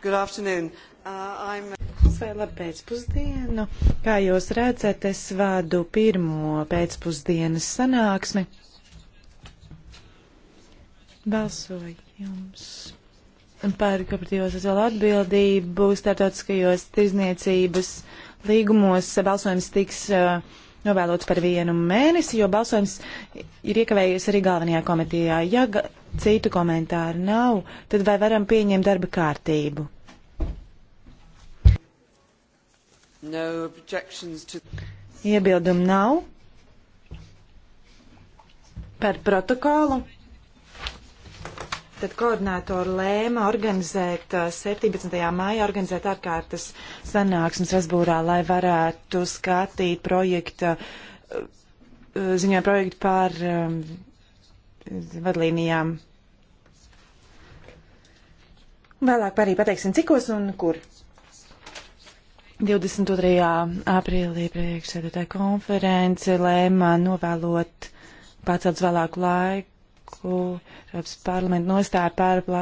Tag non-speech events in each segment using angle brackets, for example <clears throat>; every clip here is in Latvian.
Good afternoon. Uh, I'm... Vai labpēcpusdienu? Kā jūs redzat, es vādu pirmo pēcpusdienas sanāksmi. Balsojums par kooperatīvo sociālo atbildību starptautiskajos tirzniecības līgumos balsojums tiks uh, novēlots par vienu mēnesi, jo balsojums ir iekavējies arī galvenajā komitejā. Ja ga citu komentāru nav, tad vai varam pieņemt darba kārtību? No to... Iebildumu nav par protokolu. Tad koordinātori lēma organizēt 17. māja organizēt ārkārtas sanāksmes Rasbūrā, lai varētu skatīt projekta, ziņoja projektu par um, vadlīnijām. Vēlāk arī pateiksim, cikos un kur. 22. aprīlī priekšsēdētāja konference lēma novēlot pacelt vēlāku laiku Eiropas parlamenta nostāja par pla,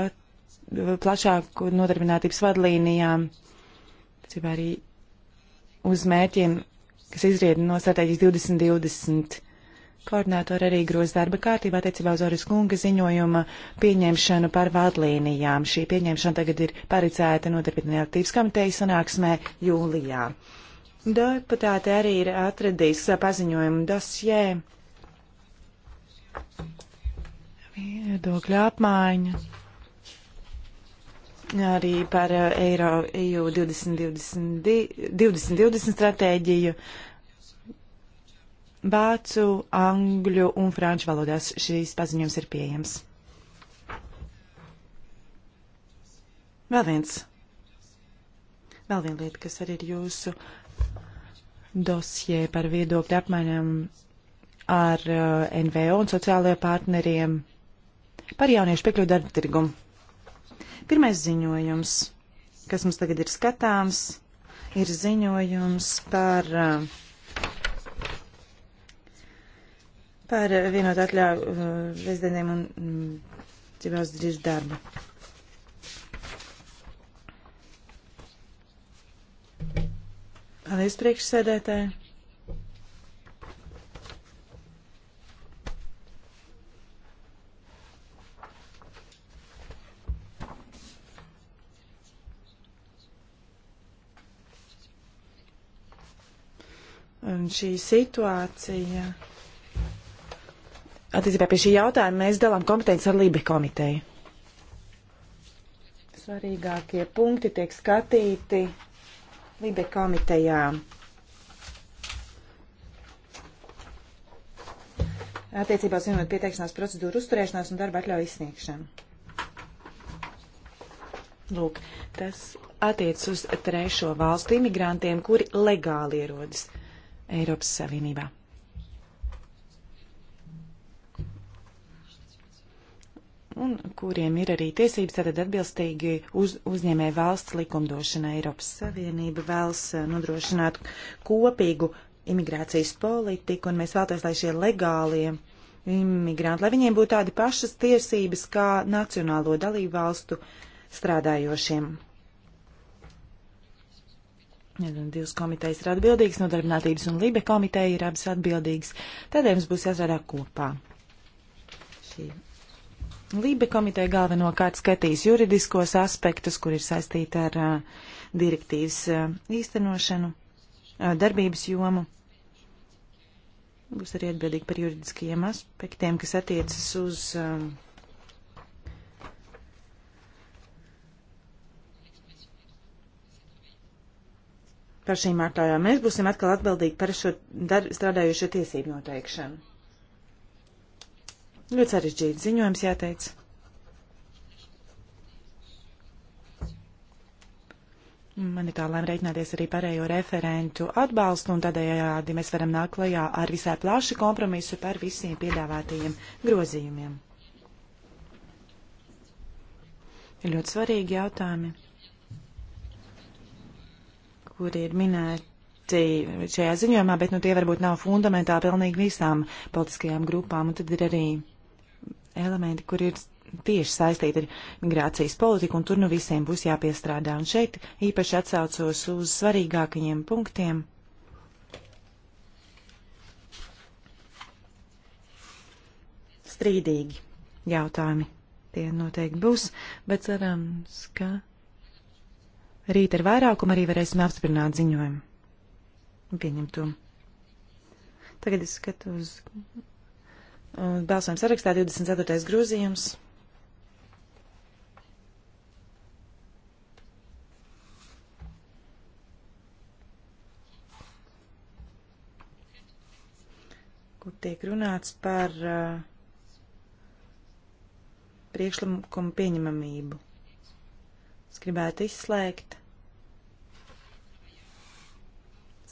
plašāku nodarbinātības vadlīnijām, principā arī uz mērķiem, kas izried no strateģijas 2020. Koordinātori arī groz darba kārtību attiecībā uz Oris Kunga ziņojuma pieņemšanu par vadlīnijām. Šī pieņemšana tagad ir paredzēta nodarbinātības komitejas sanāksmē jūlijā. Deputāti arī ir atradījis paziņojumu dosjē Viedokļa apmaiņa arī par uh, Eiro EU 2020, 2020 stratēģiju. Vācu, angļu un franču valodās šīs paziņojums ir pieejams. Vēl viens. Vēl viena lieta, kas arī ir jūsu dosjē par viedokļu apmaiņām ar uh, NVO un sociālajiem partneriem par jauniešu piekļuvu darba tirgumu. Pirmais ziņojums, kas mums tagad ir skatāms, ir ziņojums par, eh, par vienot atļauju eh, rezidentiem un dzīvās mm, drīz darbu. Paldies, priekšsēdētāji! Un šī situācija. Attiecībā pie šī jautājuma mēs dalām kompetenci ar Lībi komiteju. Svarīgākie punkti tiek skatīti Lībi komitejā. Attiecībā uz vienot pieteikšanās procedūru uzturēšanās un darba atļauju izsniegšanu. Lūk, tas attiec uz trešo valstu imigrantiem, kuri legāli ierodas Eiropas Savienībā. un kuriem ir arī tiesības tātad atbilstīgi uz, uzņēmē valsts likumdošana. Eiropas Savienība vēlas eh, nodrošināt kopīgu imigrācijas politiku, un mēs vēlamies, lai šie legālie imigranti, lai viņiem būtu tādi pašas tiesības kā nacionālo dalību valstu strādājošiem. Divas komitejas ir atbildīgas, nodarbinātības un Lībe komiteja ir abas atbildīgas. Tādēļ mums būs jāsvērā kopā. Šī. Lībe komiteja galvenokārt skatīs juridiskos aspektus, kur ir saistīti ar uh, direktīvas uh, īstenošanu, uh, darbības jomu. Būs arī atbildīgi par juridiskajiem aspektiem, kas attiecas uz. Uh, par šīm atļaujām. Mēs būsim atkal atbildīgi par šo dar, strādājušo tiesību noteikšanu. Ļoti sarežģīts ziņojums jāteic. Man ir kā lēma reiķināties arī pārējo referentu atbalstu, un tādējādi mēs varam nākt klajā ar visai plašu kompromisu par visiem piedāvātajiem grozījumiem. Ir ļoti svarīgi jautājumi kuri ir minēti šajā ziņojumā, bet nu, tie varbūt nav fundamentāli pilnīgi visām politiskajām grupām. Un tad ir arī elementi, kur ir tieši saistīti ar migrācijas politiku, un tur nu visiem būs jāpiestrādā. Un šeit īpaši atsaucos uz svarīgākajiem punktiem. Strīdīgi jautājumi tie noteikti būs, bet cerams, ka Rīt ar vairākumu arī varēsim apstiprināt ziņojumu. Pieņemt to. Tagad es skatu uz balsojumu sarakstā 24. grozījums. kur tiek runāts par uh, priekšlikumu pieņemamību. Es gribētu izslēgt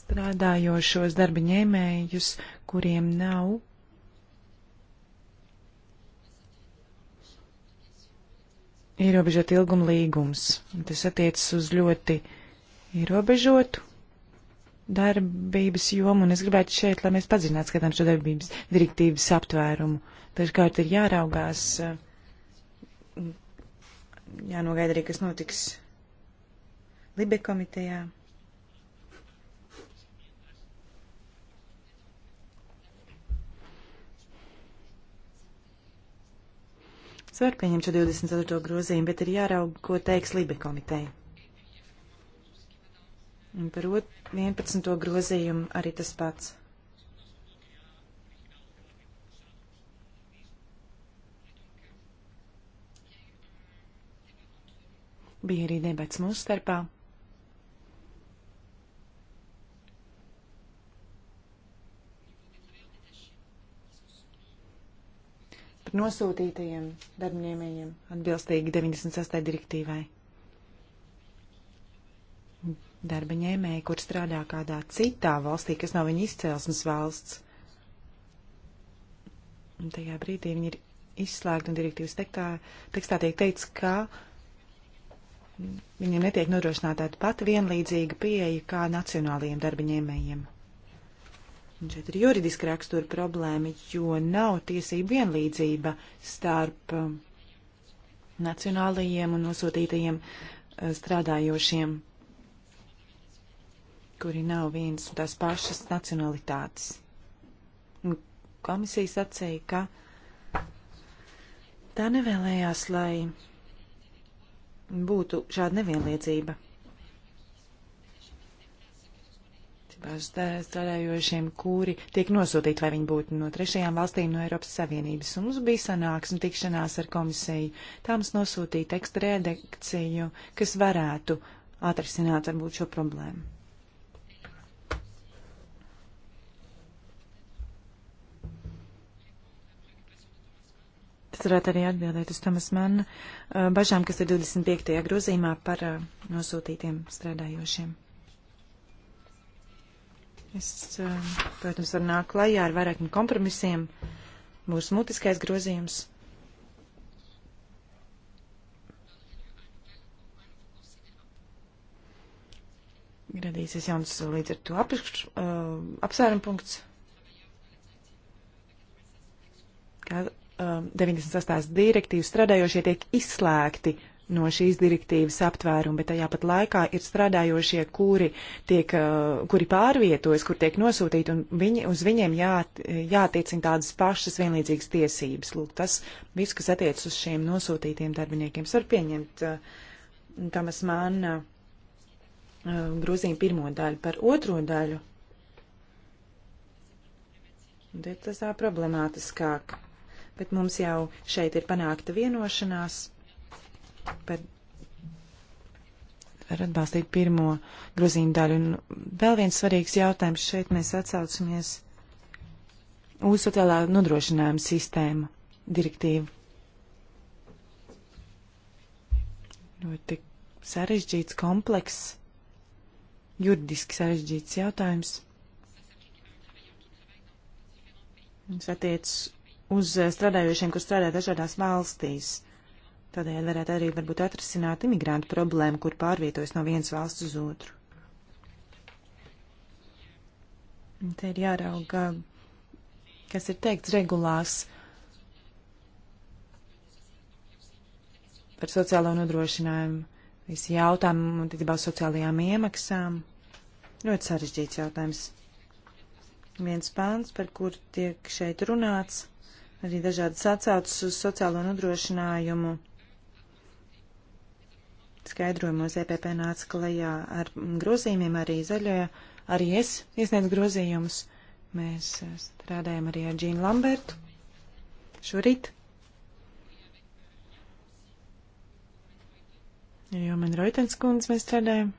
strādājošos darba ņēmējus, kuriem nav ierobežot ilguma līgums. Tas attiecas uz ļoti ierobežotu darbības jomu, un es gribētu šeit, lai mēs padziļinātu skatām šo darbības direktīvas aptvērumu. Dažkārt ir jāraugās, eh, jānogaida arī, kas notiks Libe komitejā. parlaments var pieņemt šo 24. grozījumu, bet ir jāraug, ko teiks Libe komiteja. Un par 11. grozījumu arī tas pats. Bija arī debats mūsu starpā. par nosūtītajiem darbņēmējiem atbilstīgi 96. direktīvai. Darba ņēmēji, kur strādā kādā citā valstī, kas nav viņa izcelsmes valsts, un tajā brīdī viņi ir izslēgti un direktīvas tektā, tekstā tiek teikts, ka viņiem netiek nodrošināta tāda pati vienlīdzīga pieeja kā nacionālajiem darba ņēmējiem. Un šeit ir juridiska rakstura problēma, jo nav tiesība vienlīdzība starp um, nacionālajiem un nosūtītajiem uh, strādājošiem, kuri nav viens un tās pašas nacionalitātes. Komisija sacīja, ka tā nevēlējās, lai būtu šāda nevienlīdzība. strādājošiem, kuri tiek nosūtīti, vai viņi būtu no trešajām valstīm, no Eiropas Savienības. Un mums bija sanāksme tikšanās ar komisiju. Tā mums nosūtīja teksta redakciju, kas varētu atrisināt varbūt šo problēmu. Tas varētu arī atbildēt uz Tomas Manna uh, bažām, kas ir 25. grozījumā par uh, nosūtītiem strādājošiem. Es, um, protams, varu nākt klajā ar vairākiem kompromisiem. Mūsu mutiskais grozījums. Radīsies jauns līdz ar to apakš, uh, apsvērumu punkts. Kā uh, 98. direktīvas strādājošie tiek izslēgti no šīs direktīvas aptvērumu, bet tajā pat laikā ir strādājošie, kuri, tiek, eh, kuri pārvietojas, kur tiek nosūtīti, un viņi, uz viņiem jā, jātiecina tādas pašas vienlīdzīgas tiesības. Lūk, tas viss, kas attiec uz šiem nosūtītiem darbiniekiem, es varu pieņemt Tamas eh, Māna eh, grozījumu pirmo daļu par otro daļu. Bet tas tā problemātiskāk. Bet mums jau šeit ir panākta vienošanās par, var atbalstīt pirmo grozījumu daļu. Un vēl viens svarīgs jautājums šeit mēs atsaucamies uz sociālā nodrošinājuma sistēmu direktīvu. Ļoti sarežģīts, komplekss, juridiski sarežģīts jautājums. Viņš attiecas uz eh, strādājošiem, kur strādā dažādās valstīs. Tādējādi varētu arī varbūt atrisināt imigrantu problēmu, kur pārvietojas no vienas valsts uz otru. Un te ir jārauga, kas ir teikts regulās par sociālo nodrošinājumu, visi jautājumi attiecībā uz sociālajām iemaksām. Ļoti sarežģīts jautājums. Viens pāns, par kur tiek šeit runāts, arī dažādas atsaucas uz sociālo nodrošinājumu skaidrojumos EPP nāca klajā ar grozījumiem, arī zaļajā, arī es iesniedzu grozījumus. Mēs uh, strādājam arī ar Džīnu Lambertu šorīt. Jo man Roitens kundze mēs strādājam.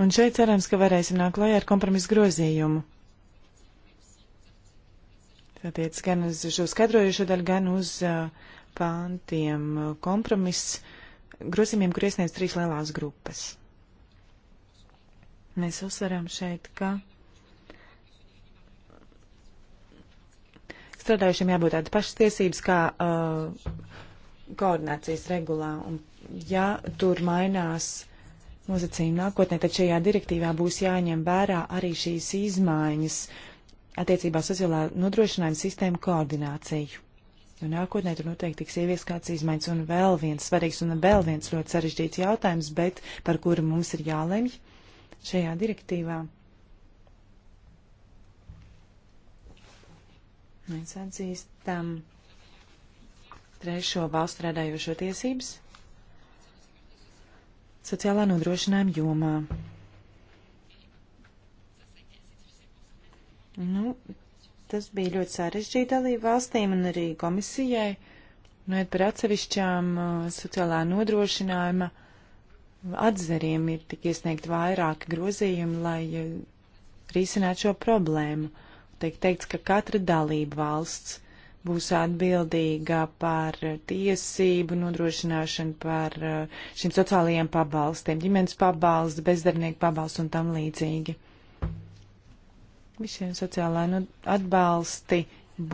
Un šeit cerams, ka varēsim nākt klajā ar kompromisu grozījumu attiec gan uz šo skatrojušo daļu, gan uz pāntiem kompromiss grozījumiem, kur iesniedz trīs lielās grupas. Mēs uzsveram šeit, ka strādājušiem jābūt tādas pašas tiesības kā uh, koordinācijas regulā. Un, ja tur mainās nosacījumi nākotnē, tad šajā direktīvā būs jāņem vērā arī šīs izmaiņas uh, attiecībā sociālā nodrošinājuma sistēmu koordināciju. Un nākotnē tur noteikti tiks ievies kāds izmaiņas un vēl viens svarīgs un vēl viens ļoti sarežģīts jautājums, bet par kuru mums ir jālemj šajā direktīvā. Mēs atzīstam trešo valstu strādājošo tiesības sociālā nodrošinājuma jomā. Nu, tas bija ļoti sarežģīti dalību valstīm un arī komisijai. Noiet nu, par atsevišķām uh, sociālā nodrošinājuma atzariem ir tik iesniegt vairāki grozījumi, lai uh, risinātu šo problēmu. Tiek teikts, ka katra dalība valsts būs atbildīga par uh, tiesību nodrošināšanu, par šiem sociālajiem pabalstiem, ģimenes pabalstu, bezdarbnieku pabalstu un tam līdzīgi. Visiem sociālai nu, atbalsti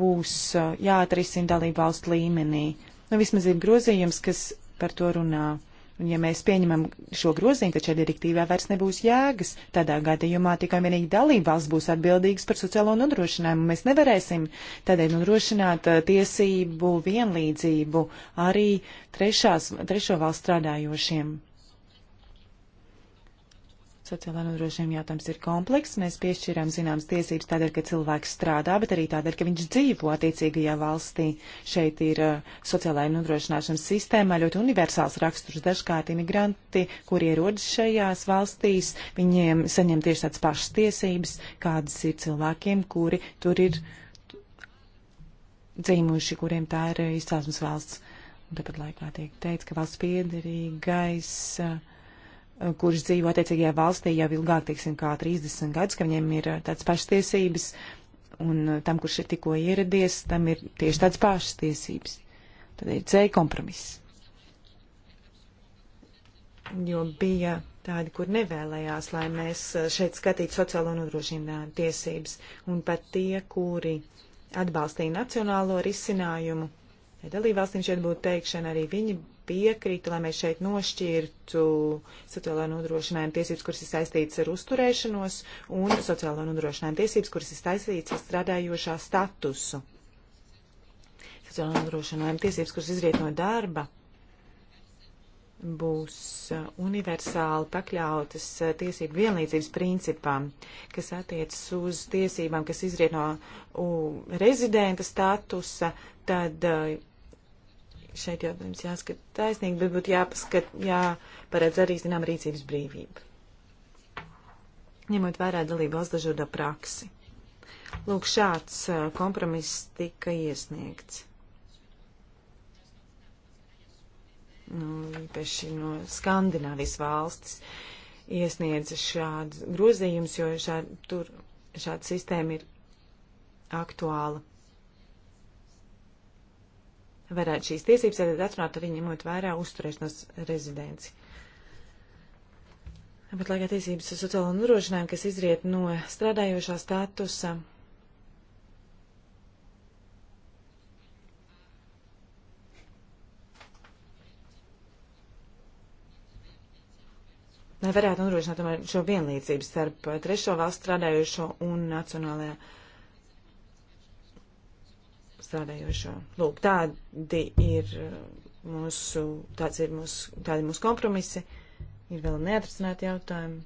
būs uh, jāatrisina dalībvalstu līmenī. Nu, vismaz ir grozījums, kas par to runā. Un ja mēs pieņemam šo grozījumu, tad šai direktīvā vairs nebūs jēgas. Tādā gadījumā tikai vienīgi dalībvalsts būs atbildīgs par sociālo nodrošinājumu. Mēs nevarēsim tādēļ nodrošināt uh, tiesību vienlīdzību arī trešās, trešo valstu strādājošiem. Sociālā nodrošinājuma jautājums ir komplekss. Mēs piešķirām zināmas tiesības tādēļ, ka cilvēks strādā, bet arī tādēļ, ka viņš dzīvo attiecīgajā valstī. Šeit ir uh, sociālā nodrošināšanas sistēmā ļoti universāls raksturs. Dažkārt imigranti, kuri ierodas šajās valstīs, viņiem saņem tieši tādas pašas tiesības, kādas ir cilvēkiem, kuri tur ir dzīvojuši, kuriem tā ir izcelsmes valsts. Un tāpat laikā tiek teikts, ka valsts piederīgais. Uh, Eh, kurš dzīvo attiecīgajā valstī jau ilgāk, teiksim, kā 30 gadus, ka viņiem ir eh, tāds pašas tiesības, un eh, tam, kurš ir tikko ieradies, tam ir tieši tāds pašas tiesības. Tad ir C kompromiss. Jo bija tādi, kur nevēlējās, lai mēs šeit skatītu sociālo nodrošinājumu tiesības, un pat tie, kuri atbalstīja nacionālo risinājumu, ja dalībvalstīm šeit būtu teikšana, arī viņi piekrītu, lai mēs šeit nošķirtu sociālā nodrošinājuma tiesības, kuras ir saistītas ar uzturēšanos, un sociālā nodrošinājuma tiesības, kuras ir saistītas ar strādājošā statusu. Sociālā nodrošinājuma tiesības, kuras izriet no darba, būs uh, universāli pakļautas uh, tiesību vienlīdzības principam, kas attiecas uz tiesībām, kas izriet no u, rezidenta statusa, tad uh, šeit jautājums jāskata taisnīgi, bet būtu jāpaskat, jāparedz arī, zinām, rīcības brīvība. Ņemot vērā dalību valsts dažādo praksi. Lūk, šāds kompromiss tika iesniegts. Nu, īpaši no Skandināvijas valstis iesniedza šādas grozījumus, jo šād, tur šāda sistēma ir aktuāla varētu šīs tiesības tad atrunāt arī ņemot vērā uzturēšanās rezidenci. Bet, lai gan tiesības uz sociālo nodrošinājumu, kas izriet no strādājošā statusa, lai varētu nodrošināt tomēr šo vienlīdzību starp trešo valstu strādājošo un nacionālajā strādājošo. Lūk, tādi ir uh, mūsu, tāds ir mūsu, tādi mūsu kompromisi. Ir vēl neatrasināti jautājumi.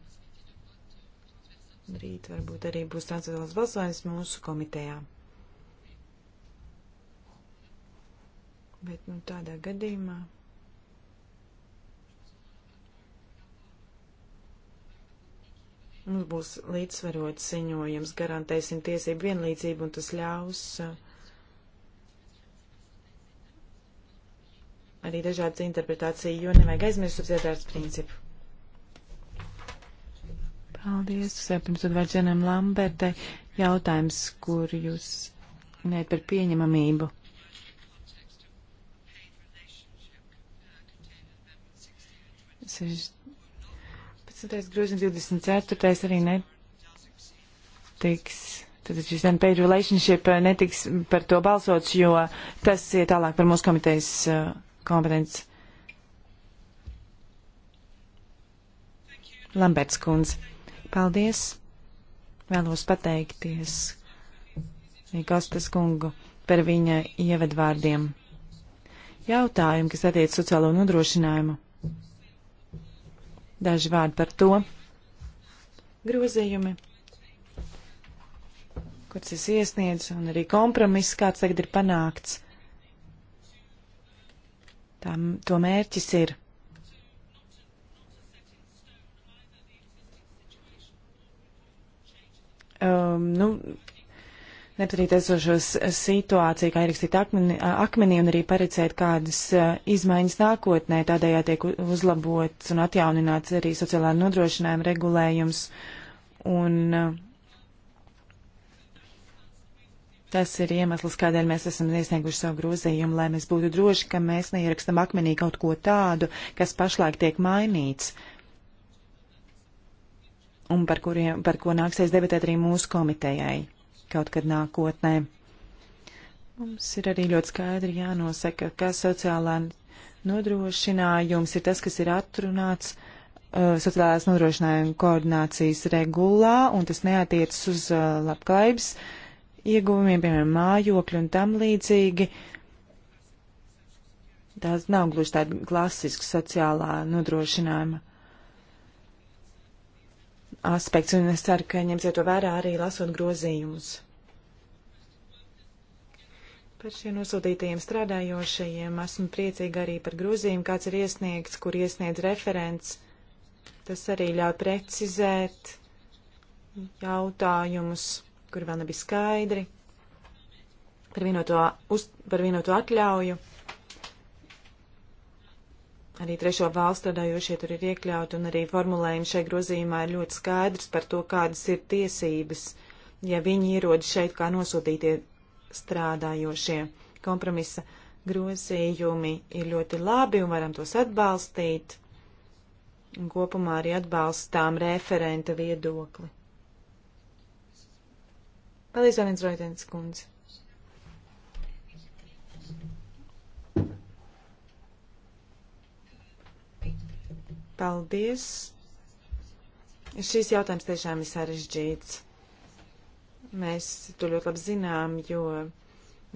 Rīt varbūt arī būs tāds vēl balsojums mūsu komitejā. Bet, nu, tādā gadījumā. Mums būs līdzsvarots ziņojums, garantēsim tiesību vienlīdzību, un tas ļaus uh, arī dažādas interpretācijas, jo nevajag aizmirst subsidiārs principu. Paldies. Pirms tad vairs vienam Lambertai jautājums, kur jūs minējat par pieņemamību. Pēc grozījums 24. arī netiks. Tad šis paid relationship uh, netiks par to balsots, jo tas iet tālāk par mūsu komitejas uh, kompetences. Lamberts kundze, paldies! Vēlos pateikties Kostas kungu par viņa ievadvārdiem. Jautājumi, kas attiec sociālo nodrošinājumu. Daži vārdi par to. Grozījumi, kurus es iesniedzu, un arī kompromiss, kāds tagad ir panākts. Tam, to mērķis ir um, nu, nepadarīt esošos situāciju, kā ierakstīt akmeni, akmenī un arī paredzēt kādas uh, izmaiņas nākotnē. Tādējā tiek uzlabots un atjaunināts arī sociālā nodrošinājuma regulējums un uh, Tas ir iemesls, kādēļ mēs esam iesnieguši savu grozījumu, lai mēs būtu droši, ka mēs neierakstam akmenī kaut ko tādu, kas pašlaik tiek mainīts un par, kuriem, par ko nāksies debatēt arī mūsu komitejai kaut kad nākotnē. Mums ir arī ļoti skaidri jānosaka, ka sociālā nodrošinājums ir tas, kas ir atrunāts uh, sociālās nodrošinājuma koordinācijas regulā, un tas neatiecas uz uh, labklājības uh, ieguvumiem, piemēram, mājokļi un tam līdzīgi. Tās nav gluži tāda klasiska sociālā nodrošinājuma aspekts, un es ceru, ka ņemsiet to vērā arī lasot grozījumus. Par šiem nosūtītajiem strādājošajiem esmu priecīga arī par grozījumu, kāds ir iesniegts, kur iesniedz referents. Tas arī ļauj precizēt jautājumus kur vēl nebija skaidri par vienoto, uz, par vienoto atļauju. Arī trešo valstu strādājošie tur ir iekļauti, un arī formulējumi šai grozījumā ir ļoti skaidrs par to, kādas ir tiesības, ja viņi ierodas šeit kā nosūtītie strādājošie. Kompromisa grozījumi ir ļoti labi un varam tos atbalstīt. Un kopumā arī atbalstām referenta viedokli. Paldies, Valens Roitens kundze. Paldies. Šīs jautājums tiešām ir sarežģīts. Mēs to ļoti labi zinām, jo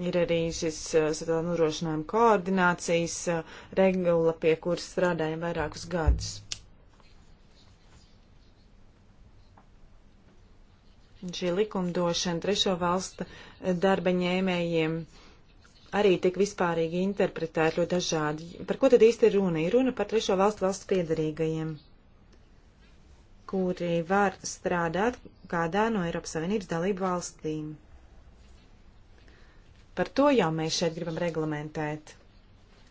ir arī šis eh, sadalījuma nodrošinājuma koordinācijas eh, regula, pie kuras strādājam vairākus gadus. šī likumdošana trešo valstu eh, darba ņēmējiem arī tik vispārīgi interpretēt ļoti dažādi. Par ko tad īsti ir runa? Ir runa par trešo valstu valsts piedarīgajiem, kuri var strādāt kādā no Eiropas Savienības dalību valstīm. Par to jau mēs šeit gribam reglamentēt.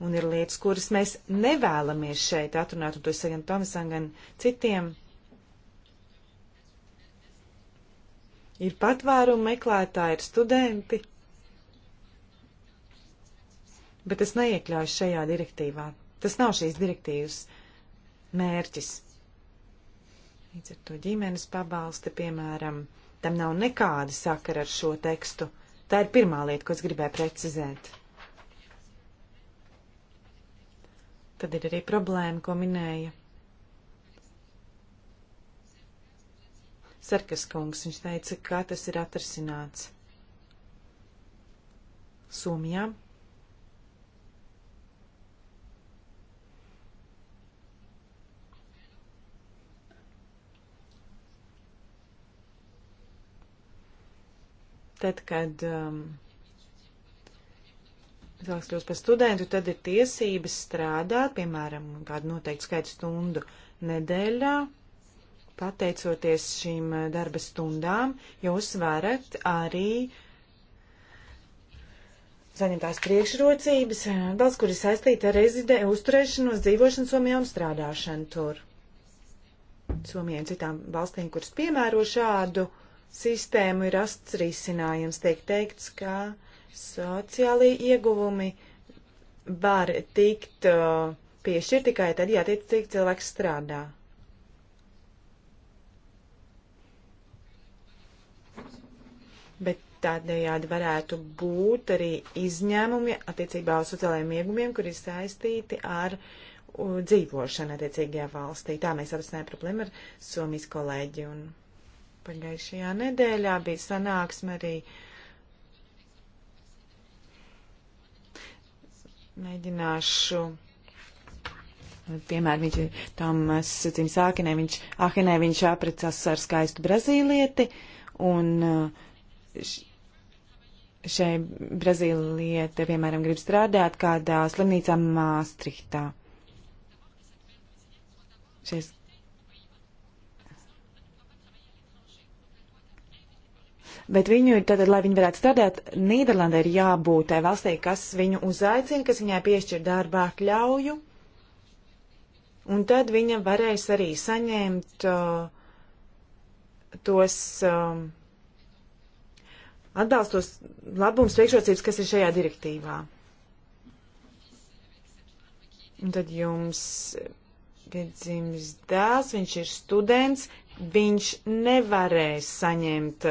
Un ir lietas, kuras mēs nevēlamies šeit atrunāt, un to es gan Tomasam, gan citiem ir patvērumu meklētāji, ir studenti, bet tas neiekļaujas šajā direktīvā. Tas nav šīs direktīvas mērķis. Līdz ar to ģimenes pabalsti, piemēram, tam nav nekāda sakara ar šo tekstu. Tā ir pirmā lieta, ko es gribēju precizēt. Tad ir arī problēma, ko minēja Sarkas kungs. Viņš teica, ka tas ir atrasināts Somijā. Tad, kad um, cilvēks kļūst par studentu, tad ir tiesības strādāt, piemēram, kādu noteiktu skaitu stundu nedēļā, pateicoties šīm eh, darba stundām, jūs varat arī saņemtās priekšrocības, eh, daudz, kur ir saistīta ar rezidē, uzturēšanos, dzīvošanu Somijā un strādāšanu tur. Somijai un citām valstīm, kuras piemēro šādu sistēmu, ir asts risinājums. Tiek teikts, ka sociālie ieguvumi var tikt uh, piešķirt tikai tad, ja tiek cilvēks strādā. bet tādējādi varētu būt arī izņēmumi attiecībā uz sociālajiem iegumiem, kur ir saistīti ar uh, dzīvošanu attiecīgajā valstī. Tā mēs atrasinājām problēmu ar Somijas kolēģi. Un pagājušajā nedēļā bija sanāksme arī. Mēģināšu Piemēram, viņš tam sacīm sākinē, viņš, ahinē, viņš aprecās ar skaistu brazīlieti, un uh, šai brazīliete, piemēram, grib strādāt kādā slimnīcā Māstrihtā. Šais Bet viņu ir tātad, lai viņi varētu strādāt, Nīderlandē ir jābūt tai valstī, kas viņu uzaicina, kas viņai piešķir darbā atļauju. Un tad viņa varēs arī saņemt uh, tos. Uh, atbalstos labums priekšrocības, kas ir šajā direktīvā. Un tad jums piedzimis dēls, viņš ir students, viņš nevarēs saņemt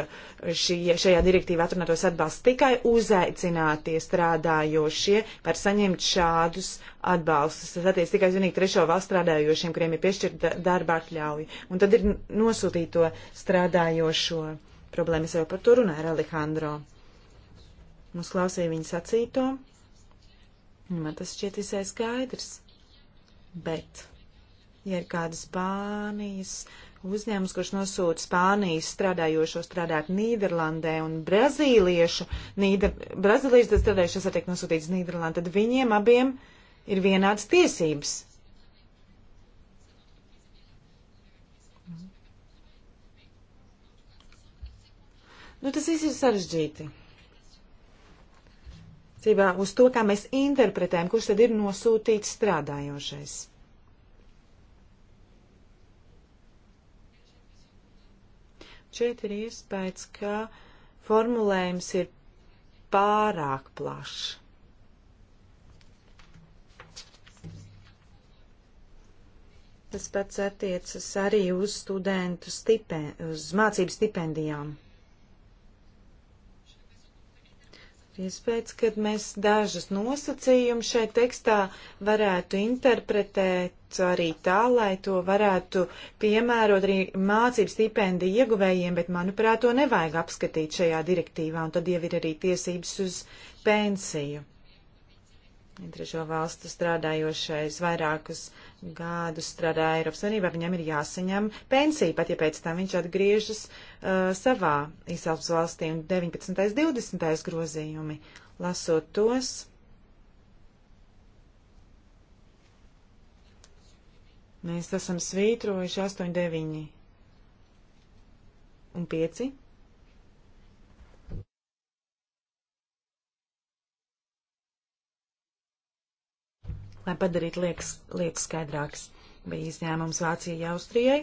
šī, šajā direktīvā atrunātos atbalsts. Tikai uzaicinātie strādājošie var saņemt šādus atbalstus. Tas attiec tikai zinīgi trešo valstu strādājošiem, kuriem ir piešķirta darba atļauja. Un tad ir nosūtīto strādājošo problēmas jau par to runāja ar Alejandro. Mums klausīja viņa sacīto, un man tas šķiet visai skaidrs. Bet, ja ir kāda Spānijas uzņēmums, kurš nosūta Spānijas strādājošo strādāt Nīderlandē un brazīliešu, Nīder, brazīliešu strādājušo satiek nosūtīts Nīderlandē, tad viņiem abiem ir vienādas tiesības Nu, tas viss ir sarežģīti. Cībā uz to, kā mēs interpretējam, kurš tad ir nosūtīts strādājošais. Šeit ir iespējas, ka formulējums ir pārāk plašs. Tas pats attiecas arī uz studentu stipend, uz mācību stipendijām. Iespējams, ka mēs dažus nosacījumus šeit tekstā varētu interpretēt arī tā, lai to varētu piemērot arī mācību stipendiju ieguvējiem, bet, manuprāt, to nevajag apskatīt šajā direktīvā, un tad jau ir arī tiesības uz pensiju. Trešo valstu strādājošais vairākus gadus strādāja Eiropas Savienībā, viņam ir jāsaņem pensija, pat ja pēc tam viņš atgriežas uh, savā izcelsmes valstī un 19. 20. grozījumi. Lasot tos. Mēs esam svītrojuši 8, 9 un 5. lai padarītu liekas, lietas skaidrākas. Bija izņēmums Vācijai, Austrijai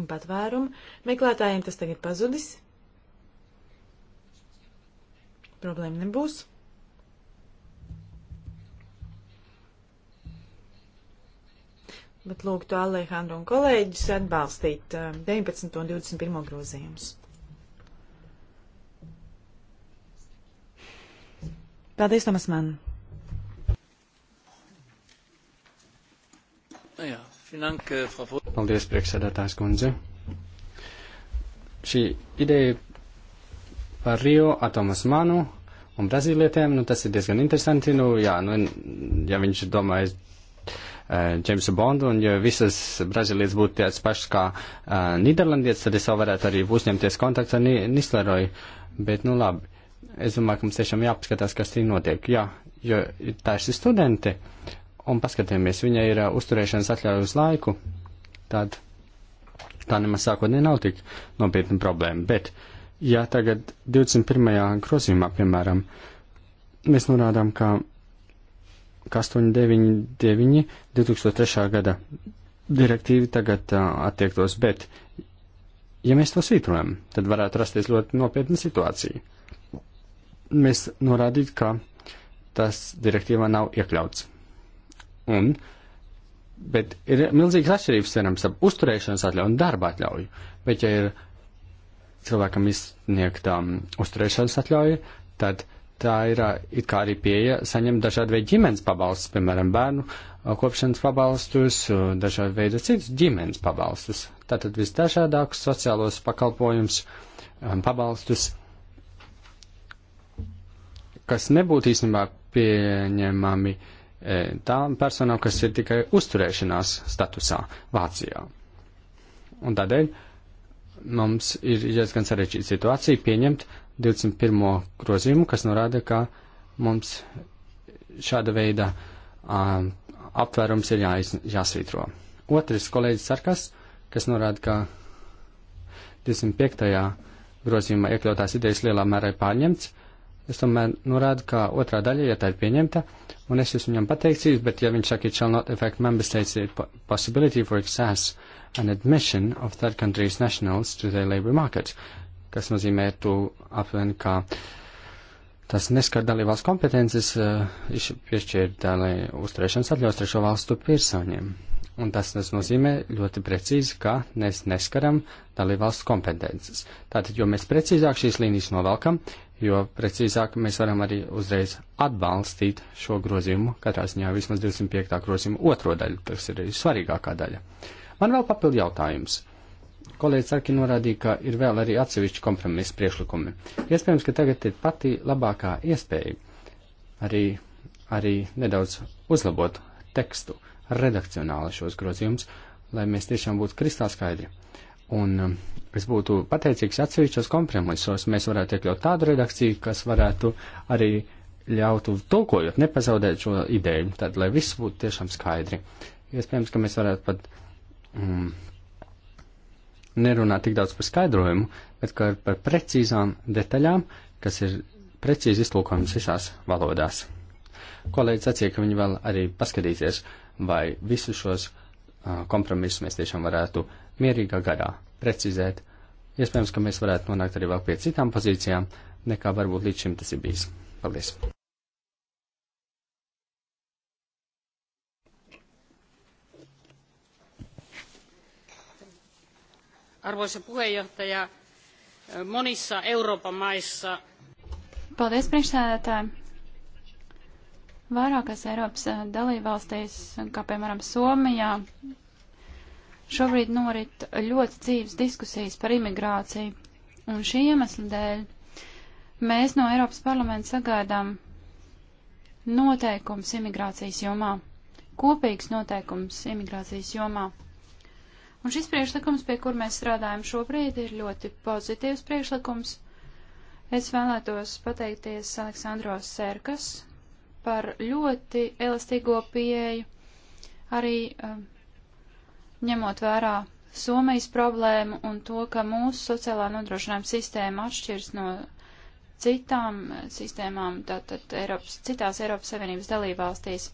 un patvērumu. Meklētājiem tas tagad pazudis. Problēma nebūs. Bet lūgtu Alejandru un kolēģus atbalstīt 19. Eh, un 21. grozījumus. Paldies, Tomas Mann! Nu jā, finank, eh, frau... Paldies, priekšsēdētājs kundze. Šī ideja par Rio atomas manu un brazīlietēm, nu tas ir diezgan interesanti, nu jā, nu, ja viņš domāja eh, Džeimsu uh, Bondu, un ja visas brazīlietas būtu tāds pašs kā uh, Nīderlandietis, tad es vēl varētu arī uzņemties kontaktu ar Nisleroju, bet nu labi. Es domāju, ka mums tiešām jāpaskatās, kas tur notiek. Jā, jo tā ir studenti, un paskatījāmies, viņai ir uzturēšanas atļauja uz laiku, tad tā nemaz sākotnēji nav tik nopietna problēma. Bet, ja tagad 21. grozījumā, piemēram, mēs norādām, ka 899 2003. gada direktīvi tagad uh, attiektos, bet, ja mēs to svītrojam, tad varētu rasties ļoti nopietna situācija. Mēs norādītu, ka tas direktīvā nav iekļauts. Un, bet ir milzīgas atšķirības cenām starp uzturēšanas atļauju un darba atļauju. Bet, ja ir cilvēkam izsniegta um, uzturēšanas atļauja, tad tā ir uh, it kā arī pieeja saņemt dažādu veidu ģimenes pabalstus, piemēram, bērnu uh, kopšanas pabalstus, uh, dažādu veidu citus ģimenes pabalstus. Tātad visdažādākus sociālos pakalpojumus, um, pabalstus, kas nebūtu īstenībā pieņemami uh, E, tām personām, kas ir tikai uzturēšanās statusā Vācijā. Un tādēļ mums ir diezgan sarežģīta situācija pieņemt 21. grozījumu, kas norāda, ka mums šāda veida um, aptvērums ir jāiz, jāsvītro. Otrs kolēģis Sarkas, kas norāda, ka 25. grozījumā iekļautās idejas lielā mērā ir pārņemts, Es tomēr norādu, ka otrā daļa, ja tā ir pieņemta, un es esmu viņam pateicīgs, bet ja viņš saka, it shall not affect member states the possibility for access and admission of third countries nationals to their labor markets, kas nozīmē tu apvien, ka tas neskar dalībās kompetences, uh, eh, piešķirt dalī uzturēšanas atļaus trešo valstu pirsoņiem. Un tas, tas nozīmē ļoti precīzi, ka mēs neskaram dalībvalsts kompetences. Tātad, jo mēs precīzāk šīs līnijas novelkam, jo precīzāk mēs varam arī uzreiz atbalstīt šo grozījumu, katrā ziņā vismaz 205. grozījuma otro daļu, tas ir svarīgākā daļa. Man vēl papildu jautājums. Kolēģis Arki norādīja, ka ir vēl arī atsevišķi kompromisa priešlikumi. Iespējams, ka tagad ir pati labākā iespēja arī, arī nedaudz uzlabot tekstu redakcionāli šos grozījumus, lai mēs tiešām būtu kristāli skaidri. Un Es būtu pateicīgs atsevišķos kompromisos, mēs varētu iekļaut tādu redakciju, kas varētu arī ļautu tulkojot, nepazaudēt šo ideju, tad, lai viss būtu tiešām skaidri. Iespējams, ka mēs varētu pat mm, nerunāt tik daudz par skaidrojumu, bet par precīzām detaļām, kas ir precīzi iztulkojums visās valodās. Kolēģis atsīja, ka viņi vēl arī paskatīsies, vai visus šos uh, kompromisus mēs tiešām varētu mierīgā garā precizēt. Iespējams, ka mēs varētu nonākt arī vēl pie citām pozīcijām, nekā varbūt līdz šim tas ir bijis. Paldies! Arvoisa puheenjohtaja, monissa Euroopan maissa. Paldies, priekšsēdētāji! Vairākās Eiropas eh, dalībvalstīs, kā piemēram Somijā, Šobrīd norit ļoti dzīves diskusijas par imigrāciju, un šī iemesla dēļ mēs no Eiropas parlamenta sagaidām noteikums imigrācijas jomā, kopīgs noteikums imigrācijas jomā. Un šis priekšlikums, pie kur mēs strādājam šobrīd, ir ļoti pozitīvs priekšlikums. Es vēlētos pateikties Aleksandros Serkas par ļoti elastīgo pieeju, arī um, ņemot vērā Somijas problēmu un to, ka mūsu sociālā nodrošinājuma sistēma atšķirs no citām eh, sistēmām, tātad Eiropas, citās Eiropas Savienības dalībvalstīs.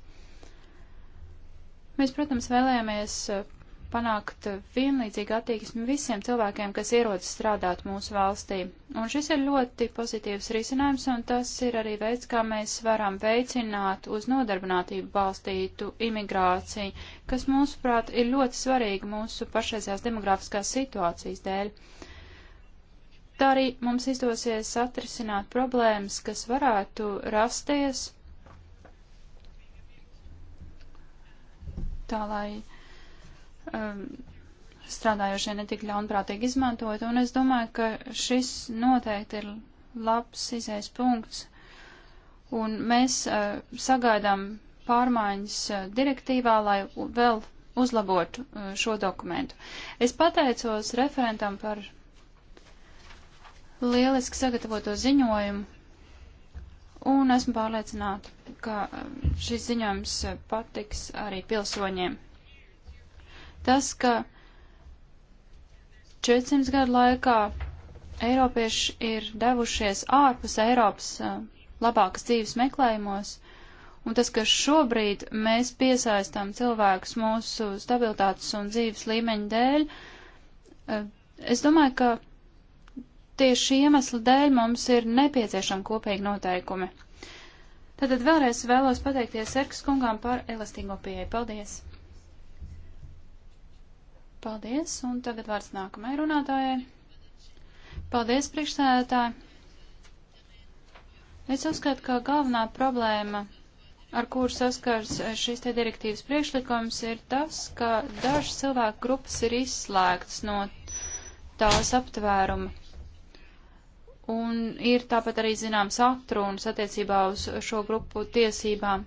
Mēs, protams, vēlējāmies eh, panākt vienlīdzīgu attieksmi visiem cilvēkiem, kas ierodas strādāt mūsu valstī. Un šis ir ļoti pozitīvs risinājums, un tas ir arī veids, kā mēs varam veicināt uz nodarbinātību balstītu imigrāciju, kas, mūsuprāt, ir ļoti svarīga mūsu pašreizējās demografiskās situācijas dēļ. Tā arī mums izdosies atrisināt problēmas, kas varētu rasties tā, lai um, strādājošie netika ļaunprātīgi izmantot, un es domāju, ka šis noteikti ir labs izējas punkts, un mēs uh, sagaidām pārmaiņas uh, direktīvā, lai vēl uzlabotu uh, šo dokumentu. Es pateicos referentam par lieliski sagatavoto ziņojumu, un esmu pārliecināta, ka uh, šis ziņojums uh, patiks arī pilsoņiem tas, ka 400 gadu laikā Eiropieši ir devušies ārpus Eiropas eh, labākas dzīves meklējumos, un tas, ka šobrīd mēs piesaistām cilvēkus mūsu stabilitātes un dzīves līmeņa dēļ, eh, es domāju, ka tieši šī iemesla dēļ mums ir nepieciešama kopīga noteikumi. Tātad vēlreiz vēlos pateikties Erkas kungām par elastīgo pieeju. Paldies! Paldies, un tagad vārds nākamajai runātājai. Paldies, priekšsēdētāji. Es uzskatu, ka galvenā problēma, ar kuru saskars šīs te direktīvas priekšlikums, ir tas, ka dažas cilvēku grupas ir izslēgtas no tās aptvēruma un ir tāpat arī zināms atrunas attiecībā uz šo grupu tiesībām.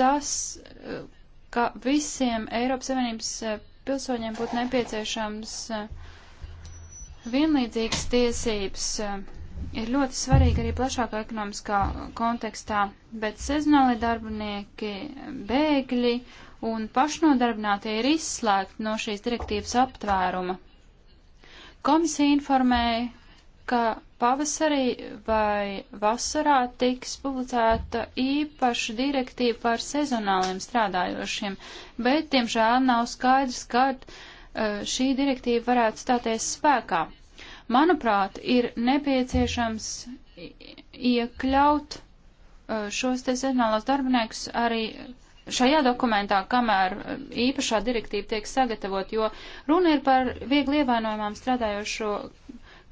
Tas, ka visiem Eiropas Savienības e, pilsoņiem būtu nepieciešams e, vienlīdzīgas tiesības. E, ir ļoti svarīgi arī plašākā ekonomiskā kontekstā, bet sezonāli darbinieki, bēgļi un pašnodarbinātie ir izslēgti no šīs direktīvas aptvēruma. Komisija informēja, ka pavasarī vai vasarā tiks publicēta īpaša direktīva par sezonāliem strādājošiem, bet, diemžēl, nav skaidrs, kad e, šī direktīva varētu stāties spēkā. Manuprāt, ir nepieciešams iekļaut e, šos te sezonālos darbiniekus arī šajā dokumentā, kamēr e, īpašā direktīva tiek sagatavot, jo runa ir par viegli ievainojumām strādājošo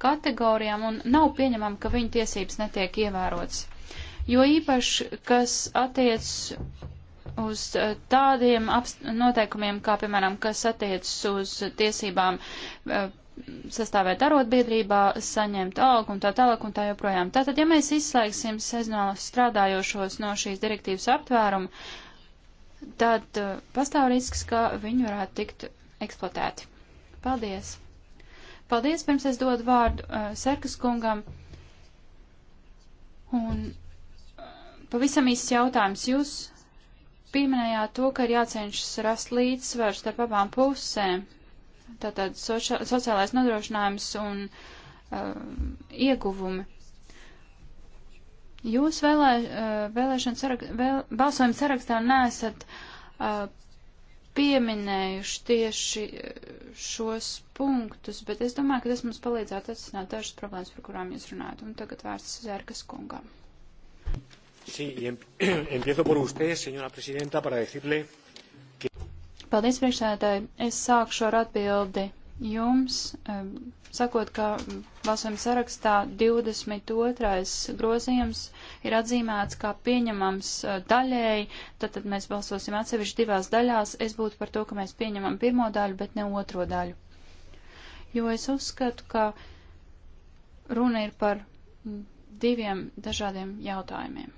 kategorijām un nav pieņemam, ka viņu tiesības netiek ievērotas. Jo īpaši, kas attiec uz eh, tādiem noteikumiem, kā piemēram, kas attiec uz tiesībām eh, sastāvēt arotbiedrībā, saņemt algu un tā tālāk un tā joprojām. Tātad, ja mēs izslēgsim sezonālus strādājošos no šīs direktīvas aptvērumu, tad eh, pastāv risks, ka viņi varētu tikt eksploatēti. Paldies! Paldies, pirms es dodu vārdu uh, Serkas kungam. Un uh, pavisam īsts jautājums. Jūs pieminējāt to, ka ir jācenšas rast līdzsvars starp abām pusēm. Tātad soša, sociālais nodrošinājums un uh, ieguvumi. Jūs vēlē, uh, vēlēšanu sarak, vēl, balsojumu sarakstā nesat uh, pieminējuši tieši eh, šos punktus, bet es domāju, ka tas mums palīdzētu atrisināt dažas problēmas, par kurām jūs runājat. Un tagad vārds Zērkas kungam. Sí, <clears throat> empiezo por usted, señora presidenta, para decirle que... Paldies, priekšsēdētāji. Es sākšu ar atbildi jums, eh, sakot, ka balsojuma sarakstā 22. grozījums ir atzīmēts kā pieņemams eh, daļēji, tad, tad mēs balsosim atsevišķi divās daļās. Es būtu par to, ka mēs pieņemam pirmo daļu, bet ne otro daļu. Jo es uzskatu, ka runa ir par diviem dažādiem jautājumiem.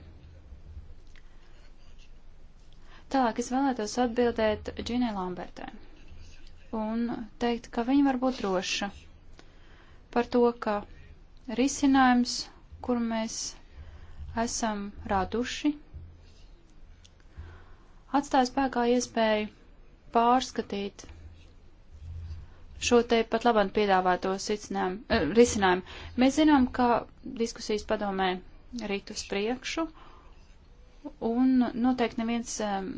Tālāk es vēlētos atbildēt Džinai Lambertēm un teikt, ka viņa var būt droša par to, ka risinājums, kur mēs esam raduši, atstāja spēkā iespēju pārskatīt šo te pat labam piedāvāto uh, risinājumu. Mēs zinām, ka diskusijas padomē rīt uz priekšu, un noteikti neviens um,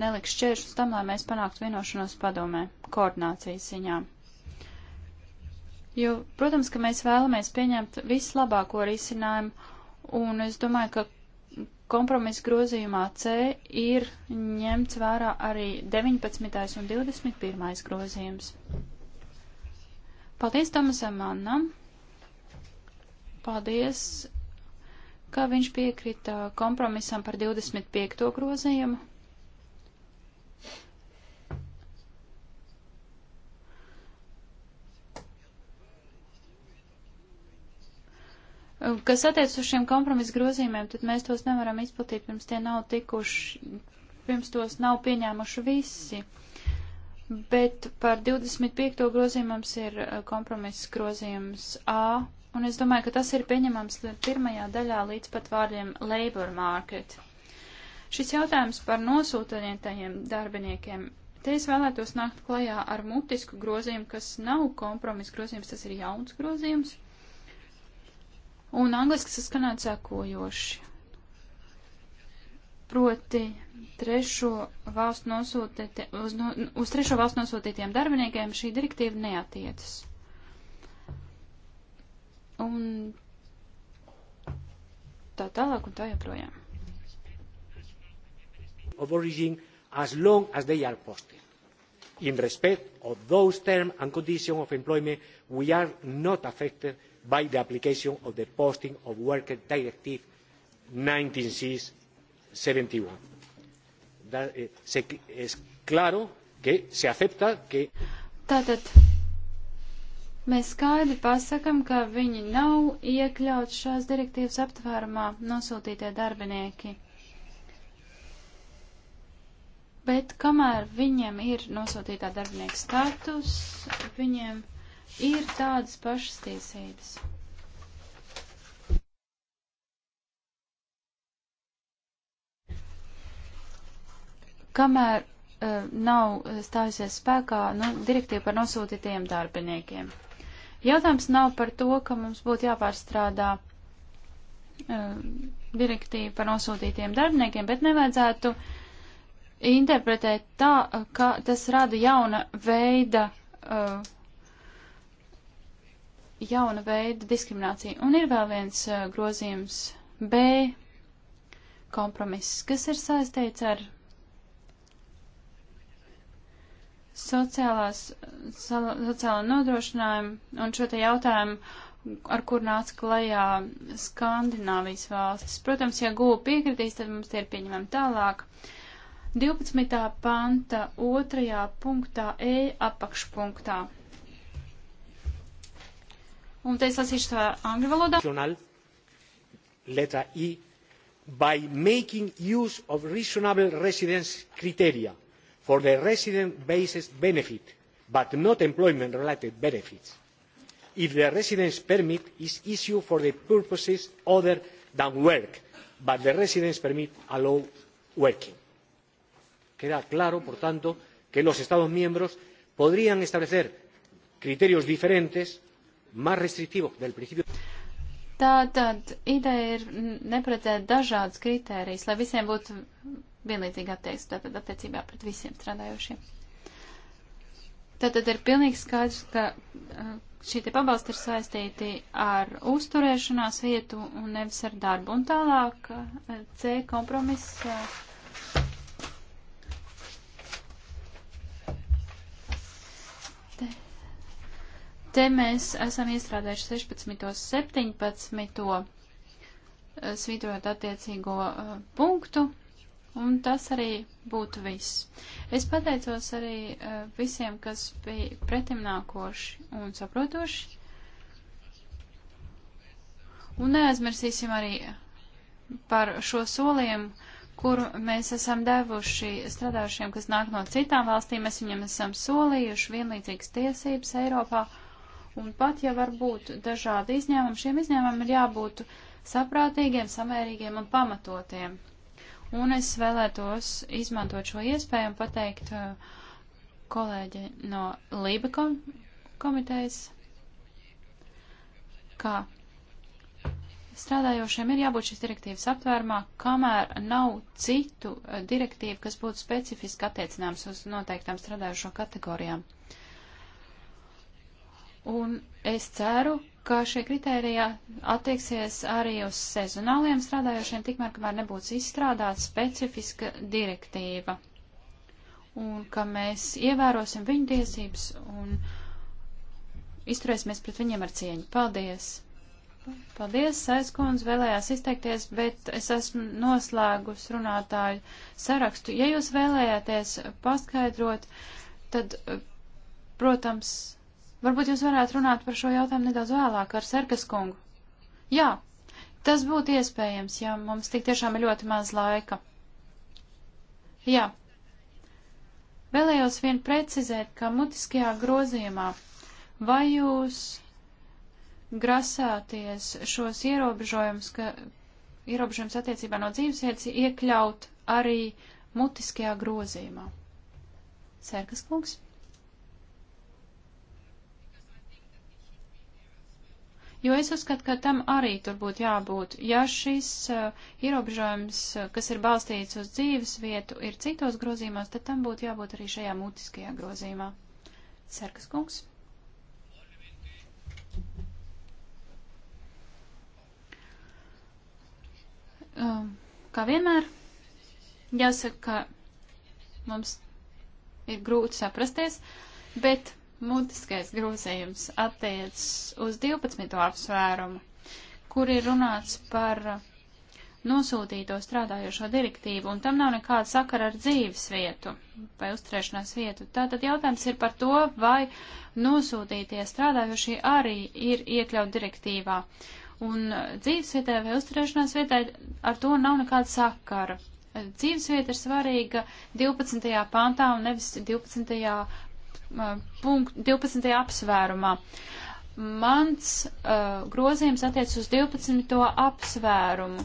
neliks šķēršus tam, lai mēs panāktu vienošanos padomē, koordinācijas ziņā. Jo, protams, ka mēs vēlamies pieņemt vislabāko risinājumu, un es domāju, ka kompromisa grozījumā C ir ņemts vērā arī 19. un 21. grozījums. Paldies Tomasam Annam. Paldies, ka viņš piekrita kompromisam par 25. grozījumu. Kas attiec uz šiem kompromisu grozījumiem, tad mēs tos nevaram izplatīt, pirms tie nav tikuši, pirms tos nav pieņēmuši visi. Bet par 25. grozījumams ir eh, kompromiss grozījums A, un es domāju, ka tas ir pieņemams pirmajā daļā līdz pat vārdiem labor market. Šis jautājums par nosūtītajiem darbiniekiem. Te es vēlētos nākt klajā ar mutisku grozījumu, kas nav kompromiss grozījums, tas ir jauns grozījums un angliski saskanēt sekojoši. Proti trešo valstu nosūtītie, uz, no, uz trešo valstu nosūtītiem darbiniekiem šī direktīva neatiecas. Un tā tālāk un tā joprojām. Of origin as long as they are posted in respect of those terms and conditions of employment which are not affected by the application of the posting of workers directive nineteen c seventy one es claro que se acepta que Tātad mēs skaidri pasakam, ka viņi nav iekļauts šās direktīvas aptvērumā nosūtītie darbinieki. Bet kamēr viņiem ir nosūtītā darbinieka status, viņiem ir tādas pašas tiesības. Kamēr uh, nav eh, stājusies spēkā nu, direktīva par nosūtītajiem darbiniekiem. Jautājums nav par to, ka mums būtu jāpārstrādā uh, direktīva par nosūtītajiem darbiniekiem, bet nevajadzētu uh, interpretēt tā, ka tas rada jauna veida, uh, jauna veida diskrimināciju. Un ir vēl viens uh, grozījums B kompromiss, kas ir saistīts ar sociālās, sociālo nodrošinājumu un šo te jautājumu, ar kur nāca klajā Skandināvijas valstis. Protams, ja gūpa piekritīs, tad mums tie ir pieņemami tālāk. Uh, 12. panta 2. punktā E apakšpunktā. Un te es lasīšu tā angļu valodā. Letra I by making use of reasonable residence criteria for the resident based benefit but not employment related benefits if the residence permit is issued for the purposes other than work but the residence permit allows working queda claro por tanto que los estados miembros podrían establecer criterios diferentes más restrictivos del principio. Tātad ideja ir neprecēt dažādas kritērijas, lai visiem būtu vienlīdzīga attieksme, tātad attiecībā pret visiem strādājošiem. Tātad ir pilnīgi skaidrs, ka uh, šie te pabalsti ir saistīti ar uzturēšanās vietu un nevis ar darbu. Un tālāk uh, C kompromiss uh, Te mēs esam iestrādājuši 16. 17. svītrot attiecīgo uh, punktu, un tas arī būtu viss. Es pateicos arī uh, visiem, kas bija pretimnākoši un saprotoši. Un neaizmirsīsim arī par šo solījumu, kuru mēs esam devuši strādājušiem, kas nāk no citām valstīm. Mēs viņiem esam solījuši vienlīdzīgas tiesības Eiropā. Un pat, ja var būt dažādi izņēmumi, šiem izņēmumiem ir jābūt saprātīgiem, samērīgiem un pamatotiem. Un es vēlētos izmantot šo iespēju un pateikt uh, kolēģi no Lība komitejas, ka strādājošiem ir jābūt šīs direktīvas aptvērumā, kamēr nav citu uh, direktīvu, kas būtu specifiski attiecināms uz noteiktām strādājošo kategorijām. Uh, Un es ceru, ka šie kritērijā attieksies arī uz sezonāliem strādājošiem, tikmēr, kamēr nebūs izstrādāta specifiska direktīva. Un ka mēs ievērosim viņu tiesības un izturēsimies pret viņiem ar cieņu. Paldies! Paldies, Saiskundze, vēlējās izteikties, bet es esmu noslēgus runātāju sarakstu. Ja jūs vēlējāties paskaidrot, tad, protams, Varbūt jūs varētu runāt par šo jautājumu nedaudz vēlāk ar Serkas kungu. Jā, tas būtu iespējams, ja mums tik tiešām ir ļoti maz laika. Jā. Vēlējos vien precizēt, ka mutiskajā grozījumā vai jūs grasāties šos ierobežojumus, ka ierobežojums attiecībā no dzīvesvietas iekļaut arī mutiskajā grozījumā? Sērkas kungs? Jo es uzskatu, ka tam arī tur būtu jābūt. Ja šis uh, ierobežojums, uh, kas ir balstīts uz dzīves vietu, ir citos grozījumos, tad tam būtu jābūt arī šajā mutiskajā grozījumā. Serkas kungs. Um, kā vienmēr, jāsaka, ka mums ir grūti saprasties, bet mutiskais grozījums attiecas uz 12. apsvērumu, kur ir runāts par nosūtīto strādājošo direktīvu, un tam nav nekāda sakara ar dzīves vietu vai uzturēšanās vietu. Tātad jautājums ir par to, vai nosūtītie strādājošie arī ir iekļaut direktīvā. Un dzīves vietai vai uzturēšanās vietai ar to nav nekāda sakara. Dzīves vieta ir svarīga 12. pantā un nevis 12 punkt, 12. apsvērumā. Mans uh, grozījums attiec uz 12. apsvērumu.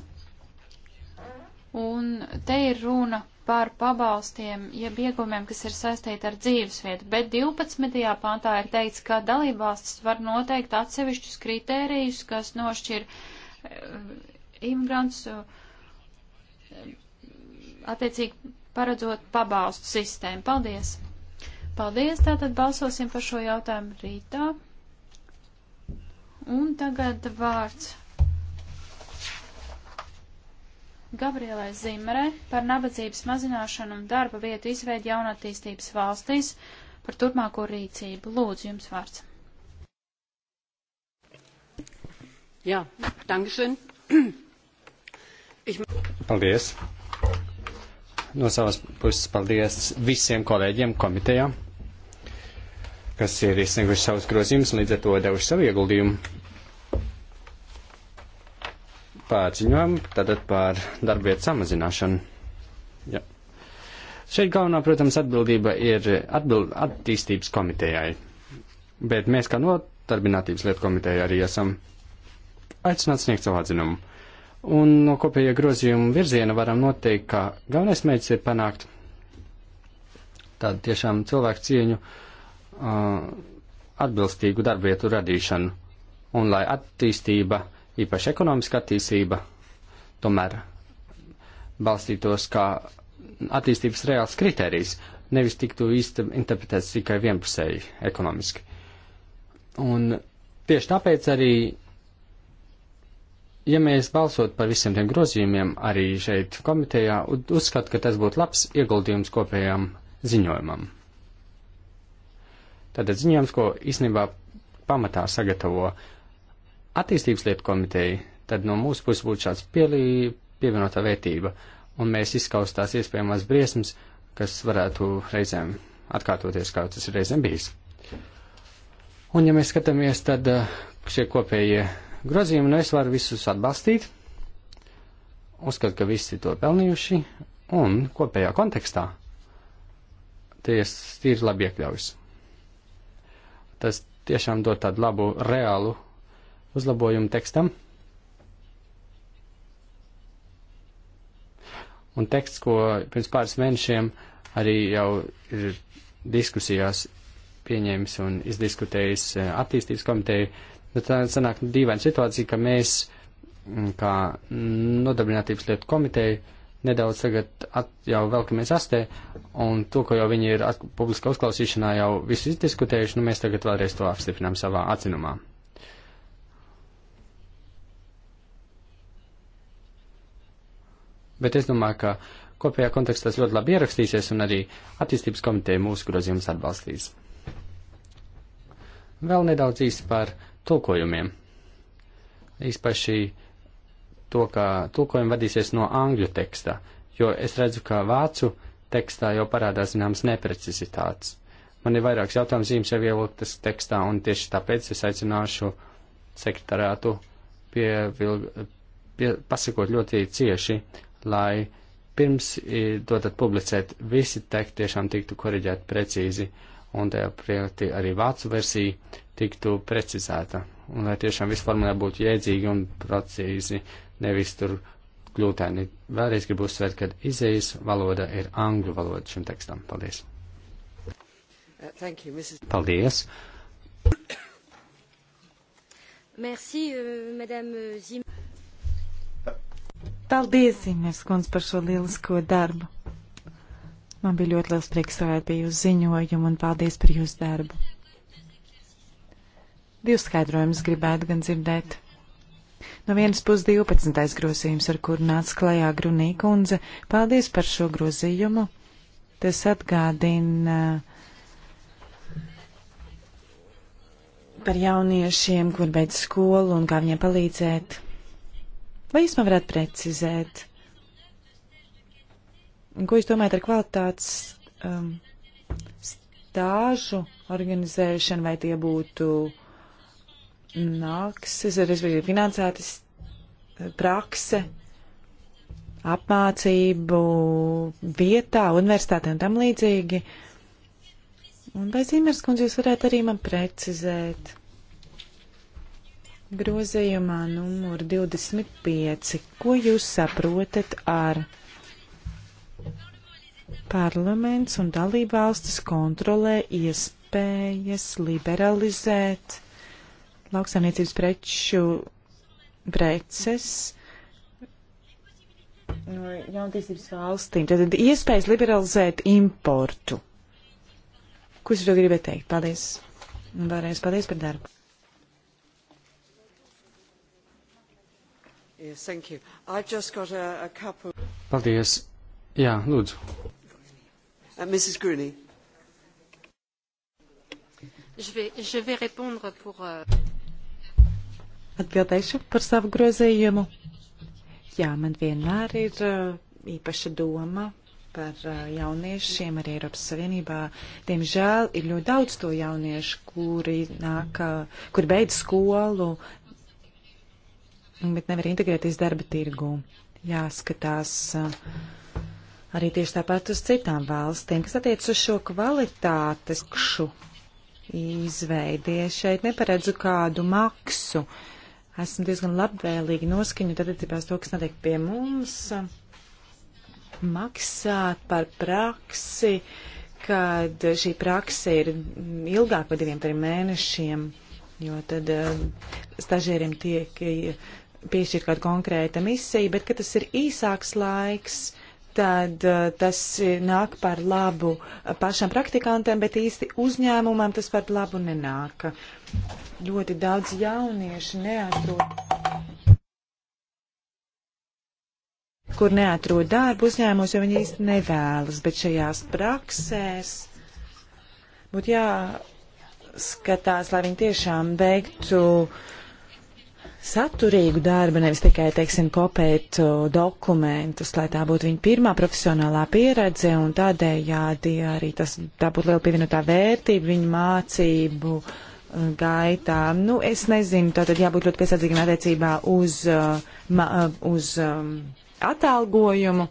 Un te ir runa par pabalstiem, jeb iegumiem, kas ir saistīti ar dzīvesvietu, bet 12. pāntā ir teikts, ka dalībvalstis var noteikt atsevišķus kritērijus, kas nošķir uh, imigrants, uh, attiecīgi paredzot pabalstu sistēmu. Paldies! Paldies, tātad balsosim par šo jautājumu rītā. Un tagad vārds Gabrielai Zimmerē par nabadzības mazināšanu un darba vietu izveidu jaunatīstības valstīs par turpmāko rīcību. Lūdzu, jums vārds. Jā, dankšen. <clears throat> Ich... Paldies no savas puses paldies visiem kolēģiem komitejā, kas ir iesnieguši savus grozījumus un līdz ar to devuši savu ieguldījumu pārziņojumu, tātad par darbvietu samazināšanu. Ja. Šeit galvenā, protams, atbildība ir atbild, attīstības komitejai, bet mēs kā notarbinātības lietu komiteja arī esam aicināti sniegt savu atzinumu. Un no kopējā grozījuma virziena varam noteikt, ka galvenais mērķis ir panākt tādu tiešām cilvēku cieņu uh, atbilstīgu darbvietu radīšanu. Un lai attīstība, īpaši ekonomiska attīstība, tomēr balstītos kā attīstības reāls kriterijs, nevis tiktu īsti interpretēts tikai vienpusēji ekonomiski. Un tieši tāpēc arī ja mēs balsot par visiem tiem grozījumiem arī šeit komitejā, uzskatu, ka tas būtu labs ieguldījums kopējām ziņojumam. Tātad ziņojums, ko īstenībā pamatā sagatavo attīstības lietu komiteja, tad no mūsu puses būtu šāds pielī, pievienotā vērtība, un mēs izskaustās iespējamās briesmas, kas varētu reizēm atkārtoties, kā tas ir reizēm bijis. Un ja mēs skatāmies, tad eh, šie kopējie grozījumu, nu es varu visus atbalstīt, uzskatu, ka visi to pelnījuši, un kopējā kontekstā tie ir labi iekļaujas. Tas tiešām dod tādu labu, reālu uzlabojumu tekstam. Un teksts, ko pirms pāris mēnešiem arī jau ir diskusijās pieņēmis un izdiskutējis eh, attīstības komiteju, Bet tā uh, sanāk dīvaina situācija, ka mēs, mm, kā nodarbinātības lietu komiteja, nedaudz tagad at, jau velkamies astē, un to, ko jau viņi ir at, publiska uzklausīšanā jau visu izdiskutējuši, nu mēs tagad vēlreiz to apstiprinām savā atzinumā. Bet es domāju, ka kopējā kontekstā tas ļoti labi ierakstīsies, un arī attīstības komiteja mūsu grozījumus atbalstīs. Vēl nedaudz īsti par uh, tulkojumiem. Īpaši to, ka tulkojumi vadīsies no angļu teksta, jo es redzu, ka vācu tekstā jau parādās zināmas neprecizitātes. Man ir vairākas jautājumas zīmes jau ievilktas tekstā, un tieši tāpēc es aicināšu sekretārātu pievilg, pie, pasakot ļoti cieši, lai pirms eh, dotat publicēt visi teksti tiešām tiktu koriģēti precīzi. Uh, un tajā priekti arī vācu versija tiktu precizēta. Un lai tiešām viss formulē būtu jēdzīgi un precīzi, nevis tur kļūtēni. Vēlreiz gribu uzsvērt, ka izējas valoda ir angļu valoda šim tekstam. Paldies! Uh, thank you, Mrs. Paldies! Merci, uh, Madame Zim. Paldies, Zimers, kundz, par šo lielisko darbu. Man bija ļoti liels prieks strādāt pie jūsu ziņojuma un paldies par jūsu darbu. Divas skaidrojumus gribētu gan dzirdēt. No vienas puses 12. grozījums, ar kuru nāca klajā Grunī kundze, paldies par šo grozījumu. Tas atgādina uh, par jauniešiem, kur beidz skolu un kā viņiem palīdzēt. Vai jūs man varētu precizēt? Un ko jūs domājat ar kvalitātes um, stāžu organizēšanu, vai tie būtu nākses, respektīvi finansētas eh, prakse, apmācību vietā, universitātē un tam līdzīgi? Un vai Zīmers kundze jūs varētu arī man precizēt? Grozījumā numur 25. Ko jūs saprotat ar? Parlaments un dalībvalstis kontrolē iespējas liberalizēt lauksaimniecības preču preces no uh, jaunatīstības valstīm. Tad iespējas liberalizēt importu. Ko es to gribēju teikt? Paldies. Un vēlreiz paldies par darbu. Yes, thank you. I've just got a, a couple. Paldies. Jā, lūdzu. Uh, Mrs. Gruny. Je vais, je vais répondre pour. Euh, Atbildēšu par savu grozījumu. Jā, man vienmēr ir uh, īpaša doma par uh, jauniešiem arī Eiropas Savienībā. Diemžēl ir ļoti daudz to jauniešu, kuri nāk, kur beidz skolu, bet nevar integrēties darba tirgū. Jāskatās. Uh, Arī tieši tāpat uz citām valstīm, kas attiec uz šo kvalitātes kšu izveidi. Es šeit neparedzu kādu maksu. Esmu diezgan labvēlīgi noskaņot attiecībās to, kas notiek pie mums. Maksāt par praksi, kad šī praksa ir ilgāk par diviem, trim mēnešiem, jo tad eh, stažieriem tiek eh, piešķirt kāda konkrēta misija, bet ka tas ir īsāks laiks tad uh, tas nāk par labu pašam praktikantiem, bet īsti uzņēmumam tas par labu nenāk. Ļoti daudz jaunieši neatrod kur neatrod darbu uzņēmumos, jo viņi īsti nevēlas, bet šajās praksēs būtu jāskatās, lai viņi tiešām veiktu uh, saturīgu darbu, nevis tikai, teiksim, kopēt dokumentus, lai tā būtu viņa pirmā profesionālā pieredze un tādējādi arī tas, tā būtu liela pievienotā vērtība viņa mācību gaitā. Nu, es nezinu, tātad jābūt ļoti piesardzīgiem attiecībā uz, ma, uz um, atalgojumu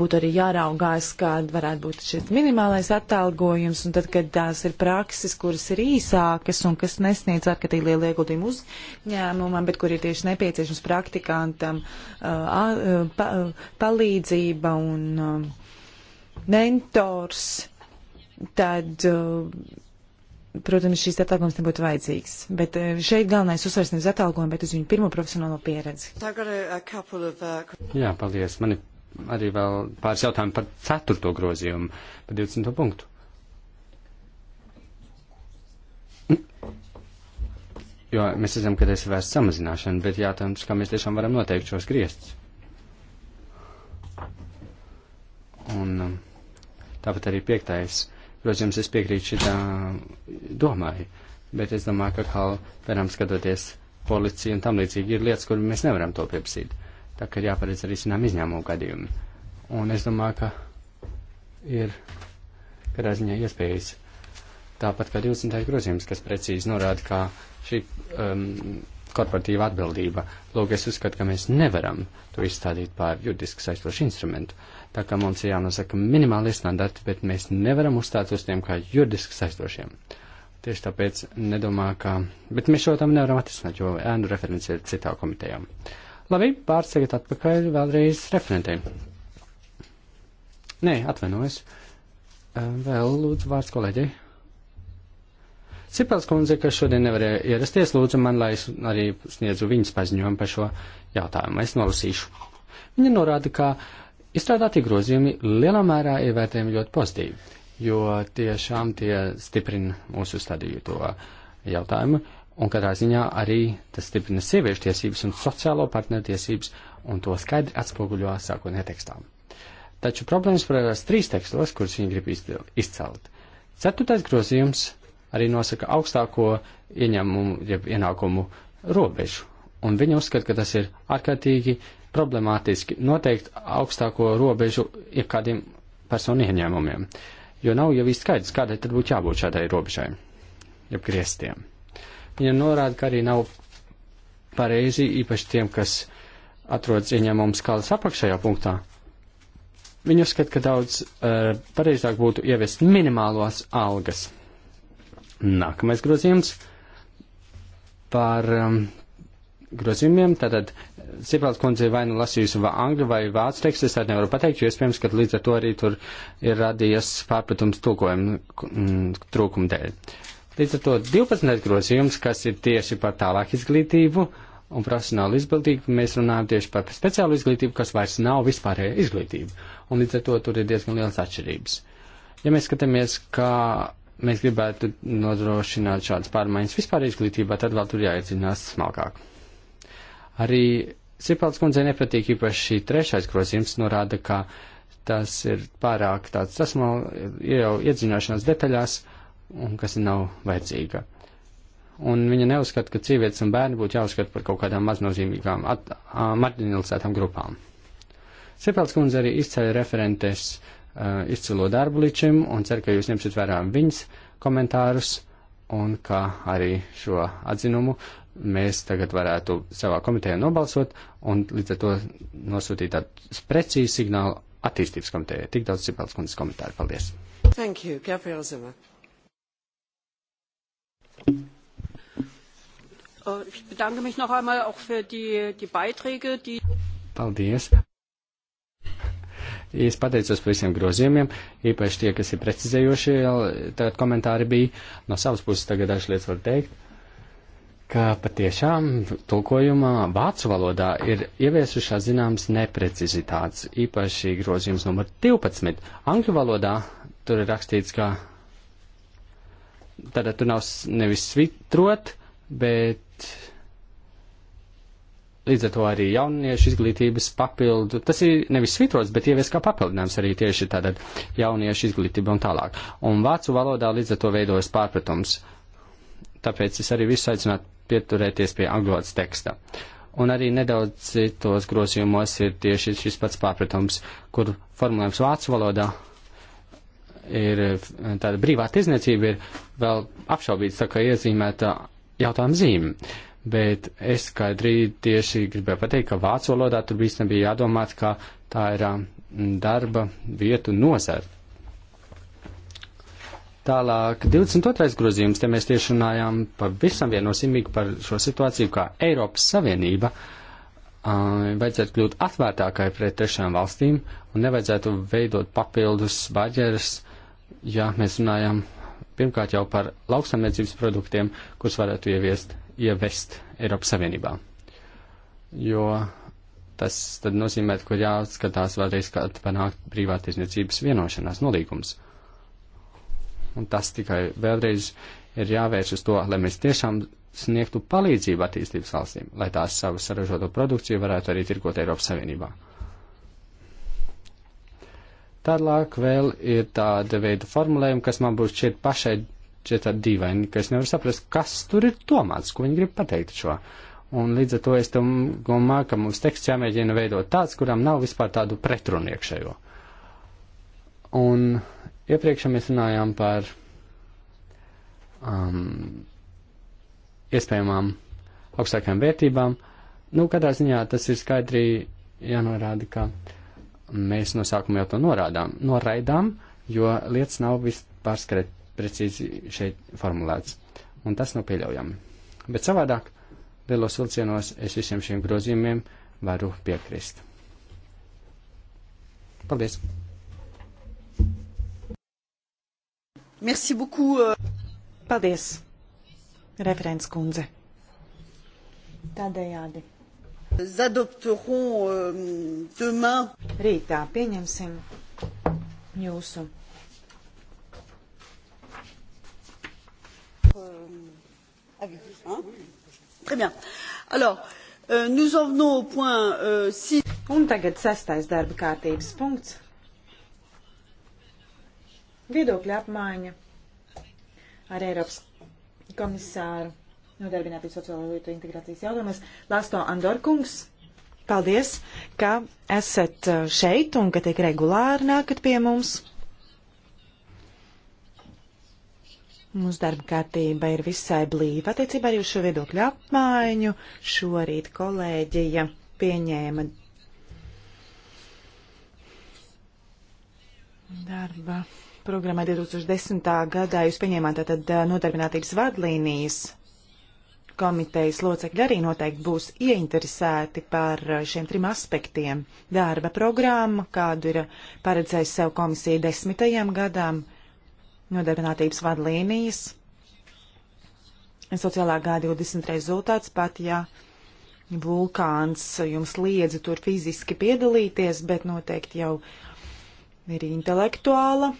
būtu arī jāraugās, kāda varētu būt šis minimālais atalgojums, un tad, kad tās ir prakses, kuras ir īsākas un kas nesniedz ārkārtīgi lielu ieguldījumu uzņēmumam, bet kur ir tieši nepieciešams praktikantam uh, uh pa, uh, palīdzība un uh, mentors, tad. Uh, Protams, šīs atalgojums nebūtu vajadzīgs, bet uh, šeit galvenais uzsvars nevis atalgojumu, bet uz viņu pirmo profesionālo pieredzi. Jā, paldies. Man ir arī vēl pāris jautājumu par ceturto grozījumu, par 20. punktu. Jo mēs redzam, ka tas ir vērsts samazināšana, bet jātājums, kā mēs tiešām varam noteikt šos griestus. Un um, tāpat arī piektais. Protams, es piekrītu šitā domāju, bet es domāju, ka kā, piemēram, skatoties policiju un tam līdzīgi, ir lietas, kur mēs nevaram to pieprasīt tā ka ir jāparedz arī zinām izņēmumu gadījumi. Un es domāju, ka ir kādā ziņā iespējas tāpat kā 20. grozījums, kas precīzi norāda, kā šī um, korporatīva atbildība. Lūk, es uzskatu, ka mēs nevaram to izstādīt pār juridiski saistošu instrumentu. Tā kā mums ir jānosaka minimālie standarti, bet mēs nevaram uzstāt uz tiem kā juridiski saistošiem. Tieši tāpēc nedomā, ka. Bet mēs šo tam nevaram atrisināt, jo ēnu referents ir citā komitejām. Uh, Labi, pārts tagad atpakaļ vēlreiz referentiem. Nē, atvainojos. Vēl lūdzu vārds kolēģei. Cipels kundze, kas šodien nevarēja ierasties, lūdzu man, lai es arī sniedzu viņas paziņojumu par šo jautājumu. Es nolasīšu. Viņa norāda, ka izstrādāti grozījumi lielā mērā ievērtējami ļoti pozitīvi, jo tiešām tie stiprina mūsu stadiju to jautājumu. Un katrā ziņā arī tas stiprina sieviešu tiesības un sociālo partneru tiesības, un to skaidri atspoguļo sākotnē tekstā. Taču problēmas parādās trīs tekstos, kurus viņi grib izcelt. Ceturtais grozījums arī nosaka augstāko ieņēmumu, jeb ienākumu robežu, un viņi uzskata, ka tas ir ārkārtīgi problemātiski noteikt augstāko robežu jebkādiem personu ieņēmumiem, jo nav jau īsti skaidrs, kādai tad būtu jābūt šādai robežai, jeb griestiem. Viņa norāda, ka arī nav pareizi, īpaši tiem, kas atrodas ieņēmuma skalas apakšējā punktā. Viņa uzskata, ka daudz uh, pareizāk būtu ieviest minimālos algas. Nākamais grozījums par um, grozījumiem. Tātad Sipels kundze vai nu lasījusi vai angļu vai vācu tekstu, es tā nevaru pateikt, jo iespējams, ka līdz ar to arī tur ir radījies pārpratums tulkojuma mm, trūkuma dēļ. Uh, Līdz ar to 12. grozījums, kas ir tieši par tālāk izglītību un profesionālu izglītību, mēs runājam tieši par speciālu izglītību, kas vairs nav vispārēja izglītība. Un līdz ar to tur ir diezgan liels atšķirības. Ja mēs skatāmies, kā mēs gribētu nodrošināt šādas pārmaiņas vispār izglītībā, tad vēl tur jāiedzinās smalkāk. Arī Sipels kundze nepatīk īpaši trešais grozījums, norāda, ka tas ir pārāk tāds, tas man ir jau iedzināšanās detaļās, un kas nav vajadzīga. Un viņa neuzskata, ka sievietes un bērni būtu jāuzskata par kaut kādām maznozīmīgām, at, a, marginalizētām grupām. Sepels kundze arī izceļ referentes uh, izcilo darbu līdz šim un cer, ka jūs ņemsiet vērā viņas komentārus un ka arī šo atzinumu mēs tagad varētu savā komitejā nobalsot un līdz ar to nosūtīt tādu precīzu signālu attīstības komitejai. Tik daudz Sipels kundzes komentāru. Paldies! Thank you, Gabriel Zimmer. Äh, ich bedanke mich noch einmal auch für die, die Beiträge, die. Paldies! Es pateicos par visiem grozījumiem, īpaši tie, kas ir precizējošie, tagad komentāri bija. No savas puses tagad dažas lietas var teikt, ka patiešām tulkojumā vācu valodā ir ieviesušās zināmas neprecizitātes, īpaši grozījums numur 12. Angļu valodā tur ir rakstīts, ka Tātad tur nav nevis svitrot, bet līdz ar to arī jauniešu izglītības papildu. Tas ir nevis svītrots, bet ievies kā papildinājums arī tieši tātad jauniešu izglītība un tālāk. Un vācu valodā līdz ar to veidojas pārpratums. Tāpēc es arī visu aicinātu pieturēties pie anglotas teksta. Un arī nedaudz citos grozījumos ir tieši šis pats pārpratums, kur formulējums vācu valodā ir tāda brīvā tirzniecība, ir vēl apšaubīts, tā kā iezīmēta jautājuma zīme. Bet es skaidri tieši gribēju pateikt, ka vācu valodā tur viss nebija jādomāts, ka tā ir um, darba vietu nozara. Tālāk, 22. grozījums, te mēs tieši runājām pavisam viennosimīgi par šo situāciju, kā Eiropas Savienība uh, vajadzētu kļūt atvērtākai pret trešām valstīm un nevajadzētu veidot papildus baģeras uh, ja mēs runājam pirmkārt jau par lauksamniecības produktiem, kurus varētu ieviest, ievest Eiropas Savienībā. Jo tas tad nozīmē, ka jāskatās vēlreiz, kā panākt privātiesniecības vienošanās nolīgums. Un tas tikai vēlreiz ir jāvērš uz to, lai mēs tiešām sniegtu palīdzību attīstības valstīm, lai tās savu saražoto produkciju varētu arī tirgot Eiropas Savienībā. Tālāk vēl ir tāda veida formulējumi, kas man būs šķiet pašai šķiet tādi dīvaini, ka es nevaru saprast, kas tur ir domāts, ko viņi grib pateikt šo. Un līdz ar to es domāju, ka mums teksts jāmēģina veidot tāds, kuram nav vispār tādu pretrunu iekšējo. Un iepriekš mēs runājām par um, iespējamām augstākajām vērtībām. Nu, katrā ziņā tas ir skaidri jānorāda, ka. Uh, Mēs no sākuma jau to norādām, noraidām, jo lietas nav vispārskrēt precīzi šeit formulēts. Un tas nav pieļaujami. Bet savādāk, lielos vilcienos es visiem šiem grozījumiem varu piekrist. Paldies! Merci beaucoup! Euh. Paldies, referents kundze! Tādējādi Euh, Rītā pieņemsim jūsu. Euh, euh, Un tagad sastais darba kārtības punkts. Viedokļa apmaiņa ar Eiropas komisāru nodarbinātības sociālo lietu integrācijas jautājumus. Lasto Andorkungs, paldies, ka esat uh, šeit un ka tiek regulāri nākat pie mums. Mūsu darba kārtība ir visai blīva attiecībā arī uz šo viedokļu apmaiņu. Šorīt kolēģija pieņēma darba programmai 2010. gadā. Jūs pieņēmāt tātad uh, nodarbinātības vadlīnijas komitejas locekļi arī noteikti būs ieinteresēti par uh, šiem trim aspektiem. Darba programma, kādu ir paredzējis sev komisija desmitajam gadam, nodarbinātības vadlīnijas, sociālā G20 rezultāts pat, ja vulkāns jums liedza tur fiziski piedalīties, bet noteikti jau ir intelektuāla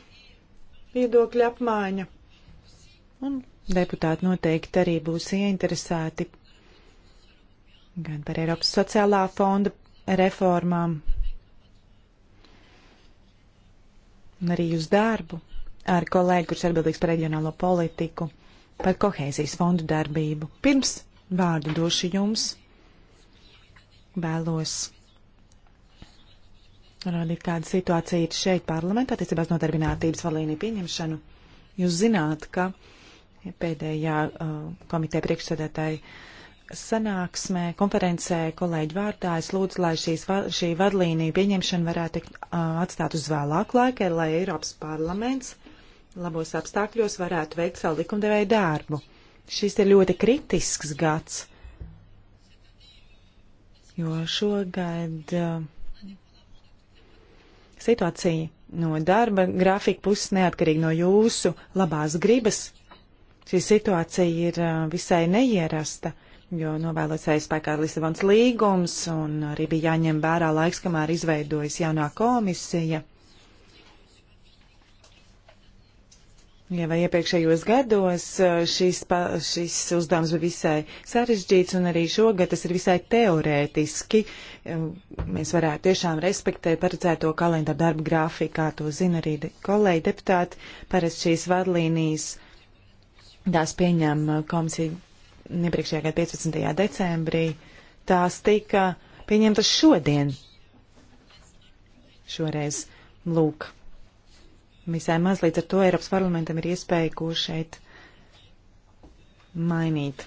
viedokļa apmaiņa. Un deputāti noteikti arī būs ieinteresēti gan par Eiropas sociālā fonda reformām, un arī uz darbu ar kolēģi, kurš atbildīgs par reģionālo politiku, par kohēzijas fondu darbību. Pirms vārdu došu jums vēlos radīt kādu situāciju šeit parlamentā, attiecībās nodarbinātības valīnī pieņemšanu. Jūs zināt, ka Pēdējā uh, komiteja priekšsēdētāja sanāksmē, konferencē kolēģi vārdā es lūdzu, lai šīs, šī vadlīnija pieņemšana varētu uh, atstāt uz vēlāku laiku, lai Eiropas parlaments labos apstākļos varētu veikt savu likumdevēju darbu. Šis ir ļoti kritisks gads, jo šogad uh, situācija no darba grafika puses neatkarīgi no jūsu labās gribas Šī situācija ir visai neierasta, jo novēlots aizspēkā Lisabons līgums un arī bija jāņem vērā laiks, kamēr izveidojas jaunā komisija. Ja vai iepriekšējos gados šis, pa, šis uzdevums bija visai sarežģīts, un arī šogad tas ir visai teorētiski. Mēs varētu tiešām respektēt paredzēto kalendāru darba grāfiku, kā to zina arī kolēģi deputāti. Parasti šīs vadlīnijas uh, Tās pieņem uh, komisija iepriekšējā gada 15. decembrī. Tās tika pieņemtas šodien. Šoreiz lūk. Visai maz līdz ar to Eiropas parlamentam ir iespēja, ko šeit mainīt.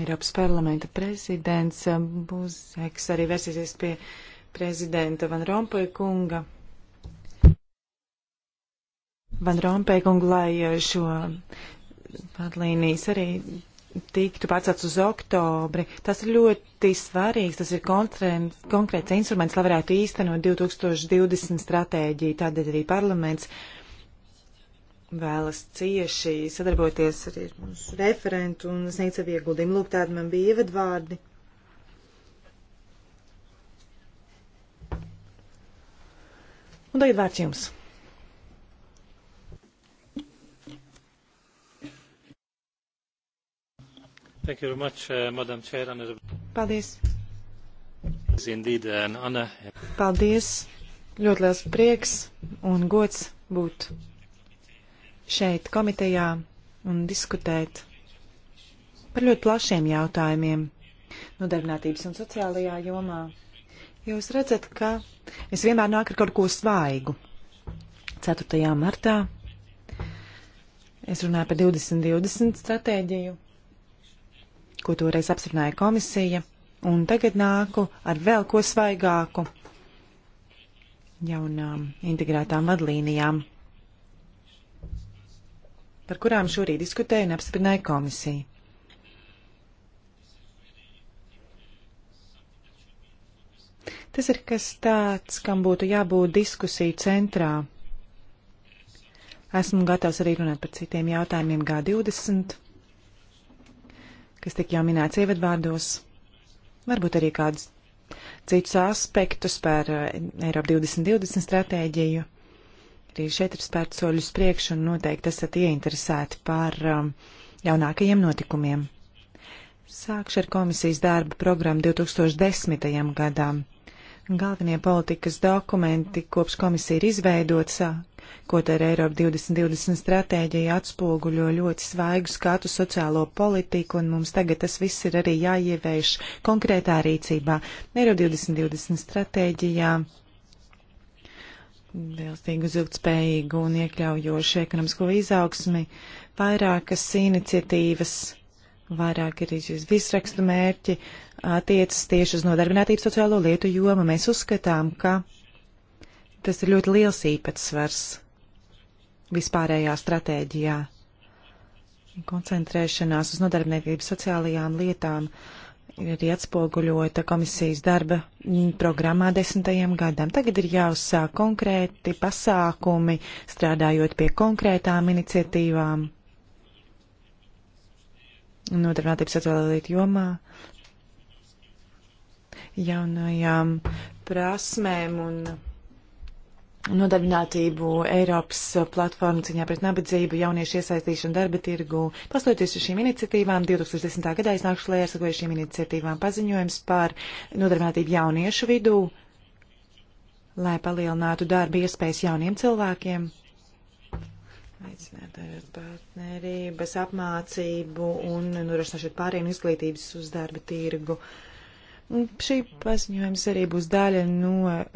Eiropas parlamenta prezidents uh, Buzeks arī versīsies pie prezidenta Van Rompuja kunga Van Rompēkungu, lai e, šo vadlīnijas arī tiktu pārcelts uz oktobri. Tas ir ļoti svarīgs, tas ir konkrēts instruments, lai varētu īstenot 2020 stratēģiju. Tādēļ arī parlaments vēlas cieši sadarboties arī ar mūsu referentu un sniegt savu ieguldījumu. Lūk, tādi man bija ievadvārdi. Un tagad vārds jums. Thank you very much, uh, Madam Chair. Paldies. Indeed, uh, Anna. Paldies. Ļoti liels prieks un gods būt šeit komitejā un diskutēt par ļoti plašiem jautājumiem nodarbinātības un sociālajā jomā. Jūs redzat, ka es vienmēr nāku ar kaut ko svaigu. 4. martā es runāju par 2020 stratēģiju ko toreiz apstiprināja komisija, un tagad nāku ar vēl ko svaigāku jaunām integrētām vadlīnijām, par kurām šorīt diskutēja un apstiprināja komisija. Tas ir kas tāds, kam būtu jābūt diskusiju centrā. Esmu gatavs arī runāt par citiem jautājumiem G20 kas tik jau minēts ievadvārdos, varbūt arī kādus citus aspektus par eh, Eiropu 2020 stratēģiju. Arī šeit ir spērt soļus priekš un noteikti esat ieinteresēti par um, jaunākajiem notikumiem. Sākšu ar komisijas darba programmu 2010. gadam. Galvenie politikas dokumenti, kopš komisija ir izveidota, ko tā ir Eiropa 2020 stratēģija atspoguļo ļoti svaigu skatu sociālo politiku, un mums tagad tas viss ir arī jāievērš konkrētā rīcībā. Eiropa 2020 stratēģijā vēlstīgu, ilgtspējīgu un iekļaujošu ekonomisko izaugsmi, vairākas iniciatīvas, vairāk ir uz visrakstu mērķi, attiecas tieši uz nodarbinātību sociālo lietu jomu. Mēs uzskatām, ka Tas ir ļoti liels īpatsvars vispārējā stratēģijā. Koncentrēšanās uz nodarbinātības sociālajām lietām ir arī atspoguļota komisijas darba programmā desmitajam gadam. Tagad ir jāuzsāk konkrēti pasākumi, strādājot pie konkrētām iniciatīvām nodarbinātības sociālajā lietu jomā, jaunajām prasmēm un nodarbinātību Eiropas platformu ciņā pret nabadzību, jauniešu iesaistīšanu darba tirgu. Pastoties uz šīm iniciatīvām, 2010. gadā iznākuši lēr sakojušiem iniciatīvām paziņojums par nodarbinātību jauniešu vidū, lai palielinātu darba iespējas jauniem cilvēkiem. Aicināt ar partnerības, apmācību un norošināšot pāriem izglītības uz darba tirgu. Šī paziņojums arī būs daļa no uh,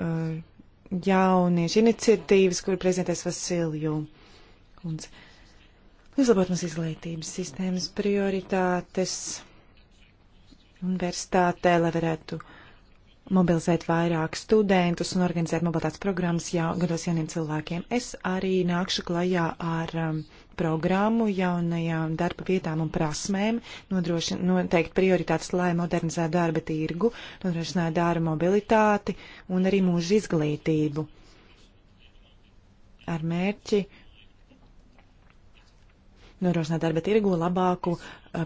jauniešu iniciatīvas, kur prezentēs Vasilju. Kundze. Uzlabot mums izglītības sistēmas prioritātes universitātē, lai varētu mobilizēt vairāk studentus un organizēt mobilitātes programmas jau, gados jauniem cilvēkiem. Es arī nākšu klajā ar um, programmu jaunajām darba vietām un prasmēm, noteikt prioritātes, lai modernizētu darba tirgu, nodrošinātu darba mobilitāti un arī mūža izglītību ar mērķi nodrošināt darba tirgu labāku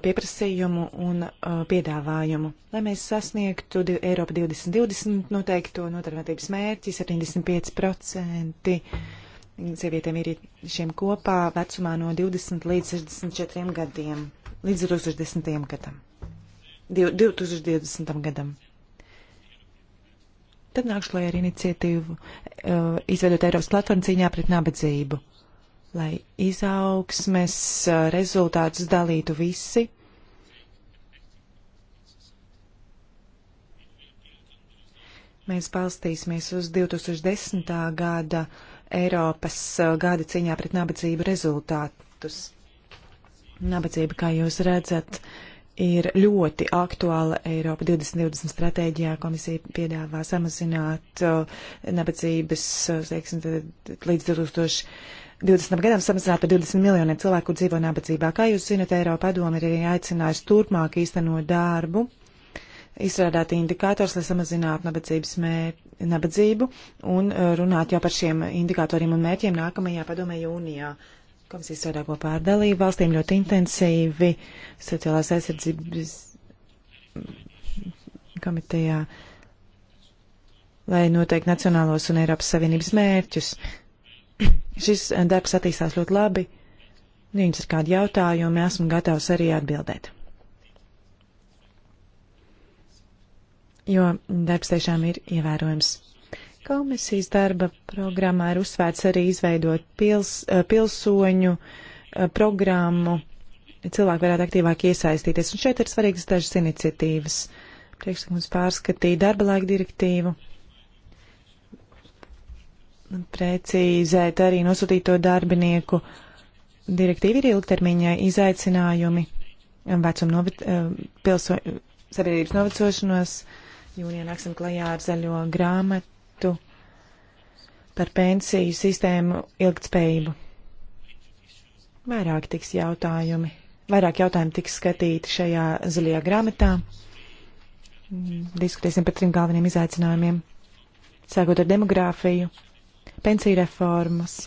pieprasījumu un piedāvājumu, lai mēs sasniegtu Eiropa 2020 noteikto notarbinātības mērķi 75% sievietēm vīriešiem kopā vecumā no 20 līdz 64 gadiem, līdz 2010. gadam. 2020. gadam. Tad nākšu lai ar iniciatīvu uh, izveidot Eiropas platformu cīņā pret nabadzību, lai izaugsmes uh, rezultātus dalītu visi. Mēs balstīsimies uz 2010. gada uh, Eiropas uh, gada cīņā pret nabadzību rezultātus. Nabadzība, kā jūs redzat, ir ļoti aktuāla Eiropa 2020 stratēģijā. Komisija piedāvā samazināt uh, nabadzības uh, teiksim, līdz 2020 gadam, samazināt par 20 miljoniem cilvēku dzīvo nabadzībā. Kā jūs zinat, Eiropa padomi ir arī aicinājusi turpmāk īstenot darbu izstrādāt indikātors, lai samazinātu nabadzības mērķi, nabadzību un uh, runāt jau par šiem indikatoriem un mērķiem nākamajā padomē jūnijā. Komisija strādā kopā ar dalību valstīm ļoti intensīvi sociālās aizsardzības komitejā, lai noteikti nacionālos un Eiropas Savienības mērķus. <clears throat> Šis uh, darbs attīstās ļoti labi. Viņas ir kādi jautājumi, esmu gatavs arī atbildēt. jo darbs tiešām ir ievērojams. Komisijas darba programmā ir uzsvērts arī izveidot pils, eh, pilsoņu eh, programmu. Cilvēki varētu aktīvāk iesaistīties, un šeit ir svarīgas dažas iniciatīvas. Priekšlikums pārskatīja darba laika direktīvu, precīzēt arī nosūtīto darbinieku direktīvu ir ilgtermiņa izaicinājumi, vecuma novet, eh, pilso, sabiedrības novecošanos, Jūnijā nāksim klajā ar zaļo grāmatu par pensiju sistēmu ilgtspējību. Vairāk tiks jautājumi, vairāk jautājumi tiks skatīti šajā zaļajā grāmatā. Diskutēsim par trim galveniem izaicinājumiem sākot ar demogrāfiju, pensiju reformas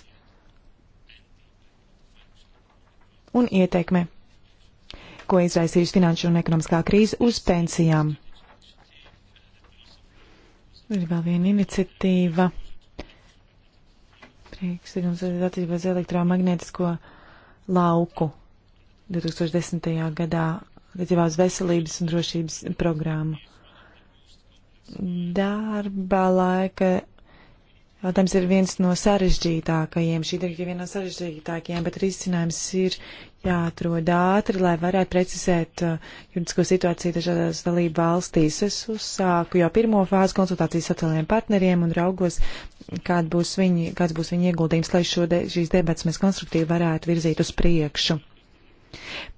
un ietekme, ko izraisījusi finanšu un ekonomiskā krīze uz pensijām. Ir vēl viena iniciatīva. Priekšsakums attiecībā uz elektromagnētisko lauku 2010. gadā attiecībā uz veselības un drošības programmu. Darba laika Jautājums ir viens no sarežģītākajiem. Šī direktīva ir viena no sarežģītākajiem, bet risinājums ir jāatrod ātri, lai varētu precizēt uh, juridisko situāciju dažādās dalību valstīs. Es uzsāku jau pirmo fāzi konsultācijas sociālajiem partneriem un raugos, kāds būs viņa, kāds būs viņa ieguldījums, lai de, šīs debats mēs konstruktīvi varētu virzīt uz priekšu.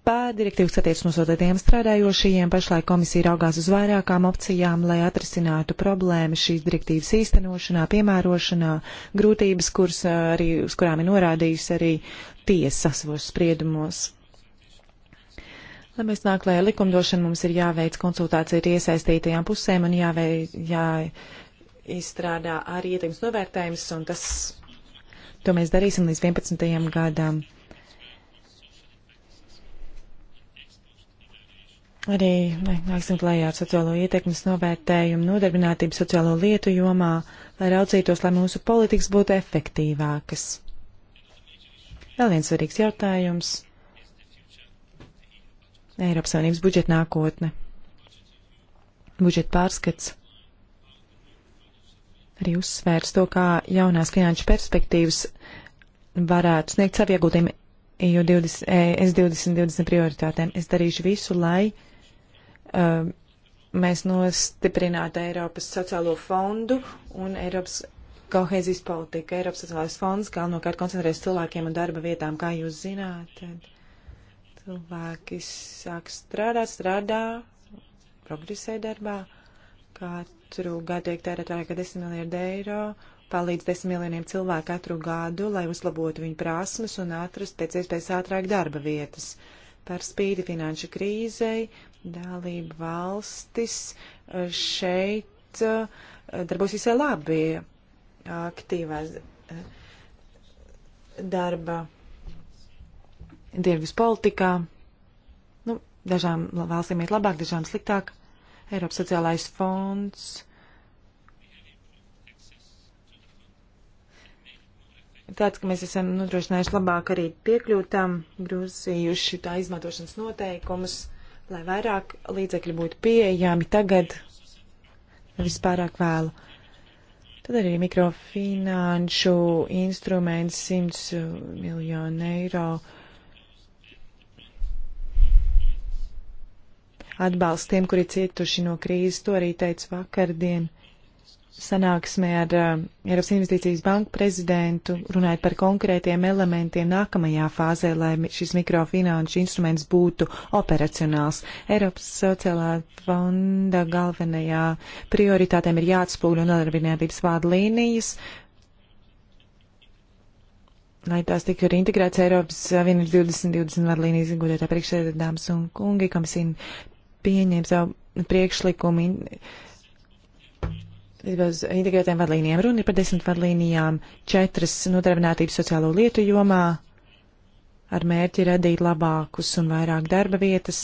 Pār direktīvas attiec nosodētiem strādājošajiem pašlaik komisija raugās uz vairākām opcijām, lai atrisinātu problēmas šīs direktīvas īstenošanā, piemērošanā, grūtības, kuras arī, uz kurām ir norādījusi arī tiesa savos spriedumos. Lai mēs nāk, lai likumdošana mums ir jāveic konsultācija ar iesaistītajām pusēm un jāveic, jāizstrādā arī ietekmes novērtējums, un tas, to mēs darīsim līdz 11. gadam. Arī nāksim klajā ar sociālo ietekmes novērtējumu nodarbinātību sociālo lietu jomā, lai raudzītos, lai mūsu politikas būtu efektīvākas. Vēl viens svarīgs jautājums - Eiropas Savienības budžeta nākotne. Budžeta pārskats arī uzsvērs to, kā jaunās finanšu perspektīvas varētu sniegt savu ieguldījumu EU20, e S2020 prioritātēm. Es darīšu visu, lai Um, mēs nostiprinātu Eiropas sociālo fondu un Eiropas kohēzijas politika. Eiropas sociālais fonds galvenokārt koncentrēs cilvēkiem un darba vietām, kā jūs zināt. Tad cilvēki sāk strādāt, strādā, progresē darbā. Katru gadu tiek tērēt vairāk kā 10 miljardi eiro, palīdz 10 miljoniem cilvēku katru gadu, lai uzlabotu viņu prasmes un atrastu pēc iespējas ātrāk darba vietas. Par spīti finanšu krīzei dalību valstis eh, šeit eh, darbos visai labi aktīvās eh, darba tirgus politikā. Nu, dažām valstīm iet labāk, dažām sliktāk. Eiropas sociālais fonds. Tāds, ka mēs esam nodrošinājuši labāk arī piekļūtām, grūzījuši tā izmantošanas noteikumus lai vairāk līdzekļi būtu pieejami tagad, nevis pārāk vēlu. Tad arī mikrofinanšu instruments 100 miljonu eiro atbalstiem, kuri cietuši no krīzes, to arī teicu vakardien sanāksmē ar uh, Eiropas Investīcijas banku prezidentu, runājot par konkrētiem elementiem nākamajā fāzē, lai šis mikrofinanšu instruments būtu operacionāls. Eiropas sociālā fonda galvenajā prioritātēm ir jāatspūgļo nodarbinātības vārdu līnijas, lai tās tiktu arī integrēts Eiropas Savienības 2020 vārdu līnijas, gudētā priekšsēdētāms un kungi, komisija pieņem savu priekšlikumu. In, uz integrētiem vadlīnijām. Runa ir par desmit vadlīnijām, četras nodarbinātības sociālo lietu jomā ar mērķi radīt labākus un vairāk darba vietas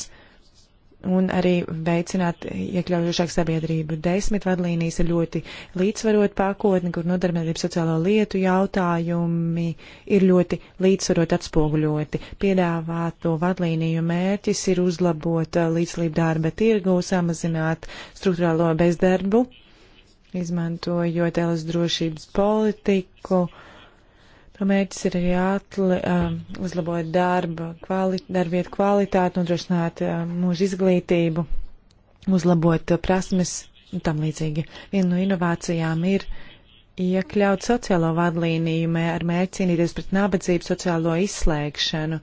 un arī veicināt iekļaujošāku sabiedrību. Desmit vadlīnijas ir ļoti līdzsvarot pakotni, kur nodarbinātības sociālo lietu jautājumi ir ļoti līdzsvarot atspoguļoti. Piedāvāto vadlīniju mērķis ir uzlabot uh, līdzlību darba tirgu, samazināt struktūrālo bezdarbu izmantojot elas drošības politiku. To mērķis ir arī atli, uh, uzlabot darba, kvali, darbvietu kvalitāti, nodrošināt uh, mūža izglītību, uzlabot uh, prasmes un tam līdzīgi. Viena no inovācijām ir iekļaut sociālo vadlīniju mē, ar mērķi cīnīties pret nabadzību, sociālo izslēgšanu,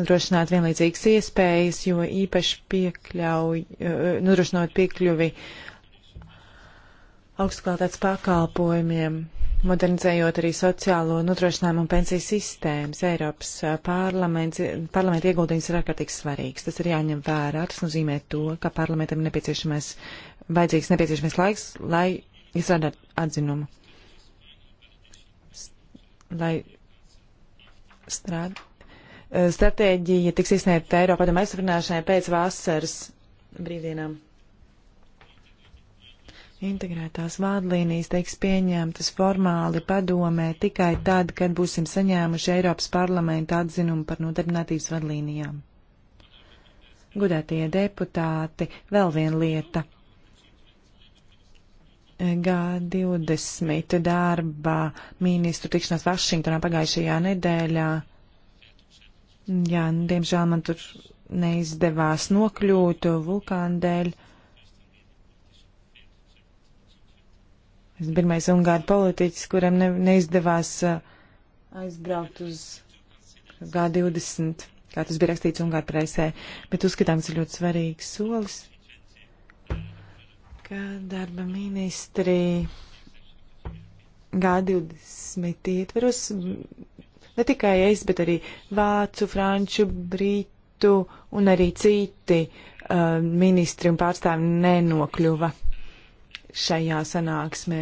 nodrošināt vienlīdzīgas iespējas, jo īpaši piekļauj, uh, nodrošinot piekļuvi uh, augstkvalitātes pakalpojumiem, modernizējot arī sociālo nodrošinājumu un pensiju sistēmas. Eiropas parlaments, parlamenta ieguldījums ir ārkārtīgi svarīgs. Tas ir jāņem vērā. Tas nozīmē to, ka parlamentam ir nepieciešamais, vajadzīgs nepieciešamais laiks, lai izrādātu atzinumu. Lai strād. Stratēģija tiks izsniegta Eiropa padomu aizsardzināšanai pēc vasaras brīvdienām. Integrētās vādlīnijas teiks pieņemtas formāli padomē tikai tad, kad būsim saņēmuši Eiropas parlamenta atzinumu par nodarbinātības vadlīnijām. Gudētie deputāti, vēl viena lieta. G20 darba ministru tikšanās Vašingtonā pagājušajā nedēļā. Jā, diemžēl man tur neizdevās nokļūt vulkāna dēļ. Uh, Esmu pirmais ungāru politiķis, kuram ne, neizdevās uh, aizbraukt uz G20, kā tas bija rakstīts ungāru presē, bet uzskatām, tas ir ļoti svarīgs solis, ka darba ministri G20 ietveros ne tikai es, bet arī vācu, franču, brītu un arī citi uh, ministri un pārstāvi nenokļuva šajā sanāksmē.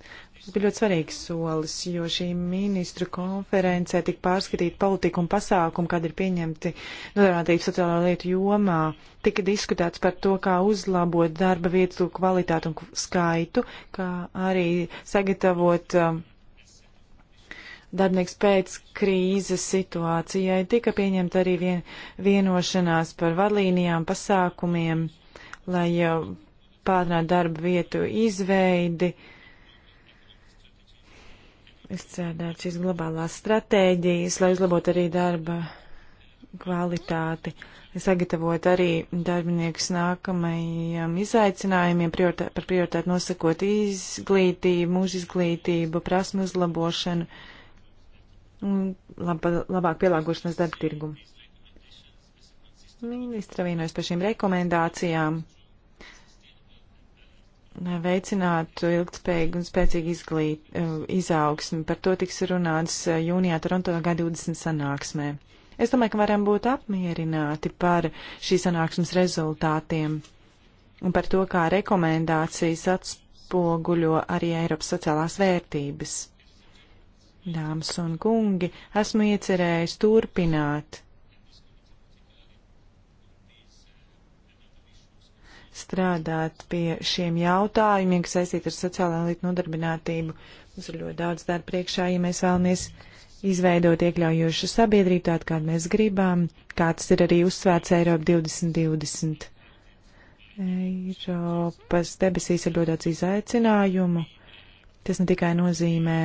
Tas bija ļoti svarīgs solis, jo šī ministru konferencē tika pārskatīta politika un pasākumi, kad ir pieņemti nodarbinātības sociālā lietu jomā. Tika diskutēts par to, kā uzlabot darba vietu kvalitātu un skaitu, kā arī sagatavot um, darbnieks pēc krīzes situācijai tika pieņemta arī vien, vienošanās par vadlīnijām, pasākumiem, lai uh, pātrināt darba vietu izveidi, izstrādāt šīs globālās stratēģijas, lai uzlabotu arī darba kvalitāti, sagatavot arī darbiniekus nākamajiem izaicinājumiem, prioritā, par prioritāti nosakot izglītību, mūža izglītību, prasmu uzlabošanu un laba, labāk pielāgošanos darba tirgumu. Ministra vienojas par šīm rekomendācijām veicinātu ilgtspējīgu un spēcīgu izglīt, eh, izaugsmi. Par to tiks runāts eh, jūnijā Toronto G20 sanāksmē. Es domāju, ka varam būt apmierināti par šīs sanāksmes rezultātiem un par to, kā rekomendācijas atspoguļo arī Eiropas sociālās vērtības. Dāmas un kungi, esmu iecerējis turpināt strādāt pie šiem jautājumiem, kas saistīti ar sociālā līdz nodarbinātību. Mums ir ļoti daudz darba priekšā, ja mēs vēlamies izveidot iekļaujošu sabiedrību tādu, kādu mēs gribam, kāds ir arī uzsvērts Eiropa 2020. Eiropas debesīs ir ļoti daudz izaicinājumu. Tas ne tikai nozīmē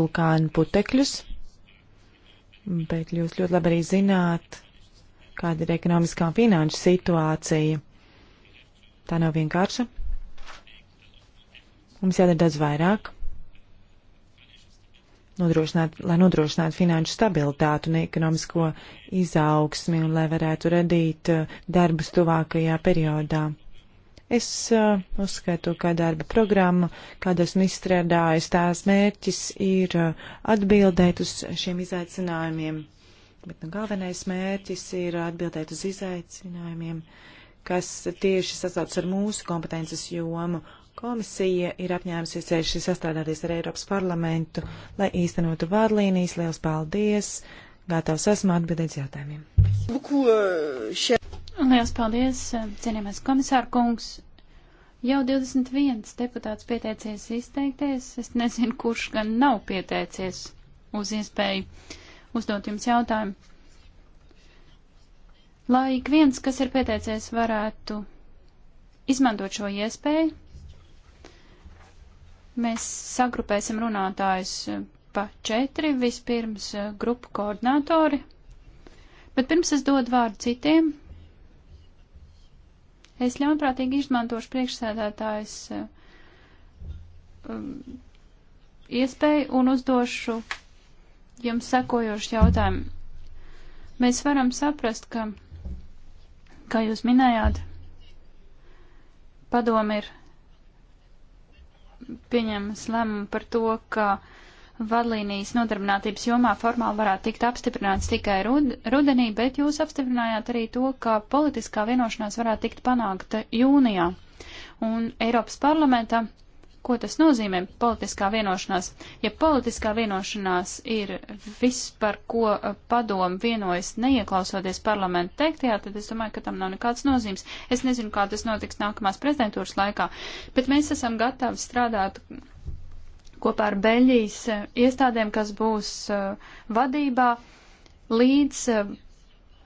vulkānu putekļus, bet jūs ļoti labi arī zināt, kāda ir ekonomiskā un finanšu situācija. Tā nav vienkārša. Mums jādara daudz vairāk, nodrošināt, lai nodrošinātu finanšu stabilitātu un ekonomisko izaugsmi un lai varētu radīt uh, darbus tuvākajā periodā. Es uh, uzskatu, ka darba programma, kādu esmu izstrādājis, tās mērķis ir uh, atbildēt uz šiem izaicinājumiem bet nu, galvenais mērķis ir atbildēt uz izaicinājumiem, kas tieši sasaucas ar mūsu kompetences jomu. Komisija ir apņēmusies cieši sastrādāties ar Eiropas parlamentu, lai īstenotu vārdlīnijas. Liels paldies! Gatavs esmu atbildēt jautājumiem. Liels paldies, cienījamais komisāra kungs! Jau 21 deputāts pieteicies izteikties. Es nezinu, kurš gan nav pieteicies uz iespēju uzdot jums jautājumu. Lai ik viens, kas ir pieteicies, varētu izmantot šo iespēju, mēs sagrupēsim runātājus pa četri, vispirms eh, grupu koordinātori, bet pirms es dodu vārdu citiem, es ļaunprātīgi izmantošu priekšsēdētājs eh, um, iespēju un uzdošu jums sekojošu jautājumu. Mēs varam saprast, ka, kā jūs minējāt, padomi ir pieņēmis lēmumu par to, ka vadlīnijas nodarbinātības jomā formāli varētu tikt apstiprināts tikai rud rudenī, bet jūs apstiprinājāt arī to, ka politiskā vienošanās varētu tikt panākta jūnijā. Un Eiropas parlamenta Ko tas nozīmē politiskā vienošanās? Ja politiskā vienošanās ir viss, par ko eh, padomu vienojas neieklausoties parlamentu teiktajā, tad es domāju, ka tam nav nekāds nozīmes. Es nezinu, kā tas notiks nākamās prezidentūras laikā, bet mēs esam gatavi strādāt kopā ar Beļģijas eh, iestādēm, kas būs eh, vadībā līdz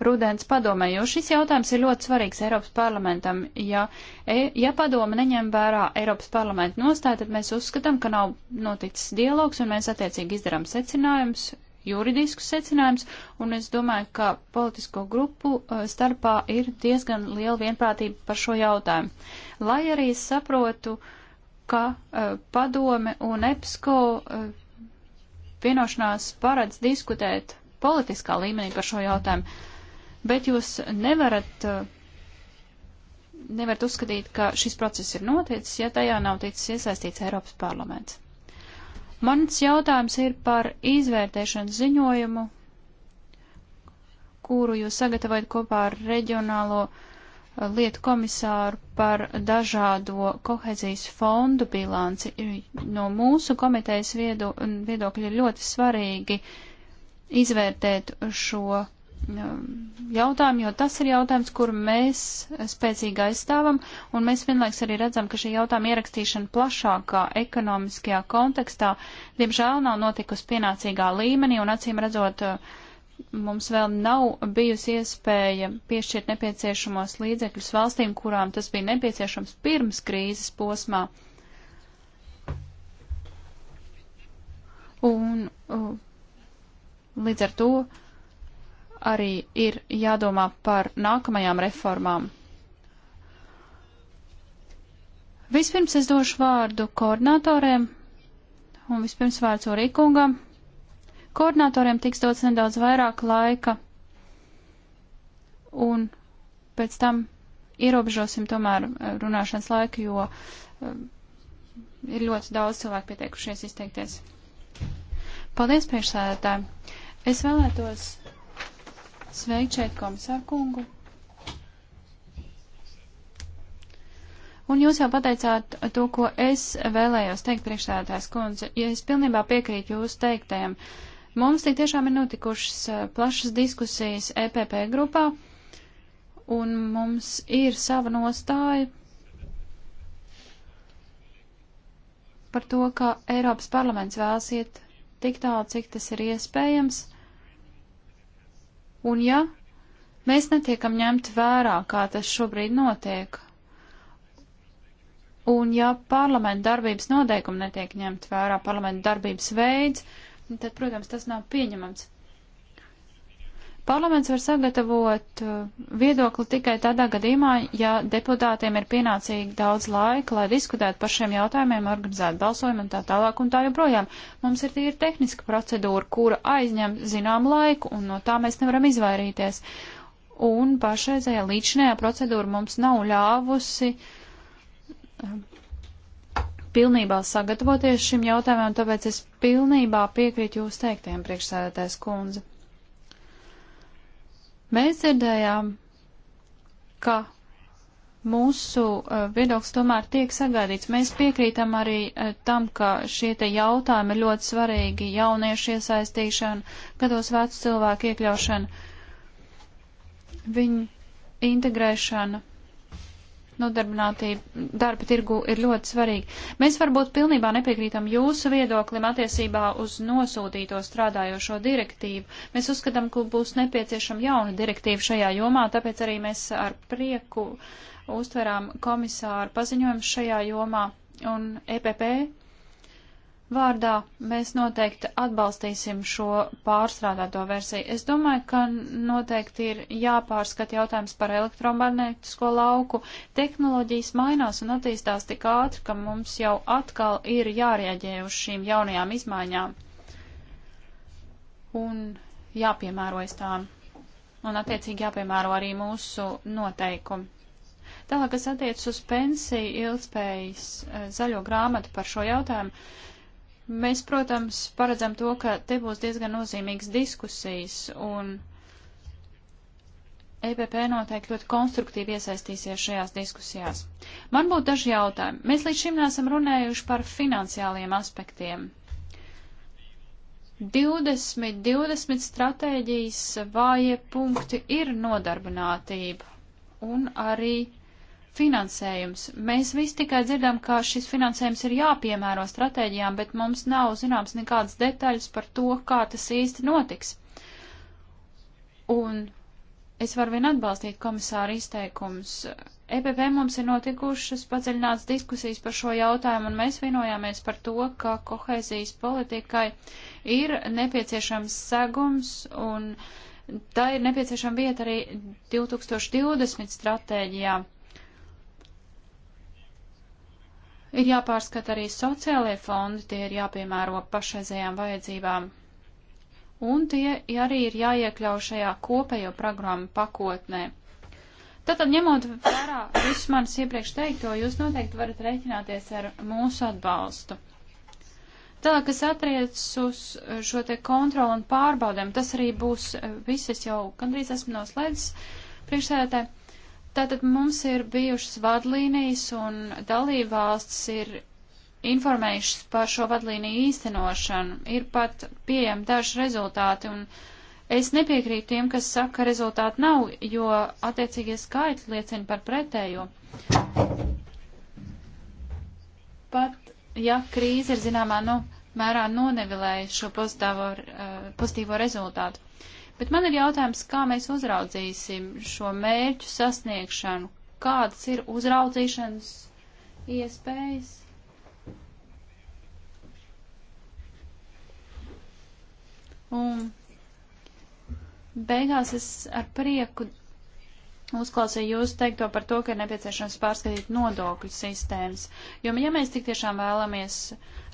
rudens padomē, jo šis jautājums ir ļoti svarīgs Eiropas parlamentam. Ja, e, ja padome neņem vērā Eiropas parlamenta nostāju, tad mēs uzskatām, ka nav noticis dialogs un mēs attiecīgi izdarām secinājumus, juridiskus secinājumus, un es domāju, ka politisko grupu e, starpā ir diezgan liela vienprātība par šo jautājumu. Lai arī es saprotu, ka e, padome un EPSCO vienošanās paredz diskutēt politiskā līmenī par šo jautājumu bet jūs nevarat, nevarat uzskatīt, ka šis process ir noticis, ja tajā nav ticis iesaistīts Eiropas parlaments. Mans jautājums ir par izvērtēšanas ziņojumu, kuru jūs sagatavojat kopā ar reģionālo uh, lietu komisāru par dažādo kohezijas fondu bilanci. No mūsu komitejas viedo, viedokļa ir ļoti svarīgi izvērtēt šo Um, jautājumu, jo tas ir jautājums, kur mēs spēcīgi aizstāvam, un mēs vienlaiks arī redzam, ka šī jautājuma ierakstīšana plašākā ekonomiskajā kontekstā, diemžēl, nav notikusi pienācīgā līmenī, un acīm redzot, uh, mums vēl nav bijusi iespēja piešķirt nepieciešamos līdzekļus valstīm, kurām tas bija nepieciešams pirms krīzes posmā. Un, uh, līdz ar to arī ir jādomā par nākamajām reformām. Vispirms es došu vārdu koordinatoriem, un vispirms vārds Urīkungam. Koordinatoriem tiks dots nedaudz vairāk laika, un pēc tam ierobežosim tomēr eh, runāšanas laiku, jo eh, ir ļoti daudz cilvēku pieteikušies izteikties. Paldies, priekšsēdētāji! Es vēlētos Sveikt šeit komisārkungu. Un jūs jau pateicāt to, ko es vēlējos teikt priekšstādātājs kundze, ja es pilnībā piekrītu jūsu teiktajam. Mums tik tiešām ir notikušas eh, plašas diskusijas EPP grupā, un mums ir sava nostāja par to, ka Eiropas parlaments vēlas iet tik tālu, cik tas ir iespējams – Un ja mēs netiekam ņemt vērā, kā tas šobrīd notiek, un ja parlamenta darbības noteikumi netiek ņemt vērā, parlamenta darbības veids, tad, protams, tas nav pieņemams. Parlaments var sagatavot uh, viedokli tikai tādā gadījumā, ja deputātiem ir pienācīgi daudz laika, lai diskutētu par šiem jautājumiem, organizētu balsojumu un tā tālāk un tā joprojām. Mums ir tīri tehniska procedūra, kura aizņem zinām laiku, un no tā mēs nevaram izvairīties. Un pašreizējā līdšanējā procedūra mums nav ļāvusi um, pilnībā sagatavoties šim jautājumam, tāpēc es pilnībā piekrītu jūs teiktiem priekšsēdētājs kundze. Mēs dzirdējām, ka mūsu eh, viedoklis tomēr tiek sagaidīts. Mēs piekrītam arī eh, tam, ka šie te jautājumi ir ļoti svarīgi - jauniešu iesaistīšana, gados vecu cilvēku iekļaušana, viņu integrēšana nodarbinātība darba tirgu ir ļoti svarīga. Mēs varbūt pilnībā nepiekrītam jūsu viedoklim attiecībā uz nosūtīto strādājošo direktīvu. Mēs uzskatām, ka būs nepieciešama jauna direktīva šajā jomā, tāpēc arī mēs ar prieku uztverām komisāru paziņojumu šajā jomā un EPP vārdā mēs noteikti atbalstīsim šo pārstrādāto versiju. Es domāju, ka noteikti ir jāpārskat jautājums par elektromagnētisko lauku. Tehnoloģijas mainās un attīstās tik ātri, ka mums jau atkal ir jārieģē uz šīm jaunajām izmaiņām un jāpiemērojas tām. Un attiecīgi jāpiemēro arī mūsu noteikumi. Tālāk, kas attiec uz pensiju ilgspējas eh, zaļo grāmatu par šo jautājumu, Mēs, protams, paredzam to, ka te būs diezgan nozīmīgas diskusijas, un EPP noteikti ļoti konstruktīvi iesaistīsies šajās diskusijās. Man būtu daži jautājumi. Mēs līdz šim neesam runējuši par finansiāliem aspektiem. 20, 20 stratēģijas vāje punkti ir nodarbinātība un arī uh, finansējums. Mēs visi tikai dzirdam, ka šis finansējums ir jāpiemēro stratēģijām, bet mums nav zināms nekādas detaļas par to, kā tas īsti notiks. Un es varu vien atbalstīt komisāra izteikums. EPP mums ir notikušas padziļināts diskusijas par šo jautājumu, un mēs vienojāmies par to, ka kohēzijas politikai ir nepieciešams segums un tā ir nepieciešama vieta arī 2020 stratēģijā. Ir jāpārskata arī sociālie fondi, tie ir jāpiemēro pašreizējām vajadzībām. Un tie arī ir jāiekļauj šajā kopējo programmu pakotnē. Tātad, ņemot vērā visus manis iepriekš teikto, jūs noteikti varat rēķināties ar mūsu atbalstu. Tālāk, kas atriecas uz šo te kontroli un pārbaudēm, tas arī būs viss, es jau gandrīz esmu noslēdzis priekšsēdētāji. Tātad mums ir bijušas vadlīnijas un dalībvalsts ir informējušas par šo vadlīniju īstenošanu. Ir pat pieejami daži rezultāti un es nepiekrītu tiem, kas saka, ka rezultāti nav, jo attiecīgie skaitļi liecina par pretējo. Pat, ja krīze ir zināmā nu, mērā nonevilējusi šo pozitīvo, eh, pozitīvo rezultātu. Bet man ir jautājums, kā mēs uzraudzīsim šo mērķu sasniegšanu, kādas ir uzraudzīšanas iespējas. Un beigās es ar prieku uzklausīju jūs teikto par to, ka ir nepieciešams pārskatīt nodokļu sistēmas. Jo, ja mēs tik tiešām vēlamies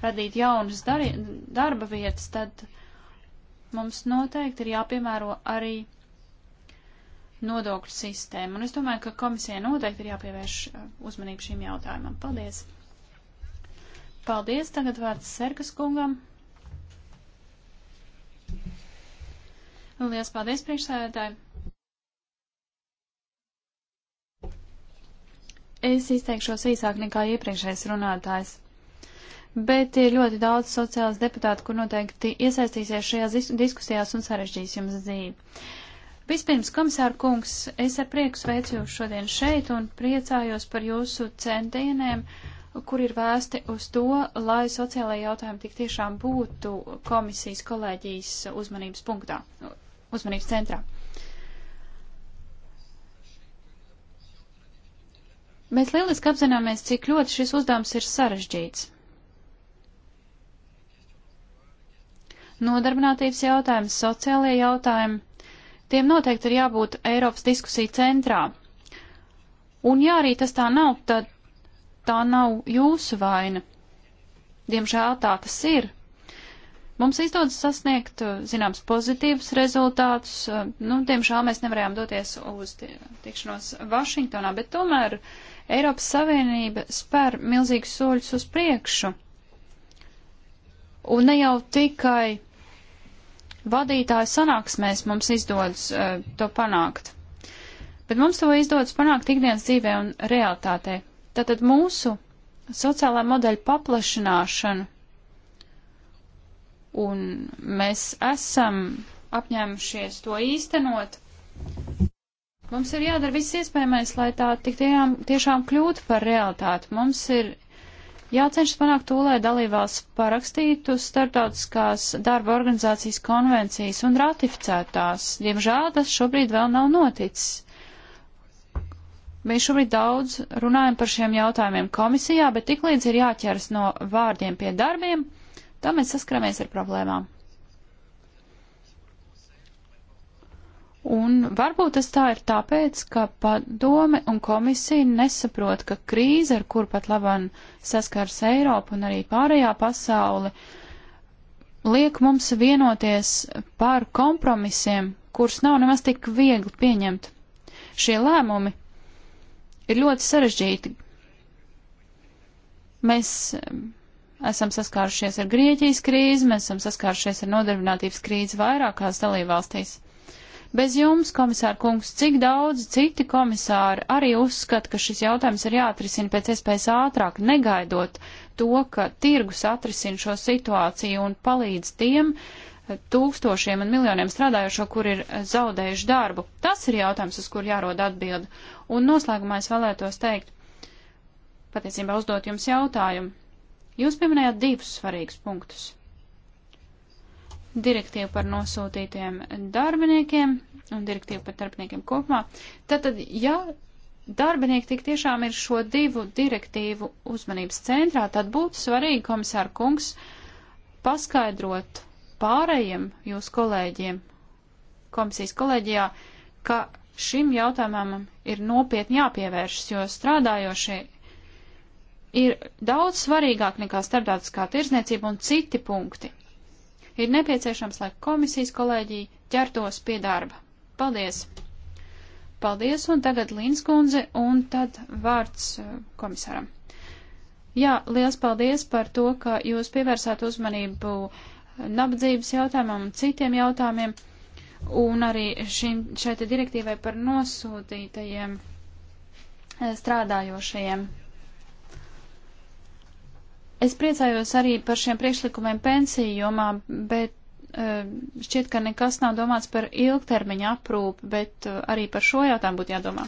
radīt jaunas darba vietas, tad mums noteikti ir jāpiemēro arī nodokļu sistēma. Un es domāju, ka komisijai noteikti ir jāpievērš uh, uzmanību šīm jautājumam. Paldies! Paldies! Tagad vārds Serkas kungam. Lielas paldies, priekšsēdētāji! Es izteikšos īsāk nekā iepriekšējais runātājs bet ir ļoti daudz sociālas deputātu, kur noteikti iesaistīsies šajās diskusijās un sarežģīs jums dzīvi. Vispirms, komisāra kungs, es ar prieku sveicu jūs šodien šeit un priecājos par jūsu centieniem, kur ir vēsti uz to, lai sociālajie jautājumi tik tiešām būtu komisijas kolēģijas uzmanības punktā, uzmanības centrā. Mēs lieliski apzināmies, cik ļoti šis uzdevums ir sarežģīts. nodarbinātības jautājumi, sociālie jautājumi, tiem noteikti ir jābūt Eiropas diskusiju centrā. Un ja arī tas tā nav, tad tā nav jūsu vaina. Diemžēl tā tas ir. Mums izdodas sasniegt, uh, zināms, pozitīvus rezultātus. Uh, nu, diemžēl mēs nevarējām doties uz tikšanos Vašingtonā, bet tomēr Eiropas Savienība spēr milzīgus soļus uz priekšu. Un ne jau tikai vadītāju sanāksmēs mums izdodas uh, to panākt. Bet mums to izdodas panākt ikdienas dzīvē un realitātē. Tātad mūsu sociālā modeļa paplašināšana un mēs esam apņēmušies to īstenot. Mums ir jādara viss iespējamais, lai tā tik tiešām, tiešām kļūtu par realitāti. Mums ir Jācenšas panākt to, lai dalībās parakstītu starptautiskās darba organizācijas konvencijas un ratificētās. Diemžēl tas šobrīd vēl nav noticis. Mēs šobrīd daudz runājam par šiem jautājumiem komisijā, bet tiklīdz ir jāķeras no vārdiem pie darbiem, tam mēs saskaramies ar problēmām. Un varbūt tas tā ir tāpēc, ka padome un komisija nesaprot, ka krīze, ar kur pat labam saskars Eiropa un arī pārējā pasauli, liek mums vienoties par kompromisiem, kurus nav nemaz tik viegli pieņemt. Šie lēmumi ir ļoti sarežģīti. Mēs um, esam saskārušies ar Grieķijas krīzi, mēs esam saskārušies ar nodarbinātības krīzi vairākās dalībvalstīs. Bez jums, komisāra kungs, cik daudz citi komisāri arī uzskata, ka šis jautājums ir jāatrisina pēc iespējas ātrāk, negaidot to, ka tirgus atrisina šo situāciju un palīdz tiem, tūkstošiem un miljoniem strādājošo, kur ir zaudējuši darbu? Tas ir jautājums, uz kur jārod atbildi. Un noslēgumā es vēlētos teikt, patiesībā uzdot jums jautājumu. Jūs pieminējāt divus svarīgus punktus direktīvu par nosūtītiem darbiniekiem un direktīvu par darbiniekiem kopumā. Tātad, ja darbinieki tik tiešām ir šo divu direktīvu uzmanības centrā, tad būtu svarīgi, komisāra kungs, paskaidrot pārējiem jūs kolēģiem komisijas kolēģijā, ka šim jautājumam ir nopietni jāpievēršas, jo strādājošie ir daudz svarīgāk nekā starptautiskā tirzniecība un citi punkti. Ir nepieciešams, lai komisijas kolēģija ķertos pie darba. Paldies! Paldies, un tagad Līnskundze, un tad vārds eh, komisaram. Jā, liels paldies par to, ka jūs pievērsāt uzmanību eh, nabadzības jautājumam un citiem jautājumiem, un arī šim, šai direktīvai par nosūtītajiem eh, strādājošajiem Es priecājos arī par šiem priekšlikumiem pensiju jomā, bet e, šķiet, ka nekas nav domāts par ilgtermiņa aprūpi, bet e, arī par šo jautājumu būtu jādomā.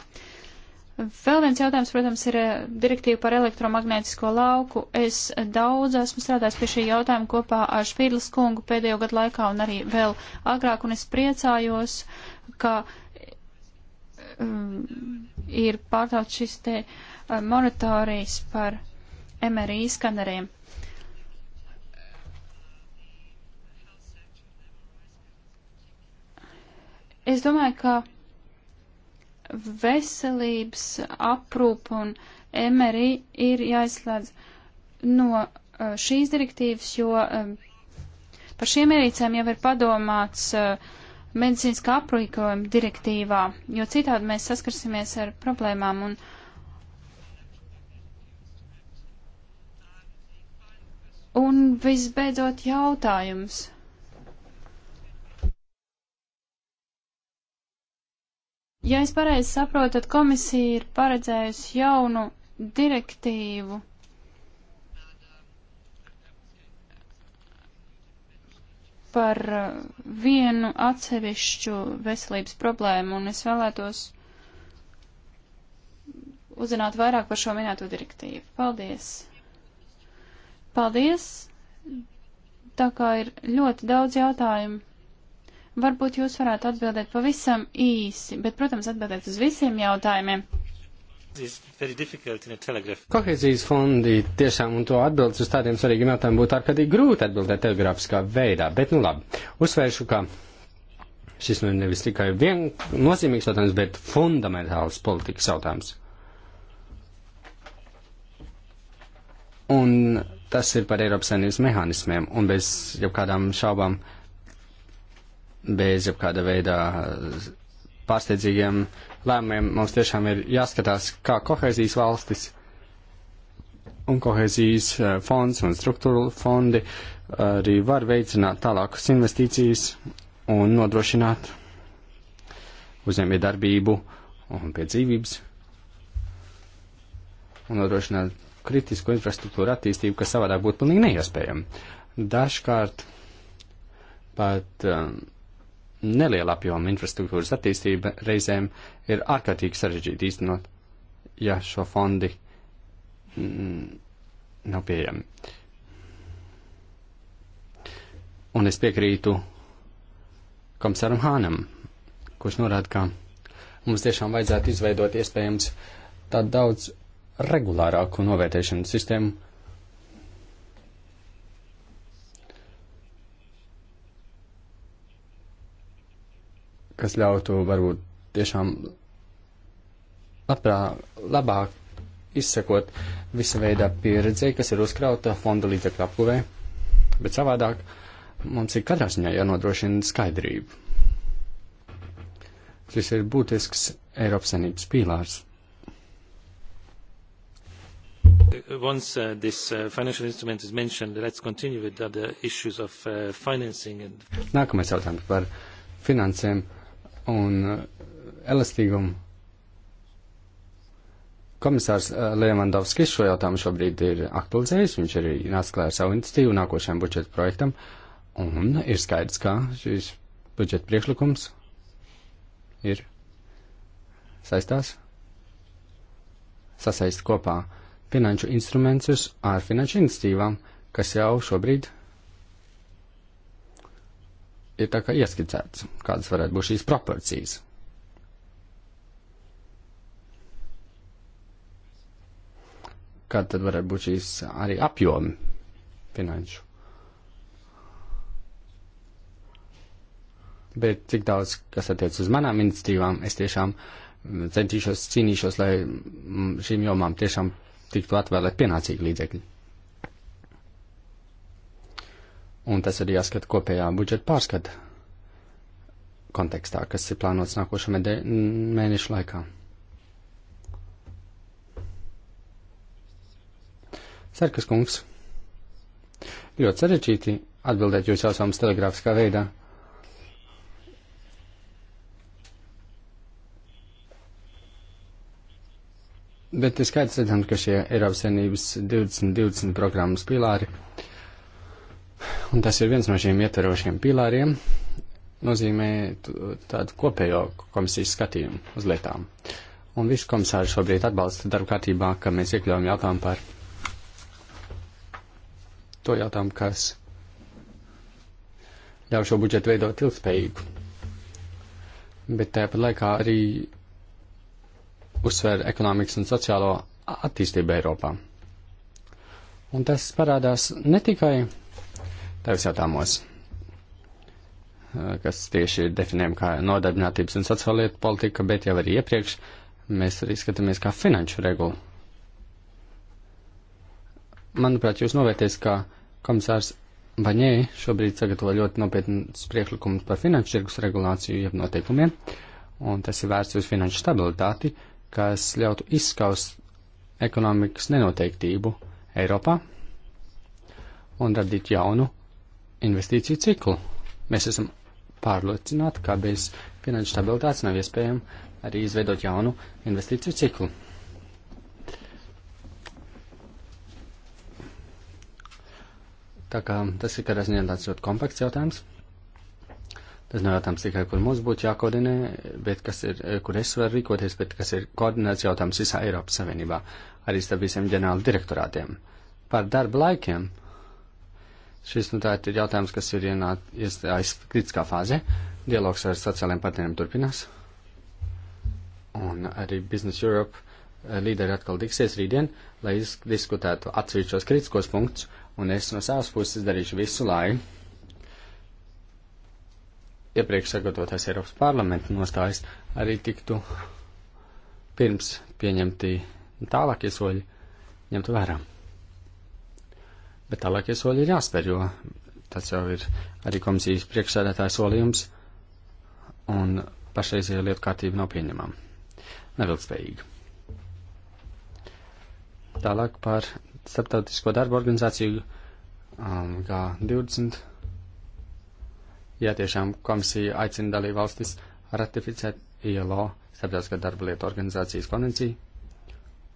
Vēl viens jautājums, protams, ir e, direktīva par elektromagnētisko lauku. Es daudz esmu strādājis pie šī jautājuma kopā ar Špīdlis kungu pēdējo gadu laikā un arī vēl agrāk, un es priecājos, ka um, ir pārtauts šis te monitorijas par MRI skaneriem. Es domāju, ka veselības aprūpa un MRI ir jāizslēdz no uh, šīs direktīvas, jo um, par šiem ierīcēm jau ir padomāts uh, medicīniskā aprīkojuma direktīvā, jo citādi mēs saskarsimies ar problēmām un problēmām Un visbeidzot jautājums. Ja es pareizi saprotu, tad komisija ir paredzējusi jaunu direktīvu. par uh, vienu atsevišķu veselības problēmu, un es vēlētos uzzināt vairāk par šo minēto direktīvu. Paldies! Paldies! Tā kā ir ļoti daudz jautājumu. Varbūt jūs varētu atbildēt pavisam īsi, bet, protams, atbildēt uz visiem jautājumiem. Kohēzijas fondi tiešām un to atbildes uz tādiem svarīgiem jautājumiem būtu ārkārtīgi grūti atbildēt telegrāfiskā veidā, bet nu labi, uzsvēršu, ka šis nu ir nevis tikai vien nozīmīgs jautājums, bet fundamentāls politikas jautājums. Un Tas ir par Eiropas Savienības mehānismiem un bez jebkādām šaubām, bez jebkāda veida pārsteidzīgiem lēmumiem mums tiešām ir jāskatās, kā kohēzijas valstis un kohēzijas eh, fonds un struktūra fondi eh, arī var veicināt tālākas investīcijas un nodrošināt uzņēmējdarbību un pie dzīvības un nodrošināt kritisko infrastruktūru attīstību, kas savādāk būtu pilnīgi neiespējama. Dažkārt pat um, neliela apjoma infrastruktūras attīstība reizēm ir ārkārtīgi sarežģīta īstenot, ja šo fondi mm, nav pieejami. Un es piekrītu komisaram Hānam, kurš norāda, ka mums tiešām vajadzētu izveidot iespējams tādu daudz regulārāku novērtēšanas sistēmu. kas ļautu varbūt tiešām labprā, labāk izsekot visa veida pieredzei, kas ir uzkrauta fonda līdzekļu apguvē, bet savādāk mums ir katrā ziņā jānodrošina skaidrība. Šis ir būtisks Eiropas Sanības pīlārs once uh, this uh, financial instrument is mentioned, let's continue with other issues of uh, financing. And... Nākamais jautājums par finansēm un uh, elastīgumu. Komisārs uh, Levandovskis šo jautājumu šobrīd ir aktualizējis, viņš arī atklāja savu iniciatīvu nākošajam budžeta projektam, un ir skaidrs, ka šis budžeta priekšlikums ir saistās, sasaist kopā uh, finanšu instrumentus ar finanšu institīvām, kas jau šobrīd ir tā kā ieskicēts, kādas varētu būt šīs proporcijas. Kāda tad varētu būt šīs arī apjomi finanšu? Bet cik daudz, kas attiec uz manām iniciatīvām, es tiešām centīšos, cīnīšos, lai mm, šīm jomām tiešām tiktu atvēlēt pienācīgi līdzekļi. Un tas arī jāskata kopējā budžeta pārskata kontekstā, kas ir plānots nākošā mēneša laikā. Sarkas kungs, ļoti sarežģīti atbildēt jūs jautājumus telegrāfiskā veidā. Bet ir skaidrs, redzam, ka šie Eiropas Savienības 2020 programmas pilāri, un tas ir viens no šiem ietverošiem pilāriem, nozīmē tādu kopējo komisijas skatījumu uz lietām. Un visu komisāru šobrīd atbalsta darba kārtībā, ka mēs iekļaujam jautājumu par to jautājumu, kas ļauj šo budžetu veidot ilgspējīgu. Bet tāpat laikā arī uzsver ekonomikas un sociālo attīstību Eiropā. Un tas parādās ne tikai tevis jautājumos, eh, kas tieši ir definējami kā nodarbinātības un sociālietu politika, bet jau arī iepriekš mēs arī skatāmies kā finanšu regulu. Manuprāt, jūs novērties, ka komisārs Baņē šobrīd sagatavo ļoti nopietnas priekšlikumus par finanšu tirgus regulāciju, jeb noteikumiem, un tas ir vērsts uz finanšu stabilitāti, uh, kas ļautu izskaust ekonomikas nenoteiktību Eiropā un radīt jaunu investīciju ciklu. Mēs esam pārliecināti, ka bez finanšu stabilitātes nav iespējams arī izveidot jaunu investīciju ciklu. Tā kā tas ir kādā ziņā tāds ļoti komplekss jautājums. Tas nav jautājums tikai, kur mums būtu jākoordinē, bet kas ir, eh, kur es varu rīkoties, bet kas ir koordinēts jautājums visā Eiropas Savienībā, arī starp visiem ģenerāla direktorātiem. Par darba laikiem. Šis, nu, tā ir jautājums, kas ir ienāk, iestājas kritiskā fāzē. Dialogs ar sociālajiem partneriem turpinās. Un arī Business Europe eh, līderi atkal tiksies rītdien, lai diskutētu atsevišķos kritiskos punktus, un es no savas puses darīšu visu, lai iepriekš sagatavotās Eiropas parlamenta nostājas arī tiktu pirms pieņemti tālākie soļi ņemt vērā. Bet tālākie soļi ir jāspēr, jo tas jau ir arī komisijas priekšsēdētāja solījums, un pašreizie lietu kārtība nav pieņemama. Nevilgspējīga. Tālāk par Starptautisko darbu organizāciju um, G20 ja tiešām komisija aicina dalību valstis ratificēt ILO starptautiskā darba lietu organizācijas konvenciju.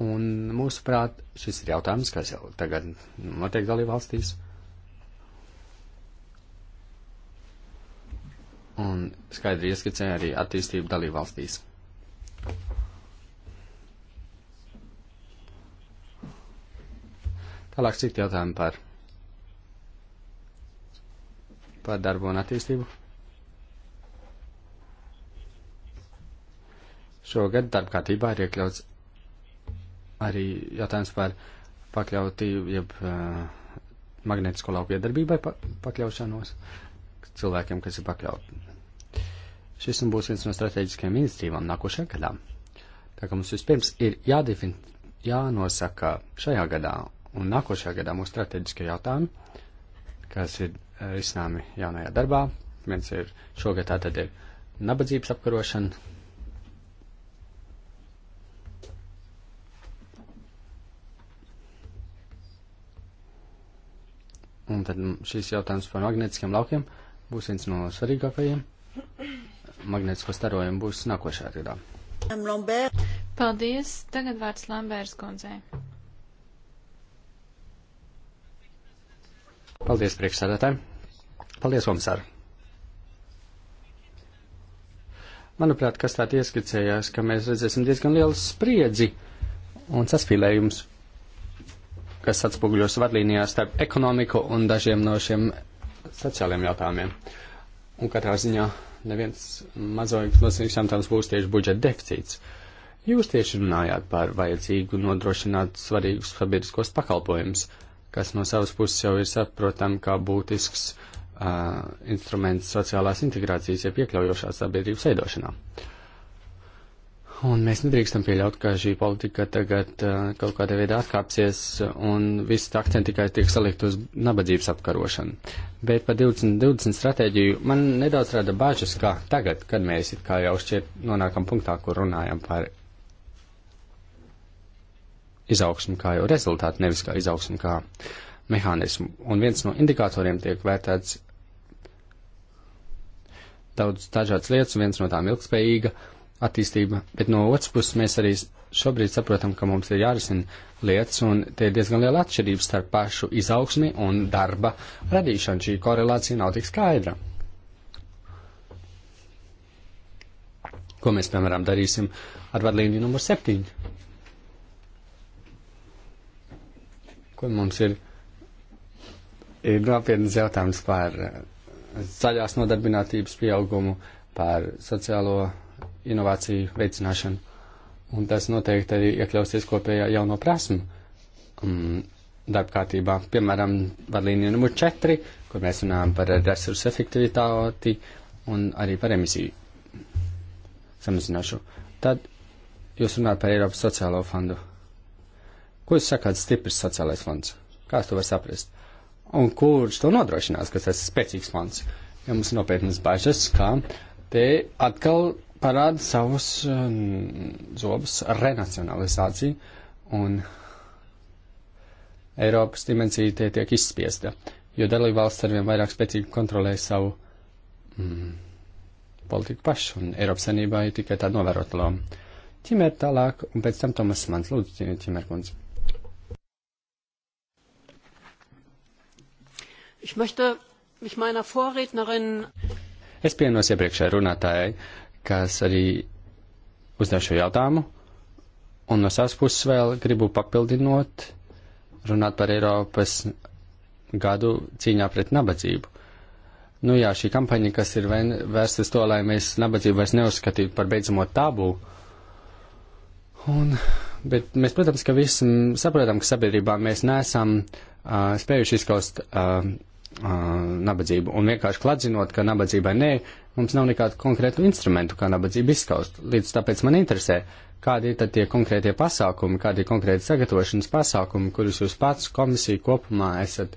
Un mūsuprāt, šis ir jautājums, kas jau tagad notiek dalību valstīs. Un skaidri ieskicē arī attīstību dalību valstīs. Tālāk citi jautājumi par par darbu un attīstību. Šogad darba kārtībā ir iekļauts arī jautājums par pakļautību, jeb uh, eh, magnētisko lauku iedarbībai pa, pakļaušanos cilvēkiem, kas ir pakļauti. Šis būs viens no strateģiskajiem iniciatīvām nākošajā gadā. Tā kā mums vispirms ir jādefin, jānosaka šajā gadā un nākošajā gadā mūsu strateģiskie jautājumi, kas ir risinājumi jaunajā darbā. Viens ir šogad tātad ir nabadzības apkarošana. Un tad šis jautājums par magnetiskiem laukiem būs viens no svarīgākajiem. Magnētisko starojumu būs nākošajā gadā. Paldies! Tagad vārds Lambērs kundzei. Paldies, priekšsēdētāji. Paldies, komisāri. Manuprāt, kas tā ieskicējās, ka mēs redzēsim diezgan lielu spriedzi un saspīlējums, kas atspoguļos vadlīnijās starp ekonomiku un dažiem no šiem sociāliem jautājumiem. Un katrā ziņā neviens mazojums no simptomiem būs tieši budžeta deficīts. Jūs tieši runājāt par vajadzīgu nodrošināt svarīgus sabiedriskos pakalpojumus kas no savas puses jau ir saprotam kā būtisks uh, instruments sociālās integrācijas, ja iekļaujošās sabiedrības veidošanā. Un mēs nedrīkstam pieļaut, ka šī politika tagad uh, kaut kādā veidā atkāpsies un viss akcents tikai tiek salikt uz nabadzības apkarošanu. Bet par 2020 stratēģiju man nedaudz rada bāžas, ka tagad, kad mēs it kā jau šķiet nonākam punktā, kur runājam par izaugsmu kā jau rezultātu, nevis kā izaugsmu kā mehānismu. Un viens no indikatoriem tiek vērtēts daudz dažādas lietas, un viens no tām ilgspējīga attīstība, bet no otras puses mēs arī šobrīd saprotam, ka mums ir jārisina lietas, un te ir diezgan liela atšķirība starp pašu izaugsmi un darba radīšanu. Šī korelācija nav tik skaidra. Ko mēs, piemēram, darīsim ar vadlīniju numur 7? kur mums ir, ir nopietnas jautājums par eh, zaļās nodarbinātības pieaugumu, par sociālo inovāciju veicināšanu. Un tas noteikti arī iekļausies kopējā jauno prasmu mm, darbkārtībā. Piemēram, vadlīnija numur 4, kur mēs runājam par resursu efektivitāti un arī par emisiju samazināšu. Tad jūs runājat par Eiropas sociālo fondu. Ko jūs sakāt stiprs sociālais fonds? Kā to var saprast? Un kurš to nodrošinās, ka tas ir spēcīgs fonds? Ja mums nopietnas bažas, ka te atkal parāda savus um, zobus renacionalizācija un Eiropas dimensija te tiek izspiesta, jo dalība valsts arvien vairāk spēcīgi kontrolē savu mm, politiku pašu, un Eiropas senībā ir tikai tāda novērota loma. Ķimēr tālāk, un pēc tam Tomas Mans, lūdzu, ķimēr kundze. Ich möchte mich meiner Vorrednerin. Es pienos iepriekšējai runātājai, kas arī uzdev šo jautājumu, un no savas puses vēl gribu papildinot, runāt par Eiropas gadu cīņā pret nabadzību. Nu jā, šī kampaņa, kas ir vērsta uz to, lai mēs nabadzību vairs neuzskatītu par beidzamo tabu, un, bet mēs, protams, ka visi saprotam, ka sabiedrībā mēs nesam uh, spējuši izkaust uh, nabadzību. Un vienkārši kladzinot, ka nabadzībai nē, mums nav nekādu konkrētu instrumentu, kā nabadzību izskaust. Līdz tāpēc man interesē, kādi ir tad tie konkrētie pasākumi, kādi ir konkrēti sagatavošanas pasākumi, kurus jūs pats komisija kopumā esat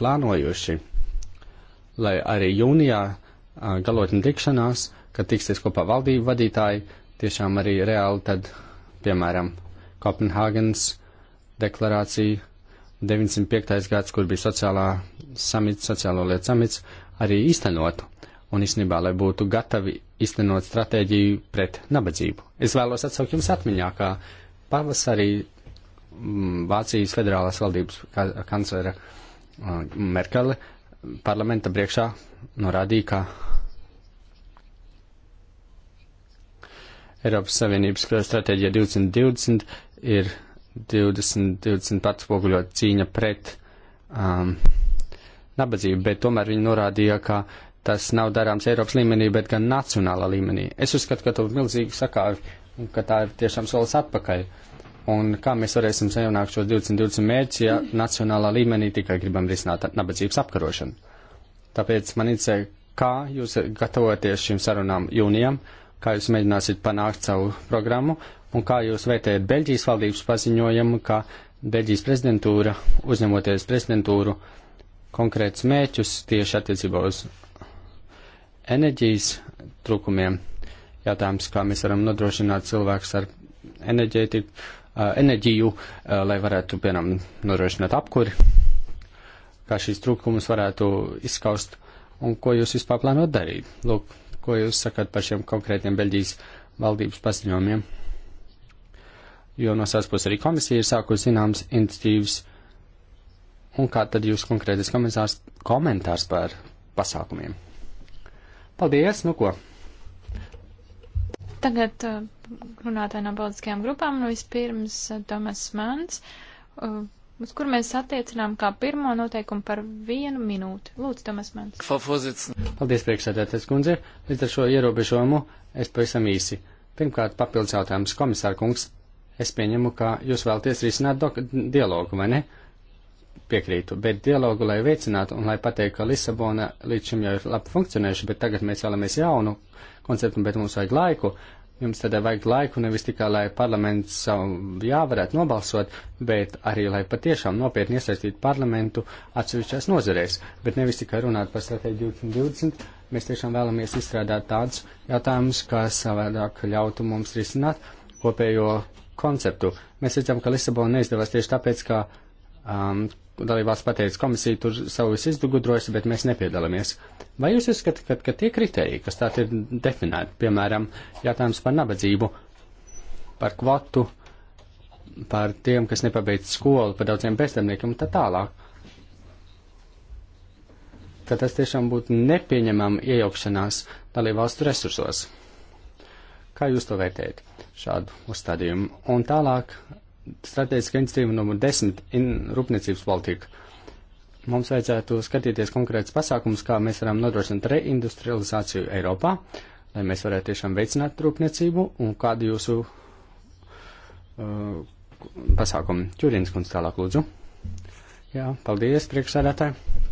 plānojuši, lai arī jūnijā galotni tikšanās, kad tiksies kopā valdību vadītāji, tiešām arī reāli tad, piemēram, Kopenhāgenes deklarācija 905. gads, kur bija sociālā samits, sociālo lietu samits, arī īstenotu. Un īstenībā, lai būtu gatavi īstenot stratēģiju pret nabadzību. Es vēlos atsaukt jums atmiņā, kā pavasarī mm, Vācijas federālās valdības kanclere uh, Merkele parlamenta priekšā norādīja, ka Eiropas Savienības stratēģija 2020 ir 2020 atspoguļot cīņa pret um, nabadzību, bet tomēr viņi norādīja, ka tas nav darāms Eiropas līmenī, bet gan nacionālā līmenī. Es uzskatu, ka to milzīgi sakāvi, ka tā ir tiešām solis atpakaļ. Un kā mēs varēsim sajaunākt šos 2020 mērķus, ja nacionālā līmenī tikai gribam risināt nabadzības apkarošanu. Tāpēc man interesē, kā jūs gatavoties šīm sarunām jūnijam, kā jūs mēģināsiet panākt savu programmu Un kā jūs vērtējat Beļģijas valdības paziņojumu, ka Beļģijas prezidentūra, uzņemoties prezidentūru, konkrētus mēķus tieši attiecībā uz enerģijas trūkumiem. Jātājums, kā mēs varam nodrošināt cilvēkus ar enerģētiku, enerģiju, lai varētu, piemēram, nodrošināt apkuri, kā šīs trūkumus varētu izskaust un ko jūs vispār plānot darīt. Lūk, ko jūs sakat par šiem konkrētiem Beļģijas valdības paziņojumiem jo no savas puses arī komisija ir sākusi zināmas iniciatīvas. Un kā tad jūs konkrētais komisārs komentārs par pasākumiem? Paldies, nu ko? Tagad uh, runātāji no politiskajām grupām, nu vispirms uh, Tomas Mans, uh, uz kur mēs attiecinām kā pirmo noteikumu par vienu minūti. Lūdzu, Tomas Mans. Paldies, priekšsēdētājs kundze. Līdz ar šo ierobežojumu es pavisam īsi. Pirmkārt, papildus jautājums, komisāra kungs, Es pieņemu, ka jūs vēlaties risināt dialogu, vai ne? Piekrītu, bet dialogu, lai veicinātu un lai pateiktu, ka Lisabona līdz šim jau ir labi funkcionējuši, bet tagad mēs vēlamies jaunu konceptu, bet mums vajag laiku. Jums tad vajag laiku nevis tikai, lai parlaments savu jā varētu nobalsot, bet arī, lai patiešām nopietni iesaistītu parlamentu atsevišķās nozarēs, bet nevis tikai runāt par stratēģiju 2020. Mēs tiešām vēlamies izstrādāt tādus jautājumus, kas savādāk ļautu mums risināt kopējo konceptu. Mēs redzam, ka Lisabona neizdevās tieši tāpēc, ka um, dalībās pateica komisija tur savus izdugudrojas, bet mēs nepiedalāmies. Vai jūs uzskatāt, ka, ka tie kriteriji, kas tā ir definēti, piemēram, jautājums par nabadzību, par kvotu, par tiem, kas nepabeidz skolu, par daudziem bezdarbniekiem un tā tālāk, ka tas tiešām būtu nepieņemama iejaukšanās dalībvalstu resursos. Kā jūs to vērtējat? šādu uzstādījumu. Un tālāk, strateģiska iniciatīva numur 10 in rūpniecības politika. Mums vajadzētu skatīties konkrēts pasākums, kā mēs varam nodrošināt reindustrializāciju Eiropā, lai mēs varētu tiešām veicināt rūpniecību un kādu jūsu uh, pasākumu. Čurins kundze tālāk lūdzu. Jā, paldies priekšsēdētāji.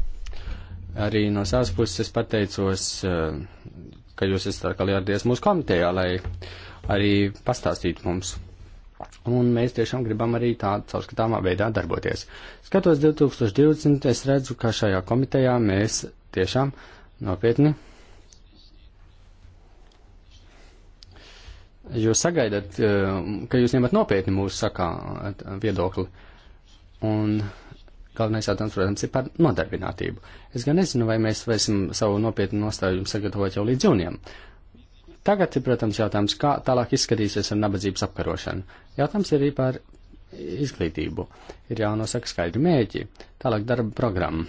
Arī no savas puses pateicos, uh, ka jūs esat kā ieradies mūsu komitejā, lai uh, arī pastāstīt mums. Un mēs tiešām gribam arī tādā caurskatāmā veidā darboties. Skatos 2020, es redzu, ka šajā komitejā mēs tiešām nopietni. Jūs sagaidat, eh, ka jūs ņemat nopietni mūsu sakā eh, viedokli. Un galvenais jautājums, protams, ir par nodarbinātību. Es gan nezinu, vai mēs varēsim savu nopietnu nostāju sagatavot jau līdz jūnijam. Uh, Tagad ir, protams, jautājums, kā tālāk izskatīsies ar nabadzības apkarošanu. Jautājums ir arī par izglītību. Ir jānosaka skaidri mēģi, tālāk darba programma.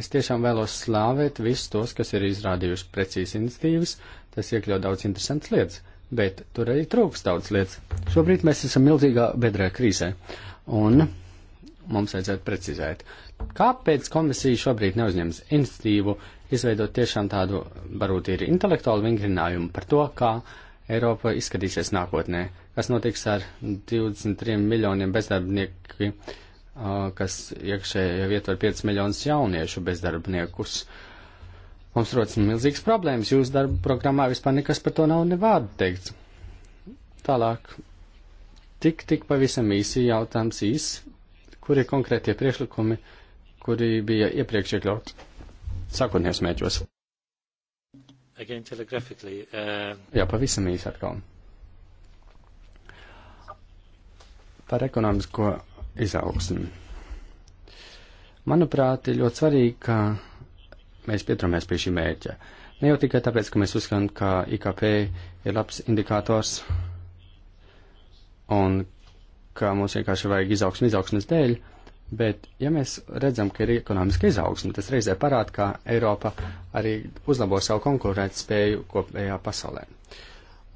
Es tiešām vēlos slāvēt visus tos, kas ir izrādījuši precīzi iniciatīvas, tas iekļaut daudz interesantas lietas, bet tur arī trūks daudz lietas. Šobrīd mēs esam milzīgā bedrē krīzē, un mums vajadzētu precizēt, kāpēc komisija šobrīd neuzņems iniciatīvu izveidot tiešām tādu, varbūt ir intelektuālu vingrinājumu par to, kā Eiropa izskatīsies nākotnē, kas notiks ar 23 miljoniem bezdarbnieku, kas iekšējā vietā ir 5 miljonus jauniešu bezdarbniekus. Mums rodas milzīgas problēmas, jūsu darba programmā vispār nekas par to nav nevārdu teikts. Tālāk, tik, tik pavisam īsi jautājums īs, kuri konkrētie priekšlikumi, kuri bija iepriekš iekļauts sākotnējos mērķos. Again, telegraphically. Uh... Jā, pavisam īsi atkal. Par ekonomisko izaugsmi. Manuprāt, ir ļoti svarīgi, ka mēs pieturamies pie šī mērķa. Ne jau tikai tāpēc, ka mēs uzskatām, ka IKP ir labs indikators un ka mums vienkārši vajag izaugsmi izaugsmes dēļ, Bet, ja mēs redzam, ka ir ekonomiska izaugsme, tas reizē parāda, ka Eiropa arī uzlabo savu konkurētspēju kopējā pasaulē.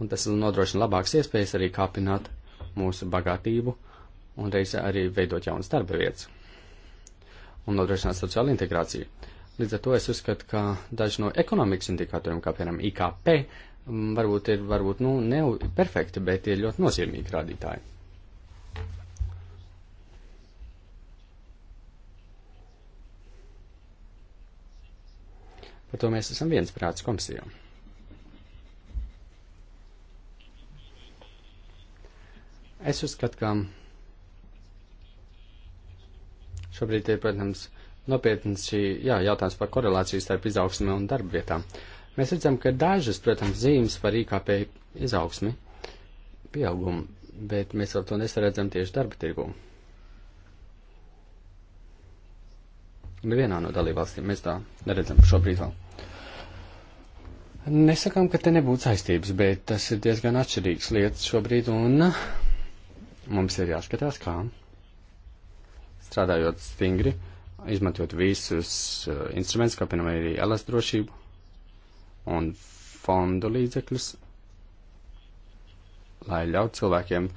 Un tas nodrošina labākas iespējas arī kāpināt mūsu bagātību un reizē arī veidot jaunas darba vietas un nodrošināt sociālu integrāciju. Līdz ar to es uzskatu, ka daži no ekonomikas indikatoriem, kā piemēram IKP, varbūt ir varbūt, nu, ne perfekti, bet ir ļoti nozīmīgi rādītāji. Par to mēs esam viensprāts komisijā. Es uzskatu, ka šobrīd ir, protams, nopietns šī jā, jautājums par korelāciju starp izaugsmi un darba vietām. Mēs redzam, ka dažas, protams, zīmes par IKP izaugsmi, pieaugumu, bet mēs vēl to nesaredzam tieši darba tirgū. Nevienā no dalībvalstīm mēs tā neredzam šobrīd vēl. Nesakām, ka te nebūtu saistības, bet tas ir diezgan atšķirīgs lietas šobrīd, un mums ir jāskatās, kā strādājot stingri, izmantot visus uh, instrumentus, kā piemēram arī elas drošību un fondu līdzekļus, lai ļaut cilvēkiem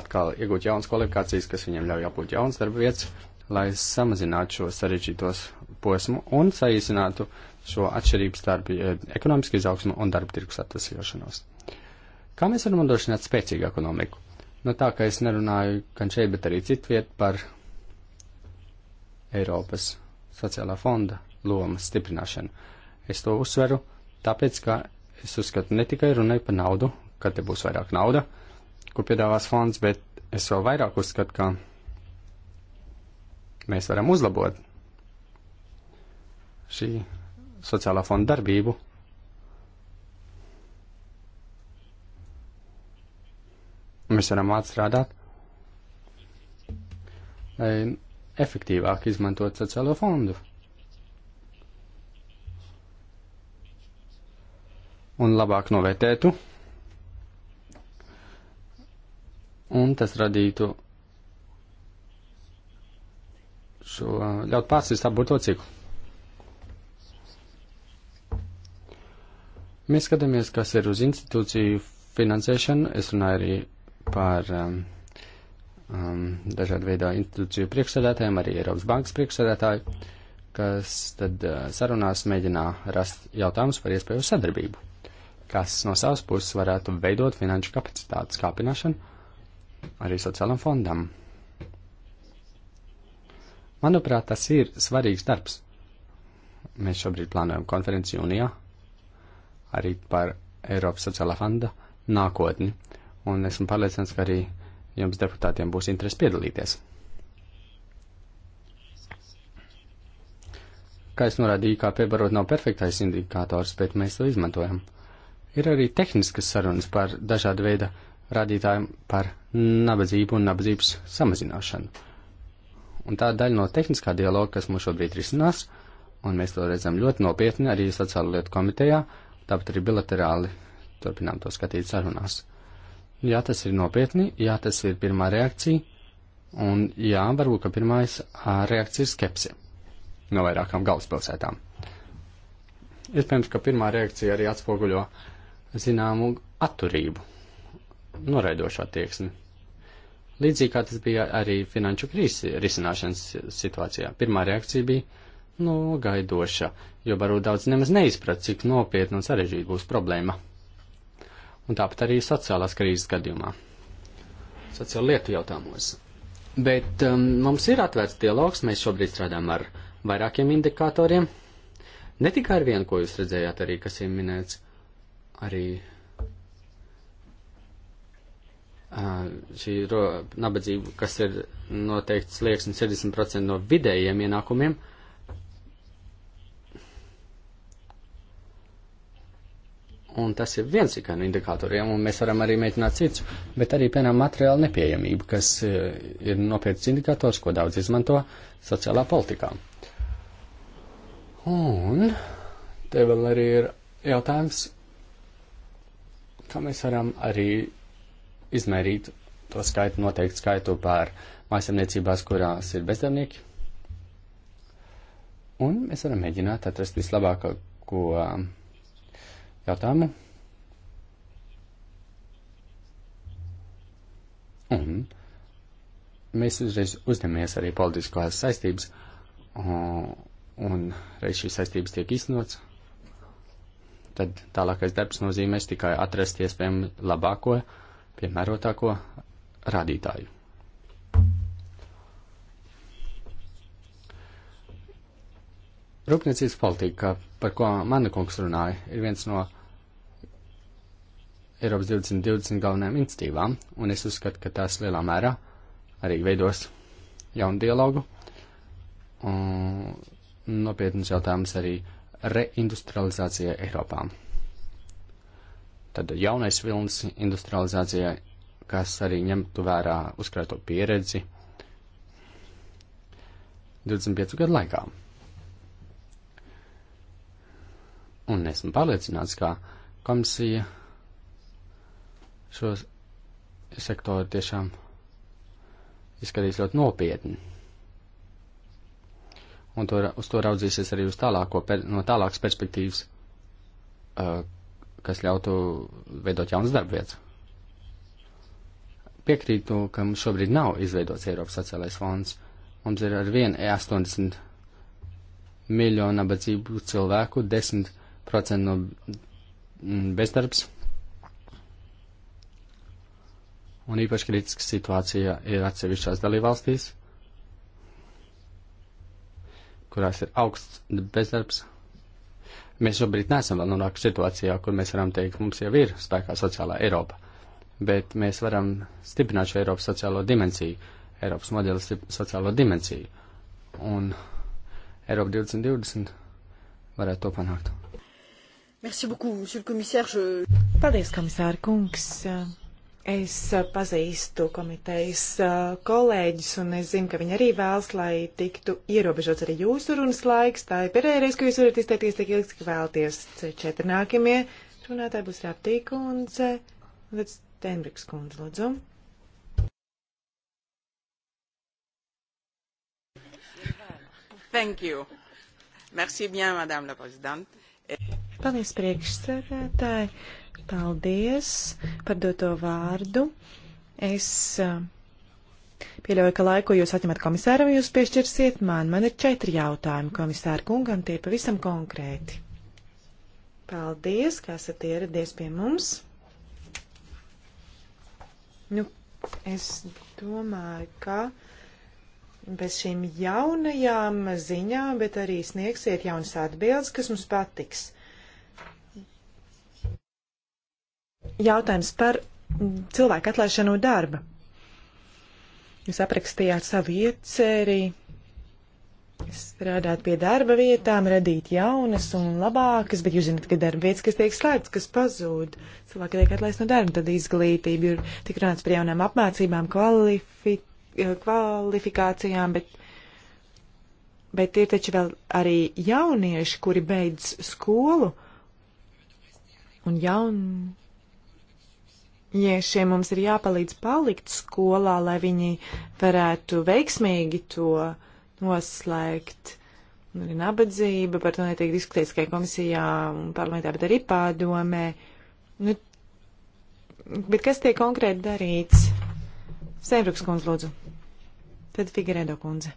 atkal iegūt jaunas kvalifikācijas, kas viņiem ļauj apgūt jaunas darba vietas, lai samazinātu šo sarežģītos posmu un saīsinātu uh, šo atšķirību starp eh, ekonomisku izaugsmu un darba tirgus atvesļošanos. Kā mēs varam nodrošināt spēcīgu ekonomiku? No nu, tā, ka es nerunāju gan šeit, bet arī citviet par Eiropas sociālā fonda lomas stiprināšanu. Es to uzsveru, tāpēc, ka es uzskatu ne tikai runai par naudu, ka te būs vairāk nauda, ko piedāvās fonds, bet es vēl vairāk uzskatu, ka mēs varam uzlabot šī sociālā fonda darbību. Mēs varam atstrādāt, lai efektīvāk izmantot sociālo fondu. Un labāk novērtētu. Un tas radītu šo ļaut pārsist apburto ciklu. Mēs skatāmies, kas ir uz institūciju finansēšanu. Es runāju arī par um, um, dažādu veidā institūciju priekšsēdētājiem, arī Eiropas bankas priekšsēdētāju, kas tad uh, sarunās mēģinā rast jautājumus par iespēju sadarbību, kas no savas puses varētu veidot finanšu kapacitātes kāpināšanu arī sociālam fondam. Manuprāt, tas ir svarīgs darbs. Mēs šobrīd plānojam konferenci jūnijā arī par Eiropas sociālā fonda nākotni, un esmu pārliecināts, ka arī jums deputātiem būs interesi piedalīties. Kā es norādīju, IKP varbūt nav perfektais indikators, bet mēs to izmantojam. Ir arī tehniskas sarunas par dažādu veidu rādītājiem par nabadzību un nabadzības samazināšanu. Un tā daļa no tehniskā dialoga, kas mums šobrīd risinās, un mēs to redzam ļoti nopietni arī sociālo lietu komitejā, uh, tāpat arī bilaterāli turpinām to skatīt sarunās. Jā, tas ir nopietni, jā, tas ir pirmā reakcija, un jā, varbūt, ka pirmais reakcija ir skepse no vairākām galvaspilsētām. Iespējams, ka pirmā reakcija arī atspoguļo zināmu atturību, noraidošu attieksmi. Līdzīgi kā tas bija arī finanšu krīzes risināšanas situācijā. Pirmā reakcija bija nogaidoša, jo varbūt daudz nemaz neizprat, cik nopietna un sarežģīta būs problēma. Un tāpat arī sociālās krīzes gadījumā. Sociāla lietu jautājumos. Bet um, mums ir atvērts dialogs, mēs šobrīd strādājam ar vairākiem indikatoriem. Ne tikai ar vienu, ko jūs redzējāt, arī kas ir minēts, arī šī nabadzība, kas ir noteikts slieksnis 60% no vidējiem ienākumiem, Un tas ir viens tikai no indikatoriem, un mēs varam arī mēģināt cits, bet arī, piemēram, materiāla nepieejamība, kas eh, ir nopietns indikators, ko daudz izmanto sociālā politikā. Un te vēl arī ir jautājums, kā mēs varam arī izmērīt to skaitu, noteikti skaitu par mājasemniecībās, kurās ir bezdevnieki. Un mēs varam mēģināt atrast vislabāko, ko. Um, jautājumu. Un mēs uzreiz uzņemamies arī politiskās saistības, un reiz šīs saistības tiek iznots, tad tālākais darbs nozīmēs tikai atrast iespējami labāko, piemērotāko rādītāju. Rūpniecības politika, par ko mana kungs runāja, ir viens no Eiropas 2020 galvenajām institīvām, un es uzskatu, ka tās lielā mērā arī veidos jaunu dialogu. Un nopietnas jautājums arī reindustrializācija Eiropā. Tad jaunais vilnis industrializācijai, kas arī ņemtu vērā uzkrāto pieredzi 25 gadu laikā. un esmu pārliecināts, ka komisija šo sektoru tiešām izskatīs ļoti nopietni. Un to, uz to raudzīsies arī uz tālāko, no tālākas perspektīvas, kas ļautu veidot jaunas darbvietas. Piekrītu, ka mums šobrīd nav izveidots Eiropas sociālais fonds. Mums ir ar vienu 80 e miljonu nabadzību cilvēku, 10 10% no bezdarbs. Un īpaši kritiska situācija ir atsevišķās dalībvalstīs, kurās ir augsts bezdarbs. Mēs šobrīd neesam vēl nonākuši situācijā, kur mēs varam teikt, mums jau ir spēkā sociālā Eiropa, bet mēs varam stiprināt šo Eiropas sociālo dimensiju, Eiropas modeli sociālo dimensiju. Un Eiropa 2020 varētu to panākt. Merci beaucoup, monsieur le commissaire. Je... Paldies, komisāra kungs. Es pazīstu komitejas eh, kolēģis, un es zinu, ka viņi arī vēlas, lai tiktu ierobežots arī jūsu runas laiks. Tā ir pēdējā reize, ka jūs varat izteikties tik ilgi, cik vēlties. Četri nākamie runātāji būs Raptī kundze, un tad Steinbriks kundze, lūdzu. Thank you. Merci bien, madame la présidente. Paldies priekšsēdētāji, paldies par doto vārdu. Es eh, pieļauju, ka laiku jūs atņemat komisāram, jūs piešķirsiet man. Man ir četri jautājumi komisāra kungam, tie pavisam konkrēti. Paldies, ka esat ieradies pie mums. Nu, es domāju, ka bez šīm jaunajām ziņām, bet arī sniegsiet jaunas atbildes, kas mums patiks. Jautājums par cilvēku atlaišanu no darba. Jūs aprakstījāt savu iecerī, strādāt pie darba vietām, radīt jaunas un labākas, bet jūs zināt, ka darba vietas, kas tiek slēgts, kas pazūd, cilvēki tiek atlaist no darba, tad izglītība ir tik runāts par jaunām apmācībām, kvalifi, kvalifikācijām, bet, bet ir taču vēl arī jaunieši, kuri beidz skolu un jauni ja šiem mums ir jāpalīdz palikt skolā, lai viņi varētu veiksmīgi to noslēgt. Ir nabadzība, par to netiek diskutēts tikai komisijā un parlamentā, bet arī pārdomē. Nu, bet kas tiek konkrēti darīts? Sēbruks kundze, lūdzu. Tad Figueredo kundze.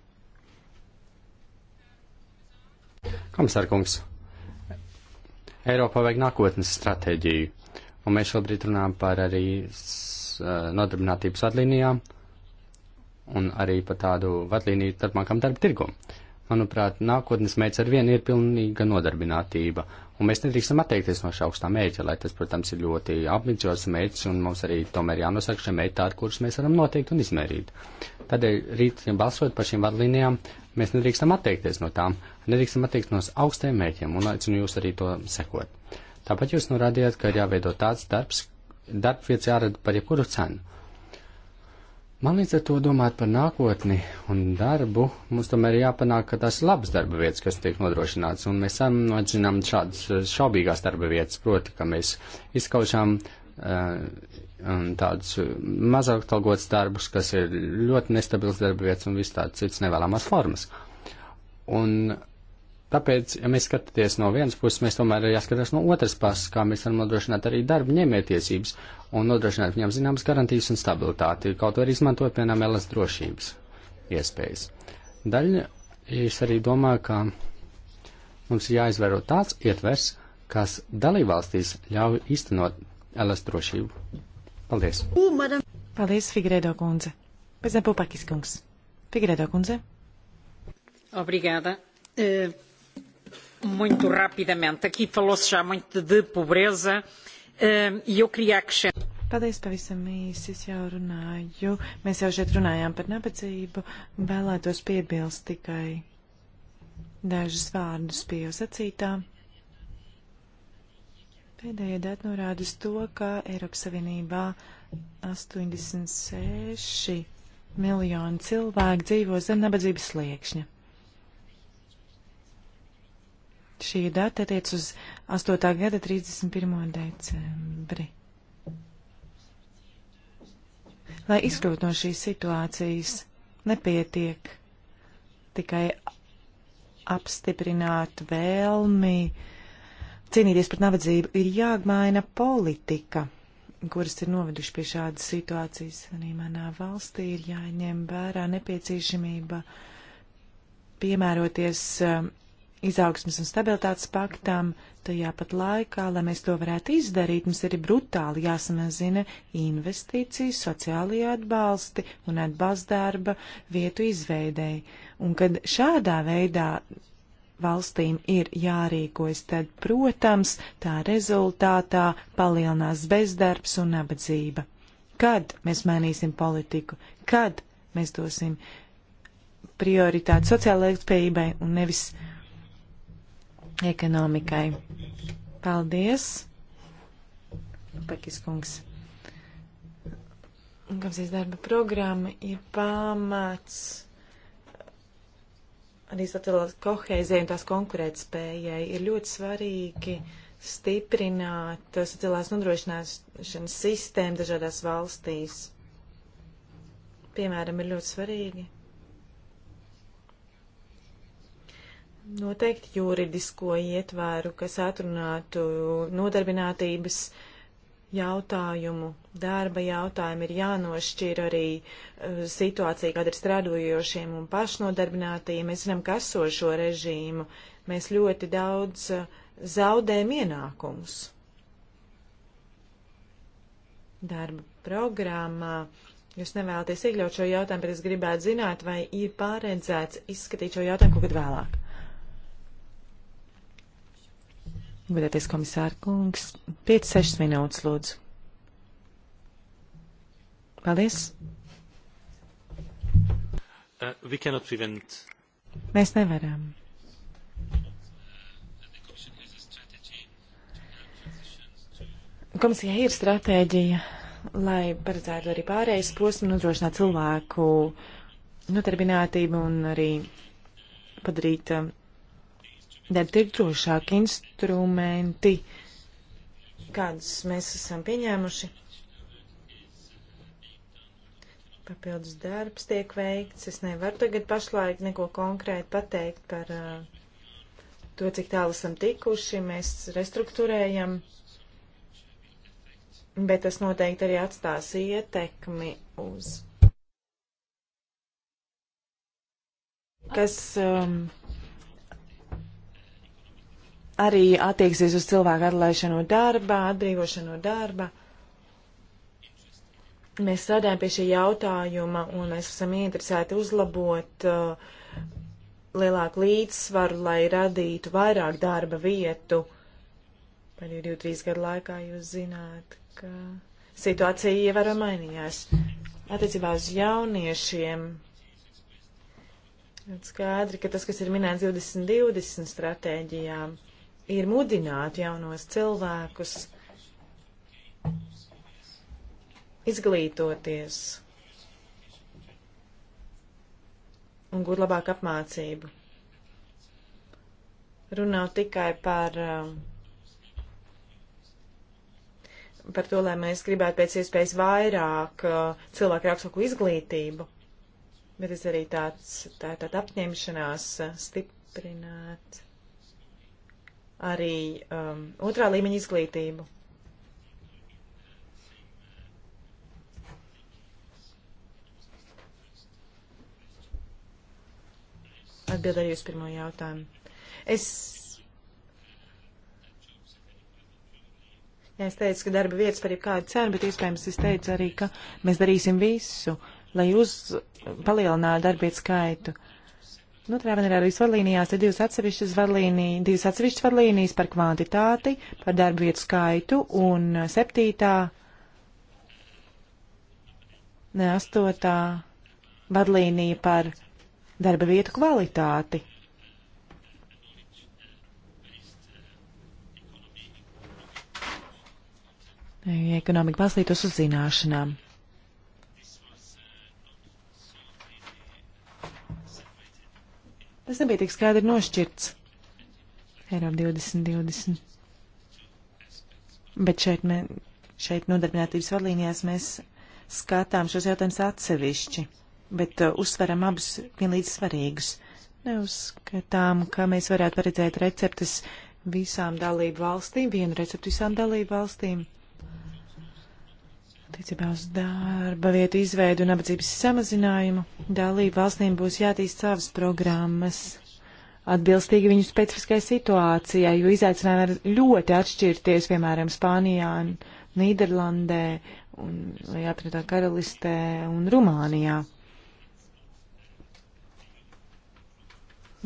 Komisār kungs, Eiropā vajag nākotnes stratēģiju Un mēs šobrīd runājam par arī nodarbinātības vadlīnijām un arī par tādu vadlīniju turpmākam darba tirgumu. Manuprāt, nākotnes mērķis ar vienu ir pilnīga nodarbinātība, un mēs nedrīkstam atteikties no šā augstā mērķa, lai tas, protams, ir ļoti apnicos mērķis, un mums arī tomēr jānosaka šie mērķi tādi, kurus mēs varam noteikt un izmērīt. Tādēļ rīt, ja balsot par šīm vadlīnijām, mēs nedrīkstam atteikties no tām, nedrīkstam atteikties no augstiem mērķiem, un aicinu jūs arī to sekot. Tāpat jūs norādījāt, ka ir jāveido tāds darbs, darbvietas jārada par jebkuru cenu. Man līdz ar to domāt par nākotni un darbu, mums tomēr ir jāpanāk, ka tās ir labas darba vietas, kas tiek nodrošināts, un mēs samazinām šādas eh, šaubīgās darba vietas, proti, ka mēs izkaušām uh, tādus eh, mazāk talgots darbus, kas ir ļoti nestabils darba vietas un viss tāds cits nevēlamās formas. Un Tāpēc, ja mēs skatāmies no vienas puses, mēs tomēr ir jāskatās no otras puses, kā mēs varam nodrošināt arī darba ņēmētiesības un nodrošināt viņam zināmas garantijas un stabilitāti, kaut arī izmantot, piemēram, elas drošības iespējas. Daļa es arī domāju, ka mums ir jāizvēro tāds ietvers, kas dalībvalstīs ļauj īstenot elas drošību. Paldies! Paldies, Figredo kundze! Pēc tam Pupakis kungs. Figredo kundze! Obrigāda! Uh... Eh, muito rapidamente. Aqui falou-se já muito de pobreza eh, e eu queria acrescentar. Paldies pavisam īsi, es jau runāju. Mēs jau šeit runājām par nabadzību. Vēlētos piebilst tikai dažus vārdus pie jūs acītā. Pēdējie dati norāda uz to, ka Eiropas Savienībā 86 miljoni cilvēku dzīvo zem nabadzības sliekšņa. Šī data tiec uz 8. gada 31. decembri. Lai izkļūtu no šīs situācijas, nepietiek tikai apstiprināt vēlmi cīnīties pret nabadzību, ir jāmaina politika, kuras ir noveduši pie šādas situācijas. Arī manā valstī ir jāņem vērā nepieciešamība piemēroties um, izaugsmas un stabilitātes paktam, tajā pat laikā, lai mēs to varētu izdarīt, mums ir brutāli jāsamazina investīcijas, sociālajie atbalsti un atbalsts darba vietu izveidēji. Un kad šādā veidā valstīm ir jārīkojas, tad, protams, tā rezultātā palielinās bezdarbs un nabadzība. Kad mēs mainīsim politiku? Kad mēs dosim prioritāti sociālajai ilgspējībai un nevis uh, ekonomikai. Paldies, Pakis kungs. Komisijas darba programma ir pamats arī satelīta koheizē un tās konkurētspējai. Ir ļoti svarīgi stiprināt satelītās nodrošināšanas sistēmu dažādās valstīs. Piemēram, ir ļoti svarīgi noteikti juridisko ietvēru, kas atrunātu nodarbinātības jautājumu, darba jautājumu ir jānošķir arī uh, situācija, kad ir strādojošiem un pašnodarbinātajiem. Mēs zinām, kas so šo režīmu. Mēs ļoti daudz uh, zaudējam ienākumus. Darba programmā. Jūs nevēlaties iekļaut šo jautājumu, bet es gribētu zināt, vai ir pārredzēts izskatīt šo jautājumu kaut kad vēlāk. Godēties komisāra kungs, 5-6 minūtes lūdzu. Paldies. Uh, Mēs nevaram. Komisijai ir stratēģija, lai paredzētu arī pārējais posmu, nodrošināt cilvēku nodarbinātību un arī padarīt um, Tad ir drošāki instrumenti, kādus mēs esam pieņēmuši. Papildus darbs tiek veikts. Es nevaru tagad pašlaik neko konkrēti pateikt par uh, to, cik tālu esam tikuši. Mēs restruktūrējam, bet tas noteikti arī atstās ietekmi uz. Kas um, arī attieksies uz cilvēku atlaišanu no darba, atbrīvošanu no darba. Mēs strādājam pie šī jautājuma un mēs esam interesēti uzlabot uh, lielāku līdzsvaru, lai radītu vairāk darba vietu. Pēdējo 23 gadu laikā jūs zināt, ka situācija ievērojami mainījās. Attiecībā uz jauniešiem skaidri, ka tas, kas ir minēts 2020 stratēģijām, ir mudināt jaunos cilvēkus izglītoties un gūt labāku apmācību. Runā tikai par, um, par to, lai mēs gribētu pēc iespējas vairāk uh, cilvēku ar augstāku izglītību, bet es arī tāds, tā, tāda apņemšanās uh, stiprināt arī um, otrā līmeņa izglītību. Atbild arī uz pirmo jautājumu. Es, jā, es teicu, ka darba vietas par jebkādu cenu, bet iespējams es teicu arī, ka mēs darīsim visu, lai uz palielinātu darbietu skaitu. Uh, Nu, Trāvenērārijas vadlīnijās ir divas atsevišķas, vadlīnī, divas atsevišķas vadlīnijas par kvantitāti, par darbu vietu skaitu un eh, septītā, ne astotā vadlīnija par darba vietu kvalitāti. Ekonomika balstītos uz zināšanām. Tas nebija tik skaidri nošķirts. Eiropa 2020. Bet šeit, mē, šeit nodarbinātības vadlīnijās mēs skatām šos jautājumus atsevišķi, bet uh, uzsveram abus vienlīdz svarīgus. Neuzskatām, ka mēs varētu paredzēt receptes visām dalību valstīm, vienu receptu visām dalību valstīm. Tiecībā uz darba vietu izveidu un nabadzības samazinājumu dalību valstīm būs jātīst savas programmas atbilstīgi viņu specifiskai situācijai, jo izaicinājumi var ļoti atšķirties, piemēram, Spānijā, Nīderlandē, un, apvienotā karalistē un Rumānijā.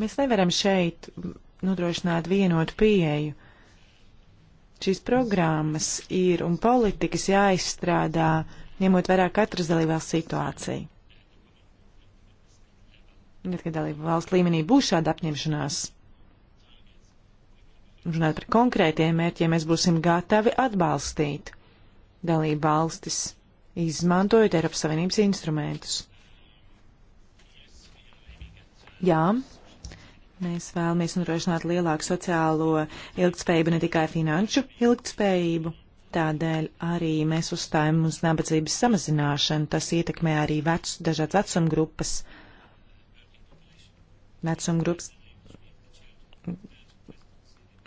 Mēs nevaram šeit nodrošināt vienotu pieeju. Šīs programmas ir un politikas jāizstrādā, ņemot vērā katras dalībvalsts situāciju. Tad, kad dalībvalsts līmenī būs šāda apņemšanās, runāt par konkrētiem mērķiem, mēs būsim gatavi atbalstīt dalību valstis, izmantojot Eiropas Savienības instrumentus. Jā, Mēs vēlamies nodrošināt lielāku sociālo ilgtspējību, ne tikai finanšu ilgtspējību. Tādēļ arī mēs uzstājam uz nabadzības samazināšanu. Tas ietekmē arī vecu, dažādas vecuma grupas. Vecuma grupas.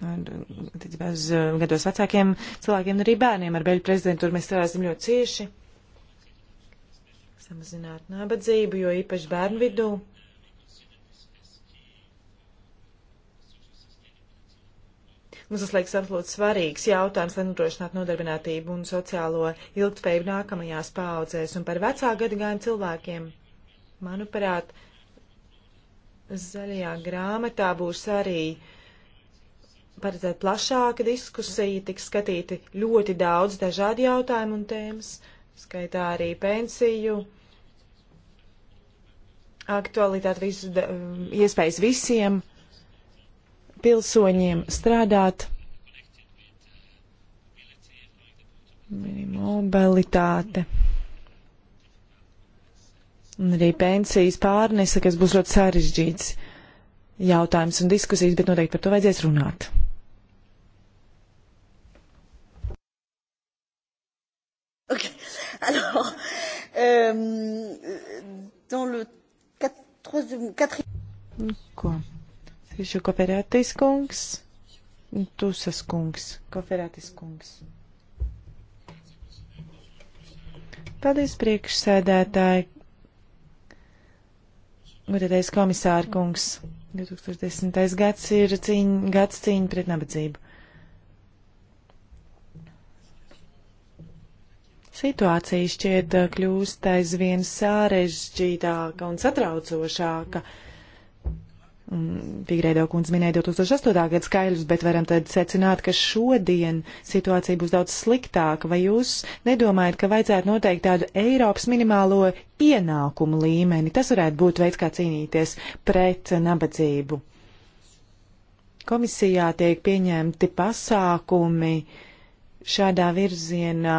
Uz uh, gados vecākiem cilvēkiem, arī bērniem ar beļu prezidentūru mēs strādājam ļoti cieši. Samazināt nabadzību, jo īpaši bērnu vidū Mums tas liekas absolūti svarīgs jautājums, lai nodrošinātu nodarbinātību un sociālo ilgtspēju nākamajās paudzēs. Un par vecā gadagājumu cilvēkiem, manuprāt, zaļajā grāmatā būs arī paredzēt plašāka diskusija, tiks skatīti ļoti daudz dažādi jautājumi un tēmas, skaitā arī pensiju aktualitāti, visu, iespējas visiem pilsoņiem strādāt. Mobilitāte. Un arī pensijas pārnese, kas būs ļoti sarežģīts jautājums un diskusijas, bet noteikti par to vajadzēs runāt. Okay. Alors, euh, dans le 4... 4... Quoi Tieši koferētais kungs, Tusas kungs, koferētais kungs. Paldies priekšsēdētāji, gudrētais komisāra kungs. 2010. gads ir cīņ, gads cīņa pret nabadzību. Situācija šķiet eh, kļūst aizvien sārežģītāka un satraucošāka. Mm Pigrēdo mm, kundze minēja 2008. gada skaidrus, bet varam tad secināt, ka šodien situācija būs daudz sliktāka. Vai jūs nedomājat, ka vajadzētu noteikt tādu Eiropas minimālo ienākumu līmeni? Tas varētu būt veids, kā cīnīties pret nabadzību. Komisijā tiek pieņemti pasākumi šādā virzienā.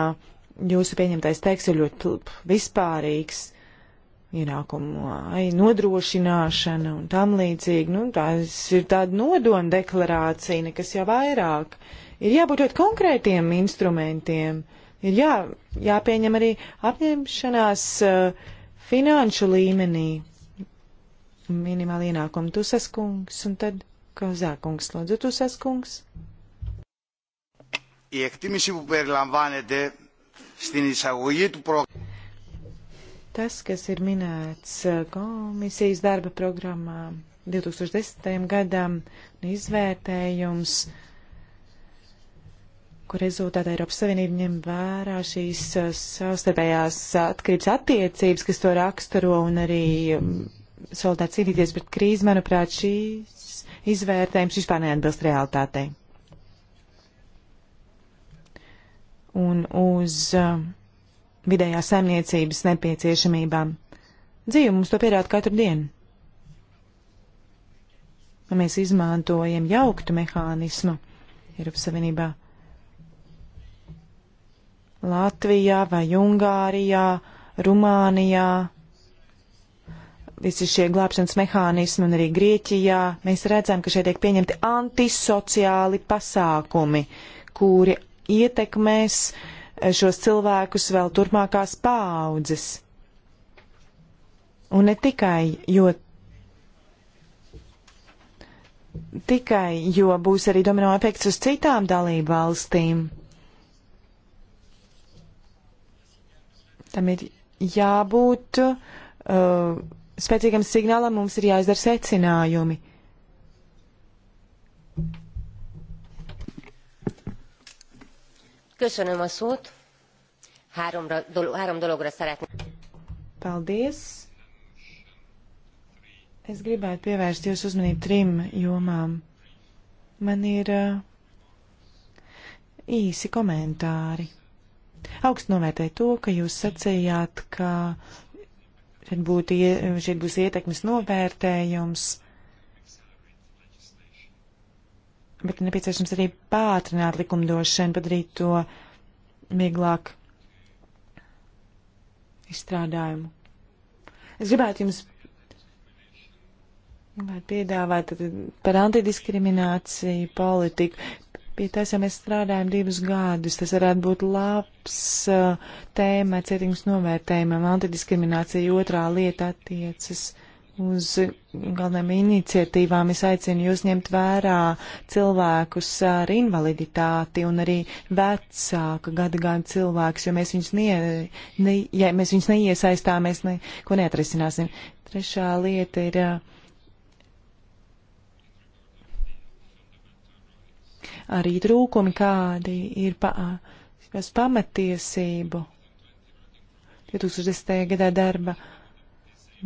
Jūsu pieņemtais teiks ir ļoti vispārīgs ienākumu nodrošināšana un tam līdzīgi. Nu, tās ir tāda nodoma deklarācija, nekas jau vairāk. Ir jābūt ļoti konkrētiem instrumentiem. Ir jā, jāpieņem arī apņemšanās uh, finanšu līmenī minimāli ienākumu tusaskungs un tad kazākungs. Lūdzu, tusaskungs. Η εκτίμηση που περιλαμβάνεται στην εισαγωγή του προγράμματος Tas, kas ir minēts eh, komisijas darba programmā 2010. gadam, izvērtējums, kur rezultātā Eiropas Savienība ņem vērā šīs eh, savstarpējās atkarības attiecības, kas to raksturo un arī mm, solidāri cīnīties pret krīzi, manuprāt, šīs izvērtējums vispār neatbilst realitātei. Un uz uh, vidējās saimniecības nepieciešamībām. Dzīve mums to pierāda katru dienu. Un mēs izmantojam jauktu mehānismu Eiropas Savienībā. Latvijā vai Ungārijā, Rumānijā, visi šie glābšanas mehānismi un arī Grieķijā, mēs redzam, ka šeit tiek pieņemti antisociāli pasākumi, kuri ietekmēs uh, šos cilvēkus vēl turpmākās paaudzes. Un ne tikai, jo tikai, jo būs arī domino efekts uz citām dalību valstīm. Tam ir jābūt uh, spēcīgam signālam, mums ir jāizdara secinājumi. Köszönöm a szót. Háromra, dolo, három dologra szeretném. Paldies. Es gribētu pievērst jūsu uzmanību trim jomām. Man ir uh, īsi komentāri. Augst novērtēju to, ka jūs sacījāt, ka šeit, būtu, šeit būs ietekmes novērtējums bet nepieciešams arī pātrināt likumdošanu, padarīt to vieglāk izstrādājumu. Es gribētu jums gribētu piedāvāt par antidiskrimināciju politiku. Pie tās, ja mēs strādājam divus gadus, tas varētu būt labs uh, tēma cietījums novērtējumam. Antidiskriminācija otrā lieta attiecas uz galvenajām iniciatīvām es aicinu jūs ņemt vērā cilvēkus ar invaliditāti un arī vecāka gada gan cilvēks, jo mēs viņus, nie, ne, ja mēs viņus neiesaistām, mēs neko neatrisināsim. Trešā lieta ir. Arī trūkumi kādi ir pa, pamatiesību 2010. gadā darba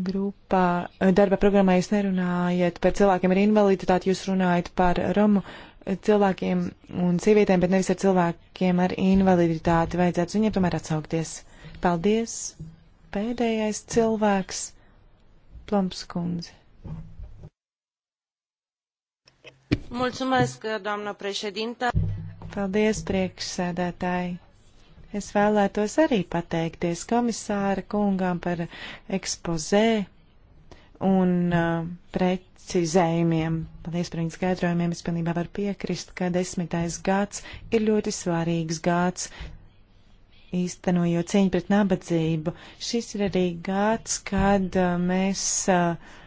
grupā, eh, darba programmā jūs nerunājat par cilvēkiem ar invaliditāti, jūs runājat par romu cilvēkiem un sievietēm, bet nevis ar cilvēkiem ar invaliditāti. Vajadzētu viņiem tomēr atsaukties. Paldies! Pēdējais cilvēks - Plumpskundze. Mulțumesc, doamnă președintă. Paldies, priekšsēdētāji. Es vēlētos arī pateikties komisāra kungām par ekspozē un uh, precizējumiem. Paldies par viņu skaidrojumiem. Es pilnībā varu piekrist, ka desmitais gads ir ļoti svarīgs gads īstenojot cīņu pret nabadzību. Šis ir arī gads, kad uh, mēs. Uh,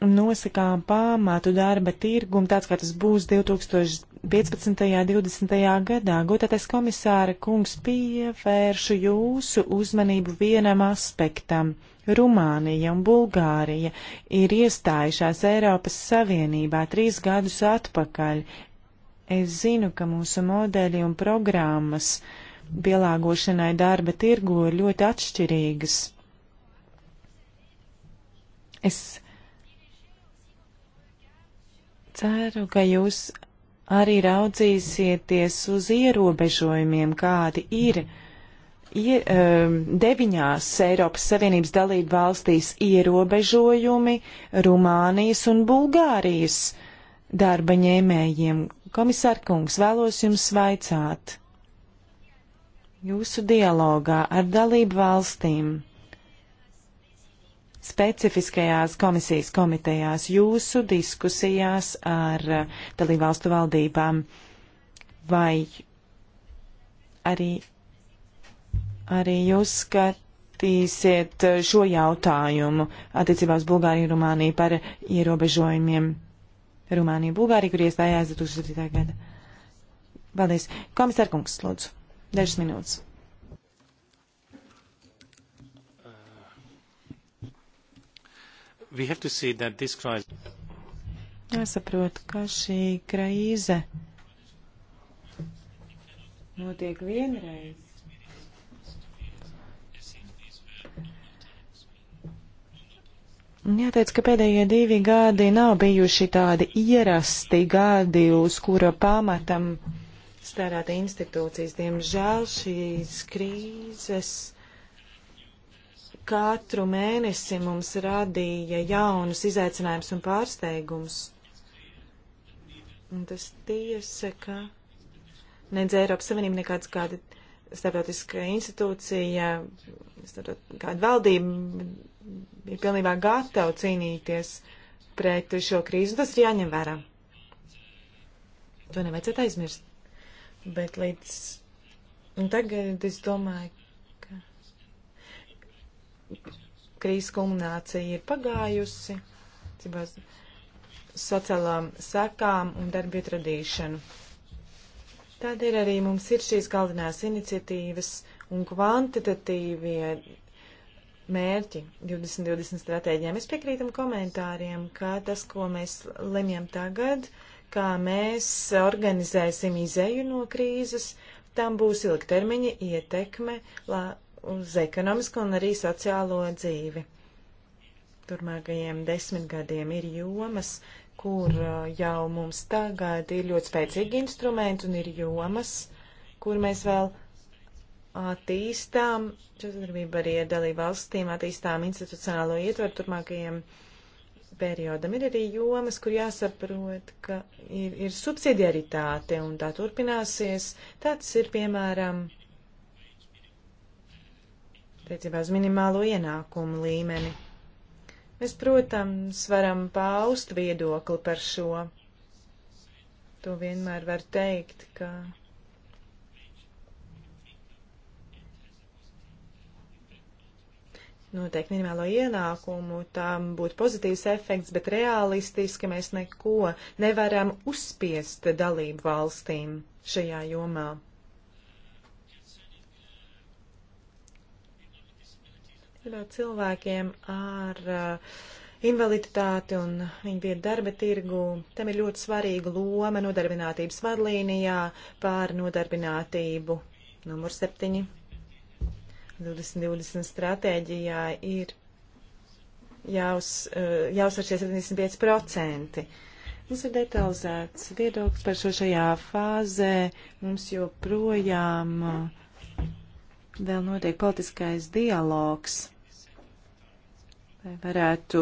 nosakām pamatu darba tirgumu, tāds kā tas būs 2015. un 20. gadā. Gotātais komisāra kungs pievēršu jūsu uzmanību vienam aspektam. Rumānija un Bulgārija ir iestājušās Eiropas Savienībā trīs gadus atpakaļ. Es zinu, ka mūsu modeļi un programmas pielāgošanai darba tirgu ir ļoti atšķirīgas. Es Ceru, ka jūs arī raudzīsieties uz ierobežojumiem, kādi ir ie, um, deviņās Eiropas Savienības dalību valstīs ierobežojumi Rumānijas un Bulgārijas darba ņēmējiem. Komisārkungs, vēlos jums vaicāt jūsu dialogā ar dalību valstīm specifiskajās komisijas komitejās, jūsu diskusijās ar uh, dalībvalstu valdībām vai arī, arī jūs skatīsiet uh, šo jautājumu attiecībā uz Bulgāriju un Rumāniju par ierobežojumiem Rumāniju un Bulgāriju, kur iestājās 2007. gada. Paldies. Komisārkungs, lūdzu, dažas minūtes. Jāsaprot, ka šī krīze notiek vienreiz. Jāteic, ka pēdējie divi gadi nav bijuši tādi ierasti gadi, uz kura pamatam strādāt institūcijas. Diemžēl šīs krīzes katru mēnesi mums radīja jaunus izaicinājumus un pārsteigumus. Un tas tiesa, ka nedz Eiropas Savienība nekāds kāda starptautiska institūcija, starptaut, kāda valdība ir pilnībā gatava cīnīties pret šo krīzi, tas ir jāņem vērā. To nevajadzētu aizmirst. Bet līdz un tagad es domāju, krīzes kulminācija ir pagājusi, cībās sociālām sekām un darbietu radīšanu. Tādēļ arī mums ir šīs galvenās iniciatīvas un kvantitatīvie mērķi 2020 stratēģijām. Es piekrītam komentāriem, ka tas, ko mēs lemjam tagad, kā mēs organizēsim izēju no krīzes, tam būs ilgtermiņa ietekme la, uz ekonomisko un arī sociālo dzīvi. Turmākajiem desmitgadiem ir jomas, kur uh, jau mums tagad ir ļoti spēcīgi instrumenti un ir jomas, kur mēs vēl attīstām, sadarbība arī ar dalību valstīm, attīstām institucionālo ietvaru turpmākajiem periodam. Ir arī jomas, kur jāsaprot, ka ir, ir subsidiaritāte un tā turpināsies. Tāds ir, piemēram, attiecībā uz minimālo ienākumu līmeni. Mēs, protams, varam paust viedokli par šo. To vienmēr var teikt, ka. Noteikti minimālo ienākumu tam būtu pozitīvs efekts, bet realistiski mēs neko nevaram uzspiest dalību valstīm šajā jomā. iekļaut cilvēkiem ar uh, invaliditāti un viņu vietu darba tirgu. Tam ir ļoti svarīga loma nodarbinātības vadlīnijā pār nodarbinātību. Numur 7. 2020 stratēģijā ir jāuz, uh, jāuzsver šie 75%. Mums ir detalizēts viedoklis par šo šajā fāzē. Mums joprojām uh, vēl notiek politiskais dialogs lai varētu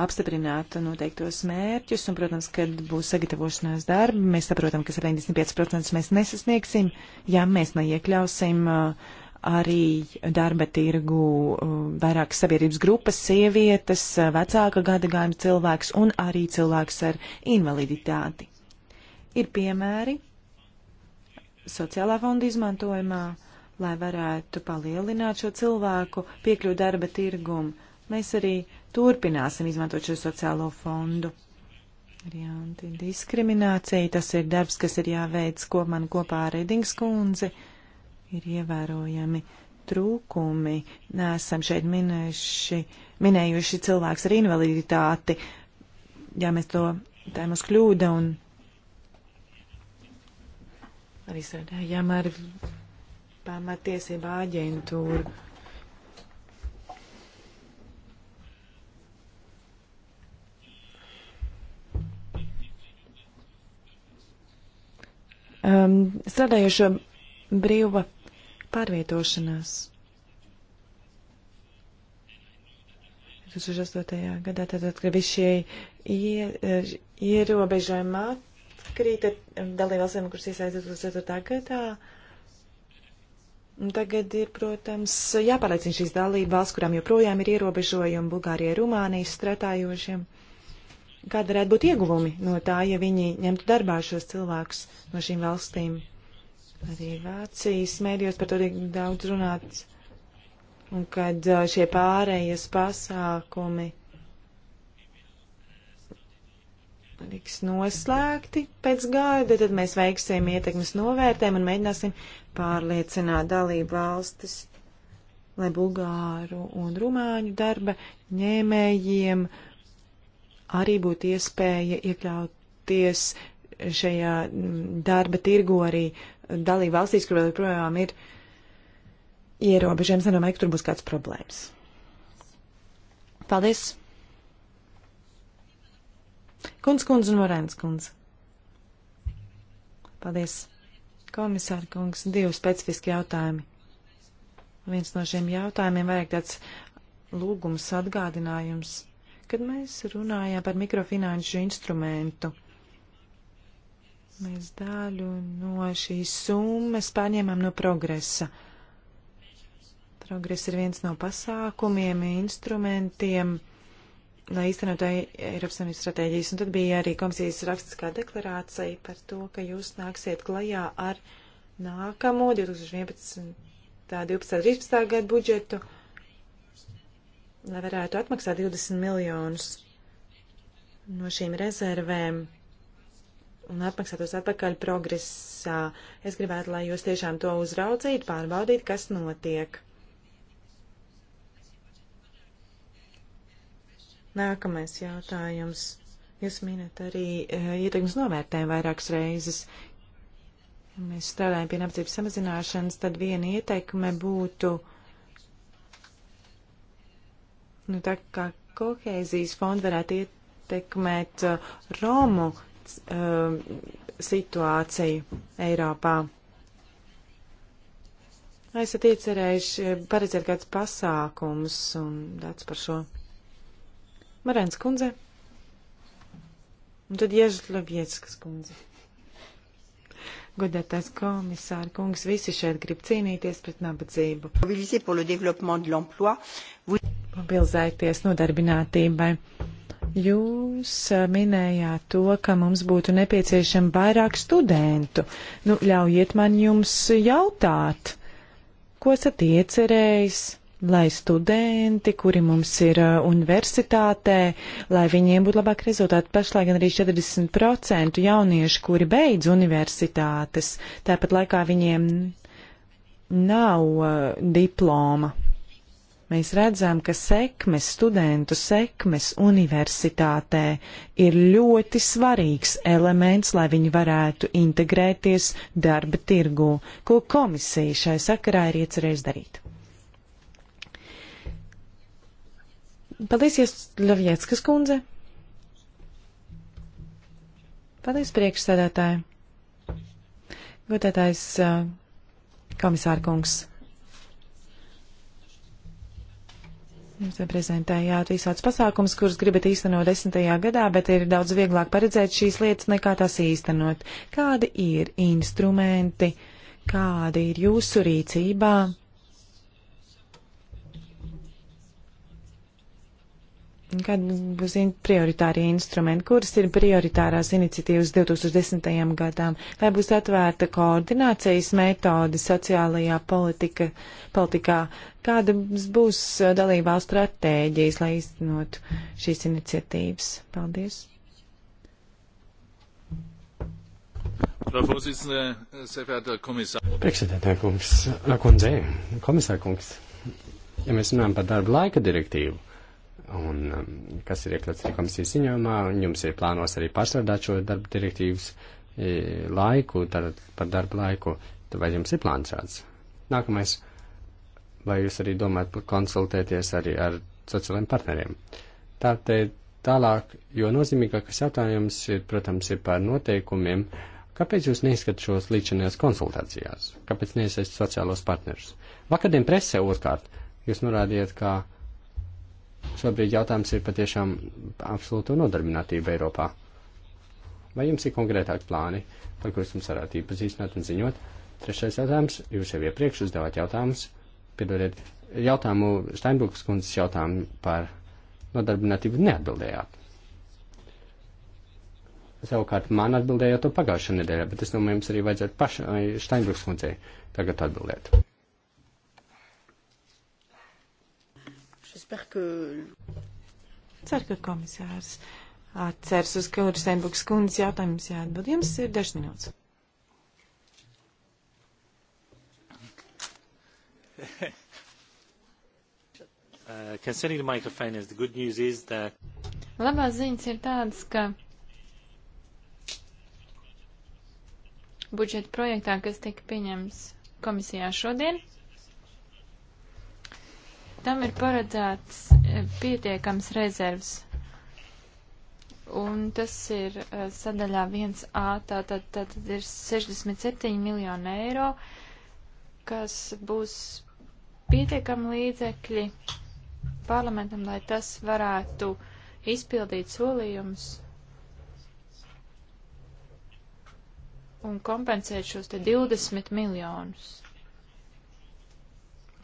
apstiprināt noteiktos mērķus. Un, protams, kad būs sagatavošanās darbi, mēs saprotam, ka 75% mēs nesasniegsim, ja mēs neiekļausim uh, arī darba tirgu uh, vairākas sabiedrības grupas, sievietes, uh, vecāka gadagājuma cilvēks un arī cilvēks ar invaliditāti. Ir piemēri sociālā fonda izmantojumā, lai varētu palielināt šo cilvēku piekļuvu darba tirgumu Mēs arī turpināsim izmantot šo sociālo fondu. Arī antidiskriminācija, tas ir darbs, kas ir jāveic ko man kopā ar Redings kundzi, ir ievērojami trūkumi. Nesam šeit minējuši, minējuši cilvēks ar invaliditāti. Jā, mēs to, tā ir mums kļūda un arī strādājām ar pamatiesību aģentūru. um, strādājošo brīva pārvietošanās. 2008. gadā tātad, ka visi šie uh, ierobežojumi atkrīta dalībvalstīm, kuras iesaistīt 2004. gadā. Tagad ir, protams, jāpārliecina šīs dalībvalsts, kurām joprojām ir ierobežojumi Bulgārija, Rumānijas strādājošiem. Uh, kāda varētu būt ieguvumi no tā, ja viņi ņemtu darbā šos cilvēkus no šīm valstīm. Arī Vācijas mēdījos par to tiek daudz runāts. Un kad šie pārējais pasākumi tiks noslēgti pēc gada, tad mēs veiksim ietekmes novērtēm un mēģināsim pārliecināt dalību valstis, lai bulgāru un rumāņu darba ņēmējiem uh, arī būtu iespēja iekļauties šajā mm, darba tirgu arī dalību valstīs, kur vēl joprojām ir ierobežojums, nedomāju, ka tur būs kāds problēmas. Paldies! Kundz, kundz un Morēns kundz. Paldies! Komisāra kungs, divi specifiski jautājumi. Viens no šiem jautājumiem vajag tāds lūgums, atgādinājums Kad mēs runājām par mikrofinanšu instrumentu, mēs daļu no šīs summas pārņēmām no progresa. Progress ir viens no pasākumiem, instrumentiem, lai īstenotu Eiropas Savienības stratēģijas. Un tad bija arī komisijas rakstiskā deklarācija par to, ka jūs nāksiet klajā ar nākamo 2011. 12. 13. gadu budžetu lai varētu atmaksāt 20 miljonus no šīm rezervēm un atmaksātos atpakaļ progresā. Es gribētu, lai jūs tiešām to uzraudzītu, pārbaudītu, kas notiek. Nākamais jautājums. Jūs minat arī eh, ietekmes novērtējumu vairākas reizes. Ja mēs strādājam pie nabadzības samazināšanas, tad viena ieteikme būtu uh, Nu, tā kā kohēzijas fonda varētu ietekmēt uh, Romu uh, situāciju Eiropā. Esat iecerējuši paredzēt kāds pasākums un tāds par šo. Marēns kundze. Un tad Ježļovieckas kundze. Godātais komisāri, kungs, visi šeit grib cīnīties pret nabadzību mobilizēties nodarbinātībai. Jūs minējāt to, ka mums būtu nepieciešama vairāk studentu. Nu, ļaujiet man jums jautāt, ko esat iecerējis? lai studenti, kuri mums ir universitātē, lai viņiem būtu labāk rezultāti. Pašlaik gan arī 40% jauniešu, kuri beidz universitātes, tāpat laikā viņiem nav diploma. Mēs redzam, ka sekmes, studentu sekmes universitātē ir ļoti svarīgs elements, lai viņi varētu integrēties darba tirgū, ko komisija šai sakarā ir iecerējusi darīt. Paldies, Ļavieckas kundze! Paldies, priekšsēdētāji! Godētājs uh, komisārkungs! Jūs prezentējāt visāds pasākums, kurus gribat īstenot desmitajā gadā, bet ir daudz vieglāk paredzēt šīs lietas nekā tās īstenot. Kādi ir instrumenti, kādi ir jūsu rīcībā, Kādi būs prioritārie instrumenti? Kuras ir prioritārās iniciatīvas 2010. gadām? Vai būs atvērta koordinācijas metode sociālajā politika, politikā? Kāda būs dalībā stratēģijas, lai iznotu šīs iniciatīvas? Paldies! Priekšsēdētāja kungs, kundze, komisāra kungs, ja mēs runājam par darba laika direktīvu, un um, kas ir iekļauts arī komisijas ziņojumā, un jums ir plānos arī pārstrādāt šo darba direktīvas e, laiku, tad par darba laiku, tad vai jums ir plāns šāds? Nākamais, vai jūs arī domājat konsultēties arī ar sociālajiem partneriem? Tātad tālāk, jo nozīmīgākais jautājums ir, protams, ir par noteikumiem, kāpēc jūs neizskat šos līdzinājās konsultācijās, kāpēc neiesaist sociālos partnerus? Vakardien presē otrkārt, jūs norādījāt, ka šobrīd jautājums ir patiešām absolūto nodarbinātību Eiropā. Vai jums ir konkrētāki plāni, par kurus mums varētu iepazīstināt un ziņot? Trešais jautājums. Jūs jau iepriekš uzdevāt jautājumus. Piedodiet, jautājumu Steinbrukas kundzes jautājumu par nodarbinātību neatbildējāt. Savukārt man atbildēja to pagājušajā nedēļā, bet es domāju, jums arī vajadzētu pašai Steinbrukas kundzei tagad atbildēt. J'espère que. Ceru, ka komisārs atceras uz Kilristenbuks kundzes jautājumus jāatbild. Jums ir dažas minūtes. <laughs> uh, concerning the microfinance, the good news is that. Labās ziņas ir tādas, ka budžeta projektā, kas tika pieņems komisijā šodien, Tam ir paredzēts e, pietiekams rezervs. Un tas ir e, sadaļā 1A, tātad tā, tā, ir 67 miljoni eiro, kas būs pietiekami līdzekļi parlamentam, lai tas varētu izpildīt solījumus un kompensēt šos te 20 miljonus.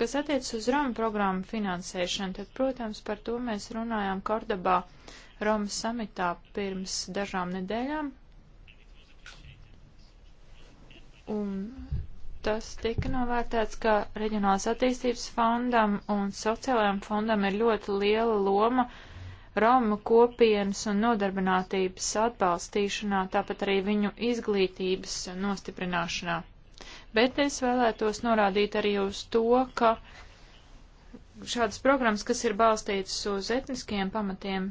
Kas attiecas uz Roma programmu finansēšanu, tad, protams, par to mēs runājām Kordabā Romas samitā pirms dažām nedēļām. Un tas tika novērtēts, ka Reģionālās attīstības fondam un sociālajam fondam ir ļoti liela loma Roma kopienas un nodarbinātības atbalstīšanā, tāpat arī viņu izglītības nostiprināšanā bet es vēlētos norādīt arī uz to, ka šādas programmas, kas ir balstītas uz etniskiem pamatiem,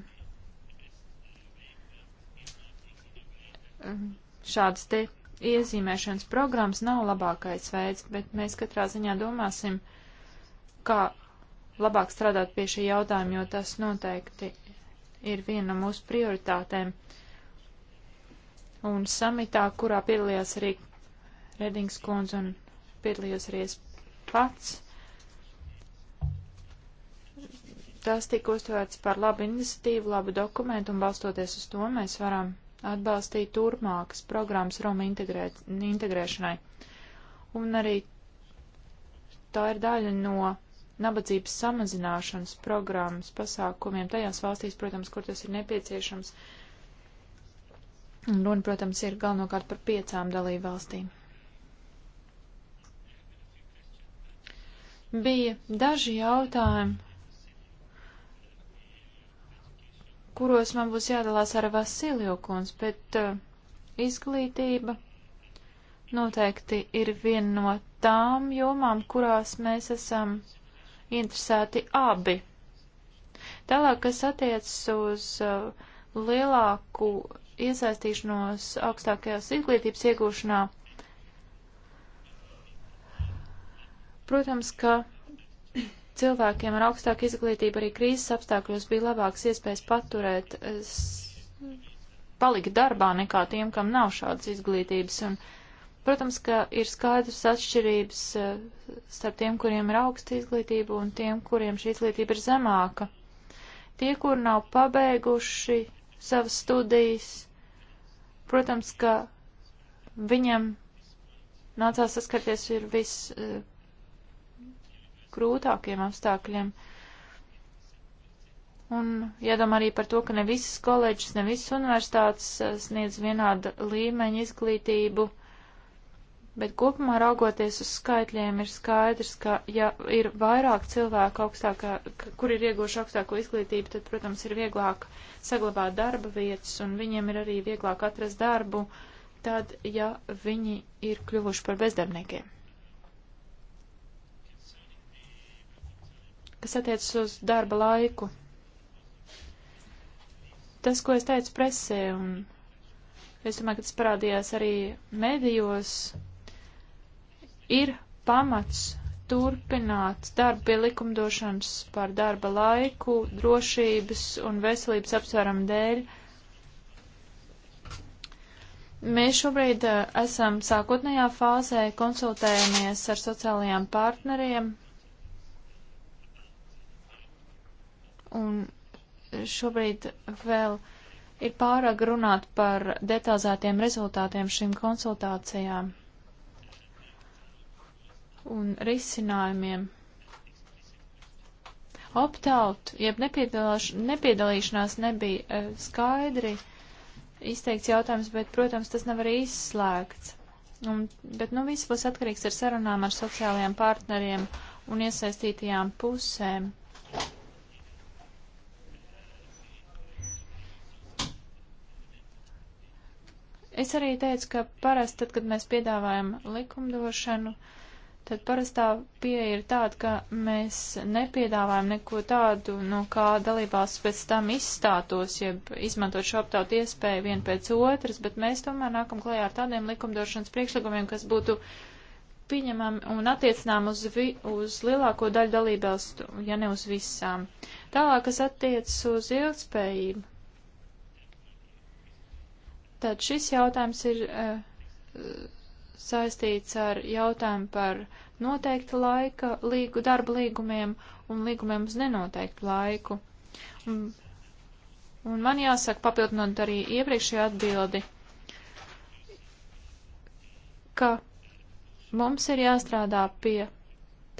um, šādas te iezīmēšanas programmas nav labākais veids, bet mēs katrā ziņā domāsim, kā labāk strādāt pie šī jautājuma, jo tas noteikti ir viena no mūsu prioritātēm. Un samitā, kurā piedalījās arī Redings kundze un piedalījos arī es pats. Tas tika uztvērts par labu iniciatīvu, labu dokumentu un balstoties uz to mēs varam atbalstīt turpmākas programmas Roma integrē, integrēšanai. Un arī tā ir daļa no nabadzības samazināšanas programmas pasākumiem tajās valstīs, protams, kur tas ir nepieciešams. Un runa, protams, ir galvenokārt par piecām dalību valstīm. bija daži jautājumi, kuros man būs jādalās ar Vasiliju kundz, bet uh, izglītība noteikti ir viena no tām jomām, kurās mēs esam interesēti abi. Tālāk, kas attiecas uz uh, lielāku iesaistīšanos augstākajās izglītības iegūšanā, Protams, ka cilvēkiem ar augstāku izglītību arī krīzes apstākļos bija labāks iespējas paturēt, palikt darbā nekā tiem, kam nav šādas izglītības. Un, protams, ka ir skaidrs atšķirības eh, starp tiem, kuriem ir augsta izglītība un tiem, kuriem šī izglītība ir zemāka. Tie, kur nav pabeiguši savas studijas, protams, ka viņam nācās saskarties ir viss eh, grūtākiem apstākļiem. Un jādomā arī par to, ka ne visas koledžas, ne visas universitātes eh, sniedz vienāda līmeņa izglītību, bet kopumā raugoties uz skaitļiem ir skaidrs, ka ja ir vairāk cilvēku augstākā, kur ir ieguši augstāko izglītību, tad, protams, ir vieglāk saglabāt darba vietas un viņiem ir arī vieglāk atrast darbu, tad, ja viņi ir kļuvuši par bezdarbniekiem. kas attiecas uz darba laiku. Tas, ko es teicu presē, un es domāju, ka tas parādījās arī medijos, ir pamats turpināt darbu pie likumdošanas par darba laiku, drošības un veselības apsvērumu dēļ. Mēs šobrīd eh, esam sākotnējā fāzē, konsultējamies ar sociālajiem partneriem, un šobrīd vēl ir pārāk runāt par detalizētiem rezultātiem šīm konsultācijām un risinājumiem. Optaut, jeb nepiedalīšanās nebija e, skaidri izteikts jautājums, bet, protams, tas nav arī izslēgts. Un, bet, nu, viss būs atkarīgs ar sarunām ar sociālajiem partneriem un iesaistītajām pusēm. Es arī teicu, ka parasti, tad, kad mēs piedāvājam likumdošanu, tad parastā pieeja ir tāda, ka mēs nepiedāvājam neko tādu, no kā dalībās pēc tam izstātos, jeb izmantot šo aptautu iespēju vien pēc otras, bet mēs tomēr nākam klajā ar tādiem likumdošanas priekšlikumiem, kas būtu pieņemami un attiecinām uz, vi, uz lielāko daļu dalībās, ja ne uz visām. Tālāk, kas attiecas uz ilgspējību. Tad šis jautājums ir eh, saistīts ar jautājumu par noteikta laika līgu, darba līgumiem un līgumiem uz nenoteiktu laiku. Un, un man jāsaka, papildinot arī iepriekšēju atbildi, ka mums ir jāstrādā pie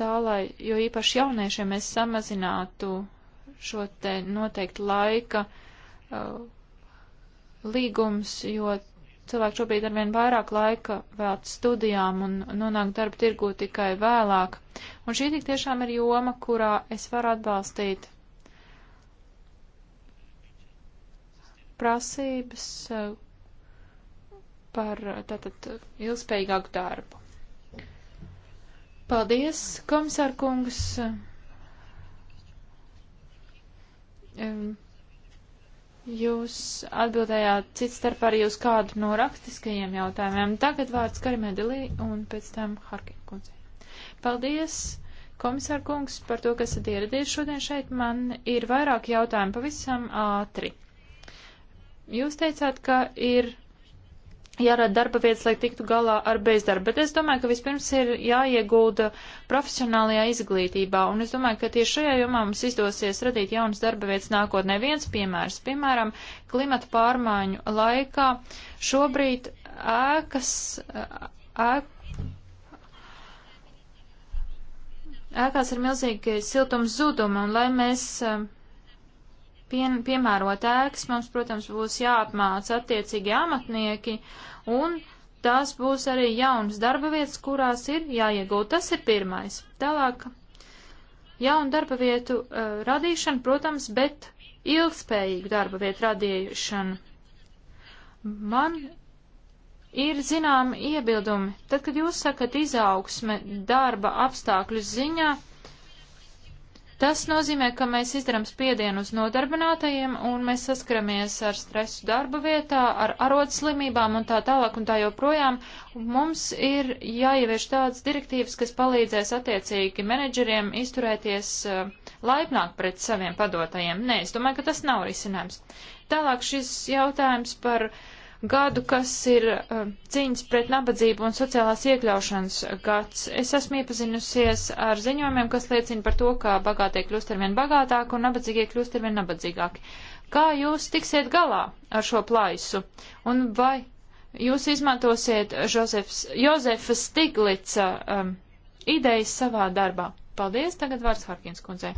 tā, lai, jo īpaši jauniešiem mēs samazinātu šo te noteiktu laika uh, līgums, jo cilvēki šobrīd arvien vairāk laika vēlt studijām un nonāk darba tirgu tikai vēlāk. Un šī tik tiešām ir joma, kurā es varu atbalstīt prasības eh, par tātad ilgspējīgāku darbu. Paldies, komisārkungs. Um, Jūs atbildējāt cits starp arī uz kādu no rakstiskajiem jautājumiem. Tagad vārds Karimedilī un pēc tam Harkin kundzei. Paldies, komisār kungs, par to, kas esat ieradies šodien šeit. Man ir vairāk jautājumu pavisam ātri. Jūs teicāt, ka ir jārada darba vietas, lai tiktu galā ar bezdarbu. Bet es domāju, ka vispirms ir jāiegūda profesionālajā izglītībā, un es domāju, ka tieši šajā jomā mums izdosies radīt jaunas darba vietas nākotnē. Viens piemērs, piemēram, klimata pārmaiņu laikā šobrīd ēkas, ēk, ēkās ir milzīgi siltums zuduma, un lai mēs. Uh, pien, piemērot ēkas, mums, protams, būs jāapmāca attiecīgi amatnieki, un tās būs arī jaunas darba vietas, kurās ir jāiegūt. Tas ir pirmais. Tālāk, jaunu darba vietu uh, radīšana, protams, bet ilgspējīgu darba vietu radīšana. Man ir zinām iebildumi. Tad, kad jūs sakat izaugsme darba apstākļu ziņā, Tas nozīmē, ka mēs izdarām spiedienu uz nodarbinātajiem un mēs saskaramies ar stresu darba vietā, ar arodslimībām un tā tālāk un tā joprojām. Mums ir jāievieš tādas direktīvas, kas palīdzēs attiecīgi menedžeriem izturēties uh, laipnāk pret saviem padotajiem. Nē, es domāju, ka tas nav risinājums. Tālāk šis jautājums par uh, gadu, kas ir eh, cīņas pret nabadzību un sociālās iekļaušanas gads. Es esmu iepazinusies ar ziņojumiem, kas liecina par to, ka bagātie kļūst arvien bagātāki un nabadzīgie kļūst arvien nabadzīgāki. Kā jūs tiksiet galā ar šo plaisu? Un vai jūs izmantosiet Jozefs, Jozefa Stiglica um, eh, idejas savā darbā? Paldies, tagad vārds Harkins kundzei.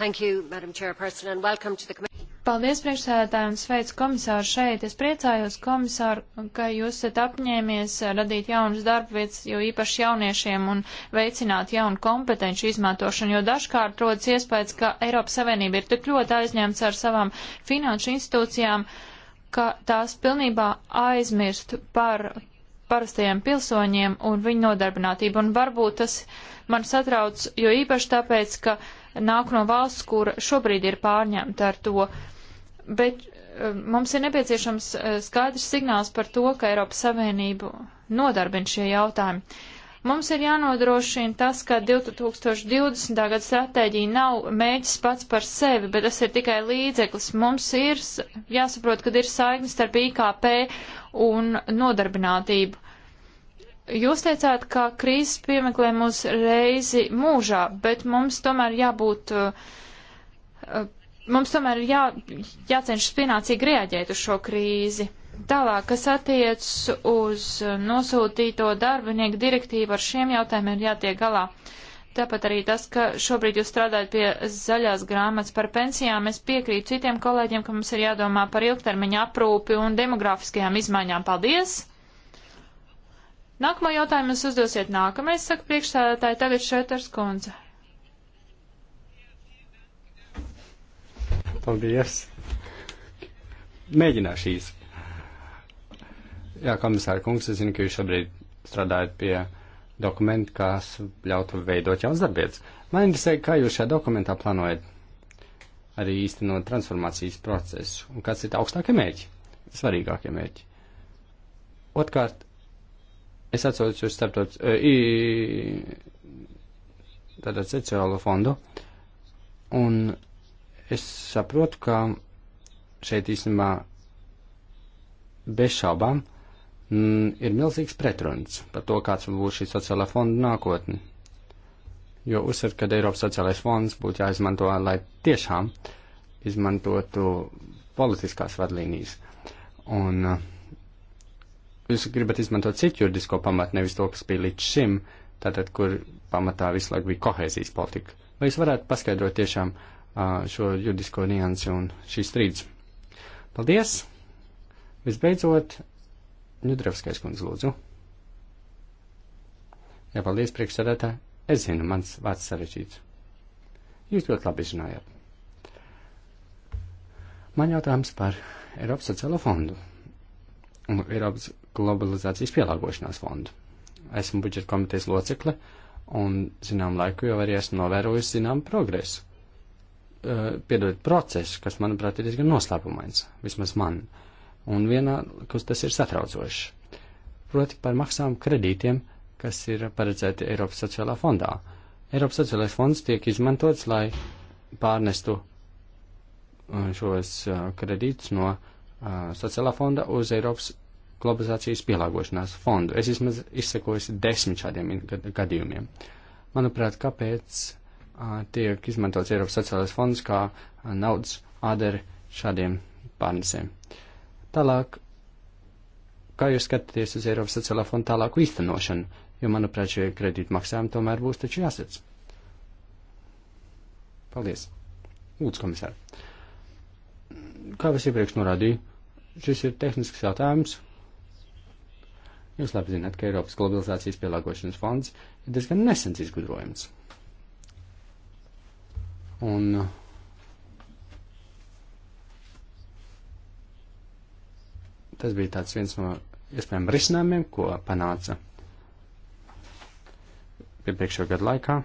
You, welcome to the committee. Paldies priekšsēdētājiem, sveicu komisāru šeit. Es priecājos, komisāru, ka jūs esat apņēmies radīt jaunas darba vietas, jo īpaši jauniešiem un veicināt jaunu kompetenci izmantošanu, jo dažkārt rodas iespējas, ka Eiropas Savienība ir tik ļoti aizņemts ar savām finanšu institūcijām, ka tās pilnībā aizmirst par parastajiem pilsoņiem un viņu nodarbinātību. Un varbūt tas man satrauc, jo īpaši tāpēc, ka nāk no valsts, kur šobrīd ir pārņemta ar to. Bet eh, mums ir nepieciešams eh, skaidrs signāls par to, ka Eiropas Savienību nodarbina šie jautājumi. Mums ir jānodrošina tas, ka 2020. gada stratēģija nav mēģis pats par sevi, bet tas ir tikai līdzeklis. Mums ir jāsaprot, kad ir saiknis starp IKP un nodarbinātību. Jūs teicāt, ka krīzes piemeklē mūs reizi mūžā, bet mums tomēr jābūt, uh, uh, mums tomēr jā, jācenšas pienācīgi reaģēt uz šo krīzi. Tālāk, kas attiec uz nosūtīto darbinieku direktīvu, ar šiem jautājumiem ir jātiek galā. Tāpat arī tas, ka šobrīd jūs strādājat pie zaļās grāmatas par pensijām, es piekrītu citiem kolēģiem, ka mums ir jādomā par ilgtermiņa aprūpi un demografiskajām izmaiņām. Paldies! Nākamo jautājumu jūs uzdosiet nākamais, saka priekšsēdētāji, tev ir Šeters kundze. Paldies. Mēģināšu īsi. Jā, komisāra kungs, es zinu, ka jūs šobrīd strādājat pie dokumentu, kas ļautu veidot jaunas darbietas. Man interesē, kā jūs šajā dokumentā plānojat arī īstenot transformācijas procesu un kāds ir augstākie mērķi, svarīgākie mērķi. Otkārt, Es atsaucu uz starptauts, tātad sociālo fondu, un es saprotu, ka šeit īstenībā bez šaubām m, mm, ir milzīgs pretruns par to, kāds būs šī sociālā fonda nākotne. Jo uzsver, ka Eiropas sociālais fonds būtu jāizmanto, lai tiešām izmantotu politiskās vadlīnijas. Un uh, jūs gribat izmantot citu juridisko pamatu, nevis to, kas bija līdz šim, tātad, kur pamatā visu laiku bija kohēzijas politika. Vai jūs varētu paskaidrot tiešām šo juridisko niansi un šīs strīdus? Paldies! Visbeidzot, Ņudrevskais kundze lūdzu. Jā, paldies, priekšsēdētāji. Es zinu, mans vārds sarežģīts. Jūs ļoti labi zinājāt. Man jautājums par Eiropas sociālo fondu. Eiropas globalizācijas pielāgošanās fondu. Esmu budžeta komitejas locekle un zinām laiku jau arī esmu novērojusi zinām progresu. Uh, Piedod procesu, kas, manuprāt, ir diezgan noslēpumains, vismaz man. Un vienā, kas tas ir satraucoši. Proti par maksām kredītiem, kas ir paredzēti Eiropas sociālā fondā. Eiropas sociālais fonds tiek izmantots, lai pārnestu šos kredītus no uh, sociālā fonda uz Eiropas globalizācijas pielāgošanās fondu. Es vismaz izsekoju desmit šādiem gadījumiem. Manuprāt, kāpēc tiek izmantots Eiropas sociālais fonds kā naudas āderi šādiem pārnesēm? Tālāk, kā jūs skatāties uz Eiropas sociālā fonda tālāku īstenošanu, jo, manuprāt, šie kredīti maksājumi tomēr būs taču jāsadz. Paldies. Lūdzu, komisāri kā es iepriekš norādīju, šis ir tehnisks jautājums. Jūs labi zināt, ka Eiropas globalizācijas pielāgošanas fonds ir diezgan nesens izgudrojums. Un tas bija tāds viens no iespējām risinājumiem, ko panāca piepriekšējā gada laikā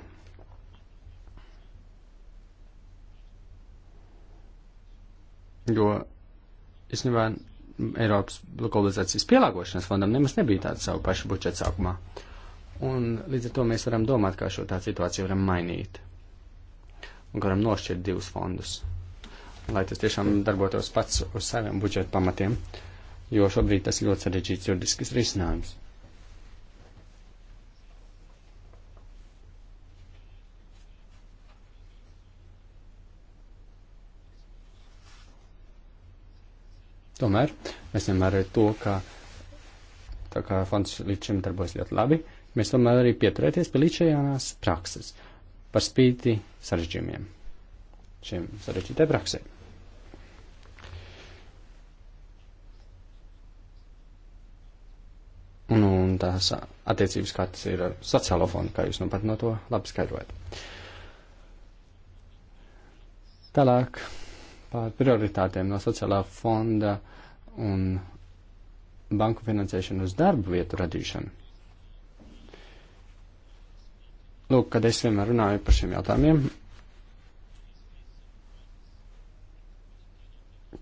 Jo, īstenībā, Eiropas lokalizācijas pielāgošanas fondam nemaz nebija tāda savu pašu budžeta sākumā. Un līdz ar to mēs varam domāt, kā šo tā situāciju varam mainīt. Un varam nošķirt divus fondus, lai tas tiešām darbotos pats uz saviem budžeta pamatiem, jo šobrīd tas ir ļoti sarežģīts juridisks risinājums. Tomēr mēs vienmēr ar to, ka tā kā fonds līdz šim darbojas ļoti labi, mēs tomēr arī pieturēties pie līdzšajās prakses par spīti sarežģījumiem. Šiem sarežģītē praksē. Un, un tās attiecības, kā tas ir ar sociālo fondu, kā jūs nu pat no to labi skaidrojat. Tālāk par prioritātēm no sociālā fonda un banku finansēšanu uz darbu vietu radīšanu. Lūk, kad es vienmēr runāju par šiem jautājumiem,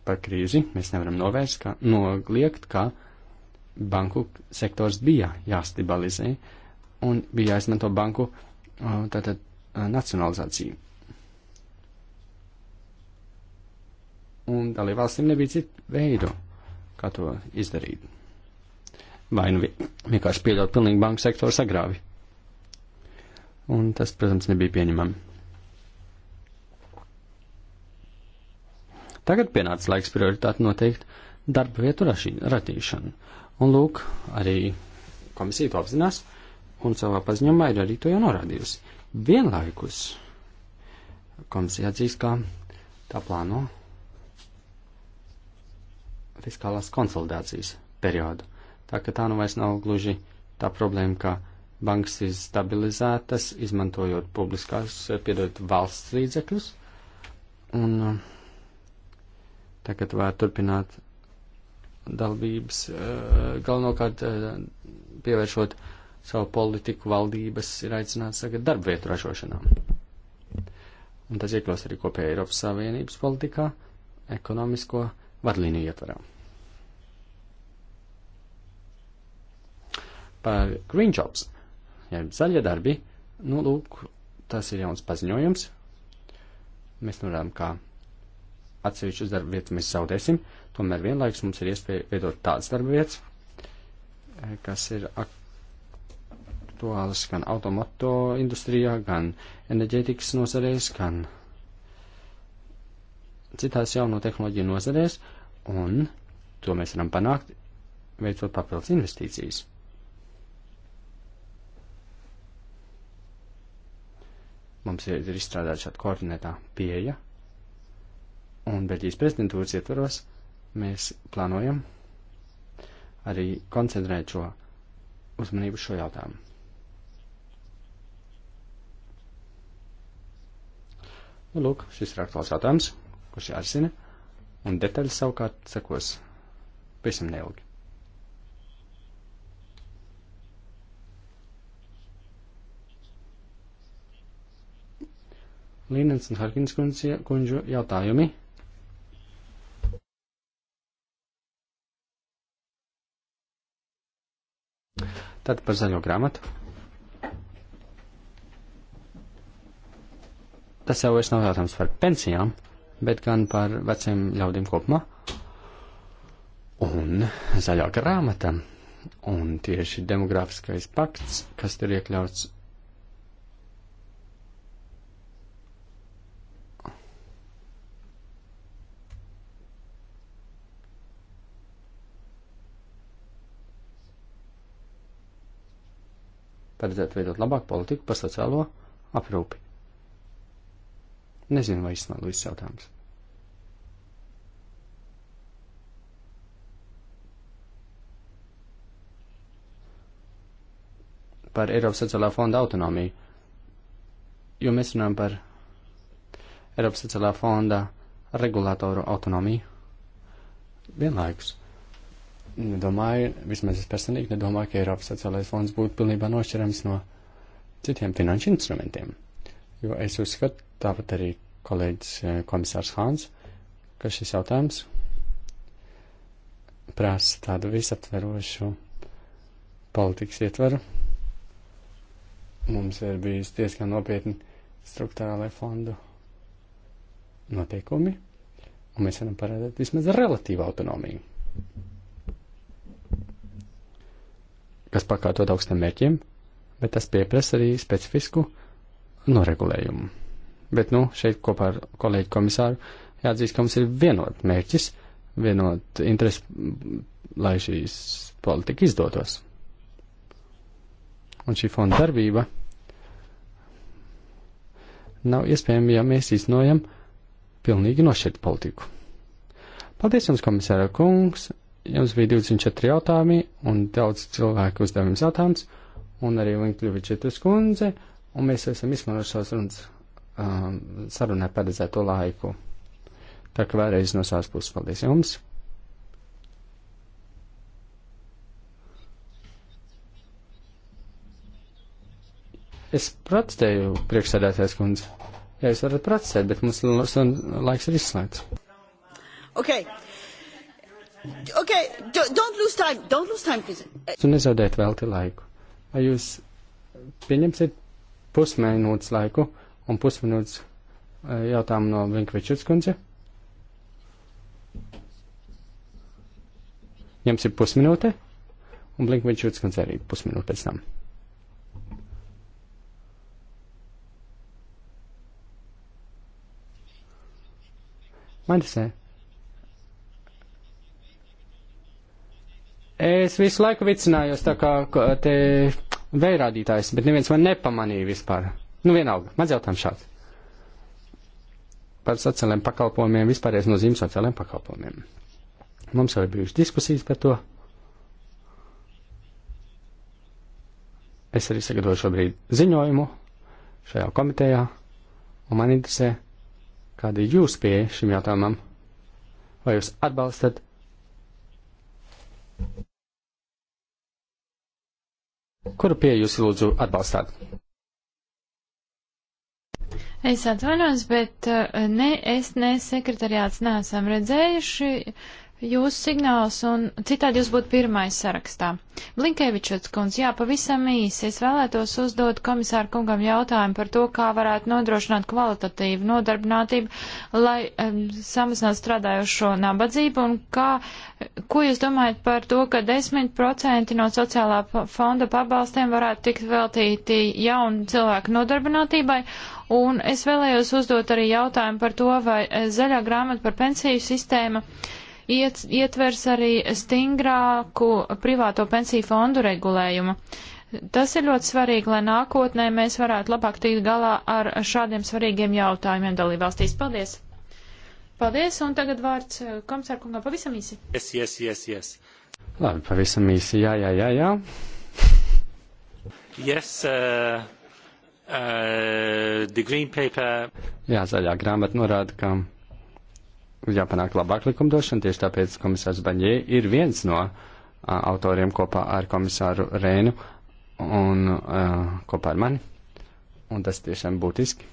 par krīzi, mēs nevaram novērst, ka nogliegt, ka banku sektors bija jāstabilizē un bija jāizmanto banku uh, tātad uh, nacionalizācija. un dalībvalstīm nebija citu veidu, kā to izdarīt. Vai nu vienkārši pieļaut pilnīgi banku sektoru sagrāvi. Un tas, protams, nebija pieņemami. Tagad pienācis laiks prioritāti noteikt darba vietu radīšanu. Un lūk, arī komisija to apzinās, un savā paziņojumā ir arī to jau norādījusi. Vienlaikus komisija atzīst, ka tā plāno fiskālās konsolidācijas periodu. Tā ka tā nu vairs nav gluži tā problēma, ka bankas ir stabilizētas, izmantojot publiskās, eh, piedot valsts līdzekļus. Un eh, tagad var turpināt dalības, eh, galvenokārt pievēršot savu politiku valdības ir aicināts tagad darbvietu ražošanām. Un tas iekļaus arī kopējā Eiropas Savienības politikā, ekonomisko vadlīniju ietvarā. Par green jobs, jeb zaļie darbi, nu, lūk, tas ir jauns paziņojums. Mēs norādām, ka atsevišķas darba vietas mēs zaudēsim, tomēr vienlaikus mums ir iespēja veidot tādas darba vietas, eh, kas ir aktuālas gan automoto industrijā, gan enerģētikas nozarēs, gan citās jauno tehnoloģiju nozarēs, un to mēs varam panākt, veicot papildus investīcijas. Mums ir, ir izstrādāta šāda koordinētā pieeja, un Beļģijas prezidentūras ietvaros mēs plānojam arī koncentrēt šo uzmanību šo jautājumu. Nu, lūk, šis ir aktuāls jautājums kurš jāzina, un detaļas savukārt sekos pavisam neilgi. Līnens un Harkins kundžu jautājumi. Tad par zaļo grāmatu. Tas jau vairs nav jautājums par pensijām bet gan par veciem ļaudīm kopumā. Un zaļā grāmata, un tieši demografiskais pakts, kas tur iekļauts. Paredzētu veidot labāku politiku par sociālo aprūpi. Nezinu, vai izsmēlu visus jautājumus. Par Eiropas sociālā fonda autonomiju. Jo mēs runājam par Eiropas sociālā fonda regulātoru autonomiju. Vienlaikus. Domāju, vismaz es personīgi nedomāju, ka Eiropas sociālais fonds būtu pilnībā nošķirams no citiem finanšu instrumentiem jo es uzskatu, tāpat arī kolēģis eh, komisārs Hāns, ka šis jautājums prasa tādu visaptverošu politikas ietvaru. Mums ir bijis diezgan nopietni struktūrālai fondu noteikumi, un mēs varam parādīt vismaz relatīvu autonomiju, kas pakāto augstiem mērķiem, bet tas pieprasa arī specifisku noregulējumu. Nu, Bet, nu, šeit kopā ar kolēģi komisāru jāatzīst, ka mums ir vienot mērķis, vienot interesi, lai šīs politika izdotos. Un šī fonda darbība nav iespējama, ja mēs iznojam pilnīgi nošķirt politiku. Paldies jums, komisāra kungs! Jums bija 24 jautājumi un daudz cilvēku uzdevums jautājums, un arī Linkļuvičetas kundze un mēs esam izmantojuši savas runas um, sarunai paredzēto laiku. Tā kā vēlreiz no savas puses paldies jums! Es protestēju, priekšsēdētājs kundze. Jā, jūs varat protestēt, bet mums laiks ir izslēgts. Okay. Okay, don't lose time, don't lose time, please. Un nezaudēt velti laiku. Vai jūs pieņemsiet pusminūtes laiku un pusminūtes eh, jautājumu no Blinkvičs kundze. Jums ir pusminūte, un Blinkvičs kundze arī pusminūte pēc tam. Man tas ir. Es visu laiku vicinājos, tā kā te vērādītājs, bet neviens man nepamanīja vispār. Nu, vienalga, mans jautājums šāds. Par sociālajiem pakalpojumiem, vispārējais nozīme sociālajiem pakalpojumiem. Mums jau ir bijušas diskusijas par to. Es arī sagatavoju šobrīd ziņojumu šajā komitejā, un man interesē, kāda ir jūsu pieeja šim jautājumam. Vai jūs atbalstat Kuru pieeju jūs lūdzu atbalstāt? Es atvainojos, bet eh, ne es, ne sekretariāts neesam redzējuši jūsu signāls, un citādi jūs būtu pirmais sarakstā. Blinkevičots kundz, jā, pavisam īsi, es vēlētos uzdot komisāru kungam jautājumu par to, kā varētu nodrošināt kvalitatīvu nodarbinātību, lai um, samazinātu strādājošo nabadzību, un kā, ko jūs domājat par to, ka 10% no sociālā fonda pabalstiem varētu tikt veltīti jaunu cilvēku nodarbinātībai, un es vēlējos uzdot arī jautājumu par to, vai eh, zaļā grāmata par pensiju sistēmu, uh, iet, ietvers arī stingrāku privāto pensiju fondu regulējumu. Tas ir ļoti svarīgi, lai nākotnē mēs varētu labāk tikt galā ar šādiem svarīgiem jautājumiem dalībvalstīs. Paldies! Paldies, un tagad vārds eh, komisārkungam pavisam īsi. Yes, yes, yes, yes. Labi, pavisam īsi, jā, jā, jā, jā. Yes, uh, uh, the green paper. Jā, zaļā grāmata norāda, ka jāpanāk labāk likumdošana, tieši tāpēc komisārs Baņē ir viens no uh, autoriem kopā ar komisāru Rēnu un uh, kopā ar mani. Un tas tiešām būtiski.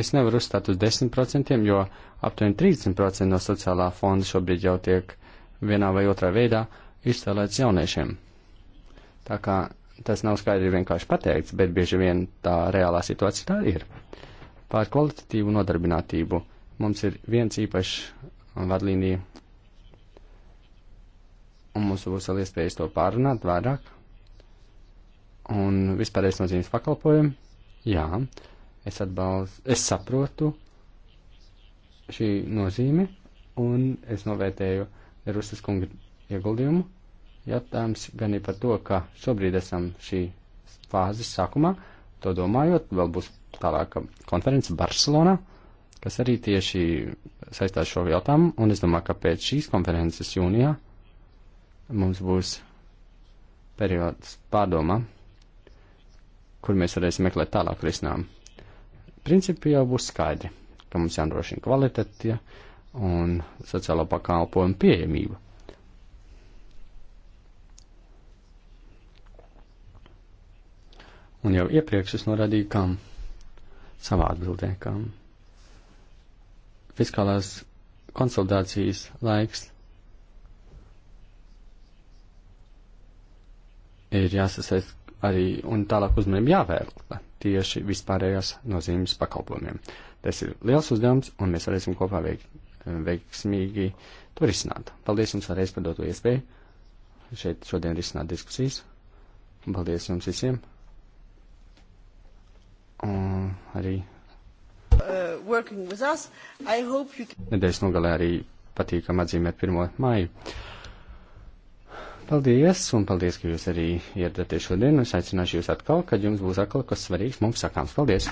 Es nevaru uzstāt uz 10%, jo aptuveni 30% no sociālā fonda šobrīd jau tiek vienā vai otrā veidā izcēlēts jauniešiem. Tā kā tas nav skaidri vienkārši pateikts, bet bieži vien tā reālā situācija tā ir. Pār kvalitatīvu nodarbinātību mums ir viens īpašs vadlīnija, un mums būs vēl iespējas to pārunāt vairāk. Un vispārējais nozīmes pakalpojumi, jā, es atbalstu, es saprotu šī nozīme, un es novērtēju Rusas kunga ieguldījumu. Jautājums gan ir par to, ka šobrīd esam šī fāzes sākumā, to domājot, vēl būs tālāk konference Barcelonā, kas arī tieši saistās šo jautājumu, un es domāju, ka pēc šīs konferences jūnijā mums būs periods pārdomā, kur mēs varēsim meklēt tālāk risinājumu. Principi jau būs skaidri, ka mums jānodrošina kvalitāte un sociālo pakalpojumu pieejamība. Un jau iepriekš es norādīju, kam savā atbildē, ka fiskālās konsolidācijas laiks ir jāsasaist arī un tālāk uzmanību jāvērtē tieši vispārējās nozīmes pakalpojumiem. Tas ir liels uzdevums, un mēs varēsim kopā veik, veiksmīgi to risināt. Paldies jums vēlreiz par doto iespēju šeit šodien risināt diskusijas. Paldies jums visiem! Un arī uh, nedēļas nogalē arī patīkam atzīmēt 1. maiju. Paldies, un paldies, ka jūs arī ieradāties šodien, un es aicināšu jūs atkal, kad jums būs atkal kas svarīgs mums sakāms. Paldies!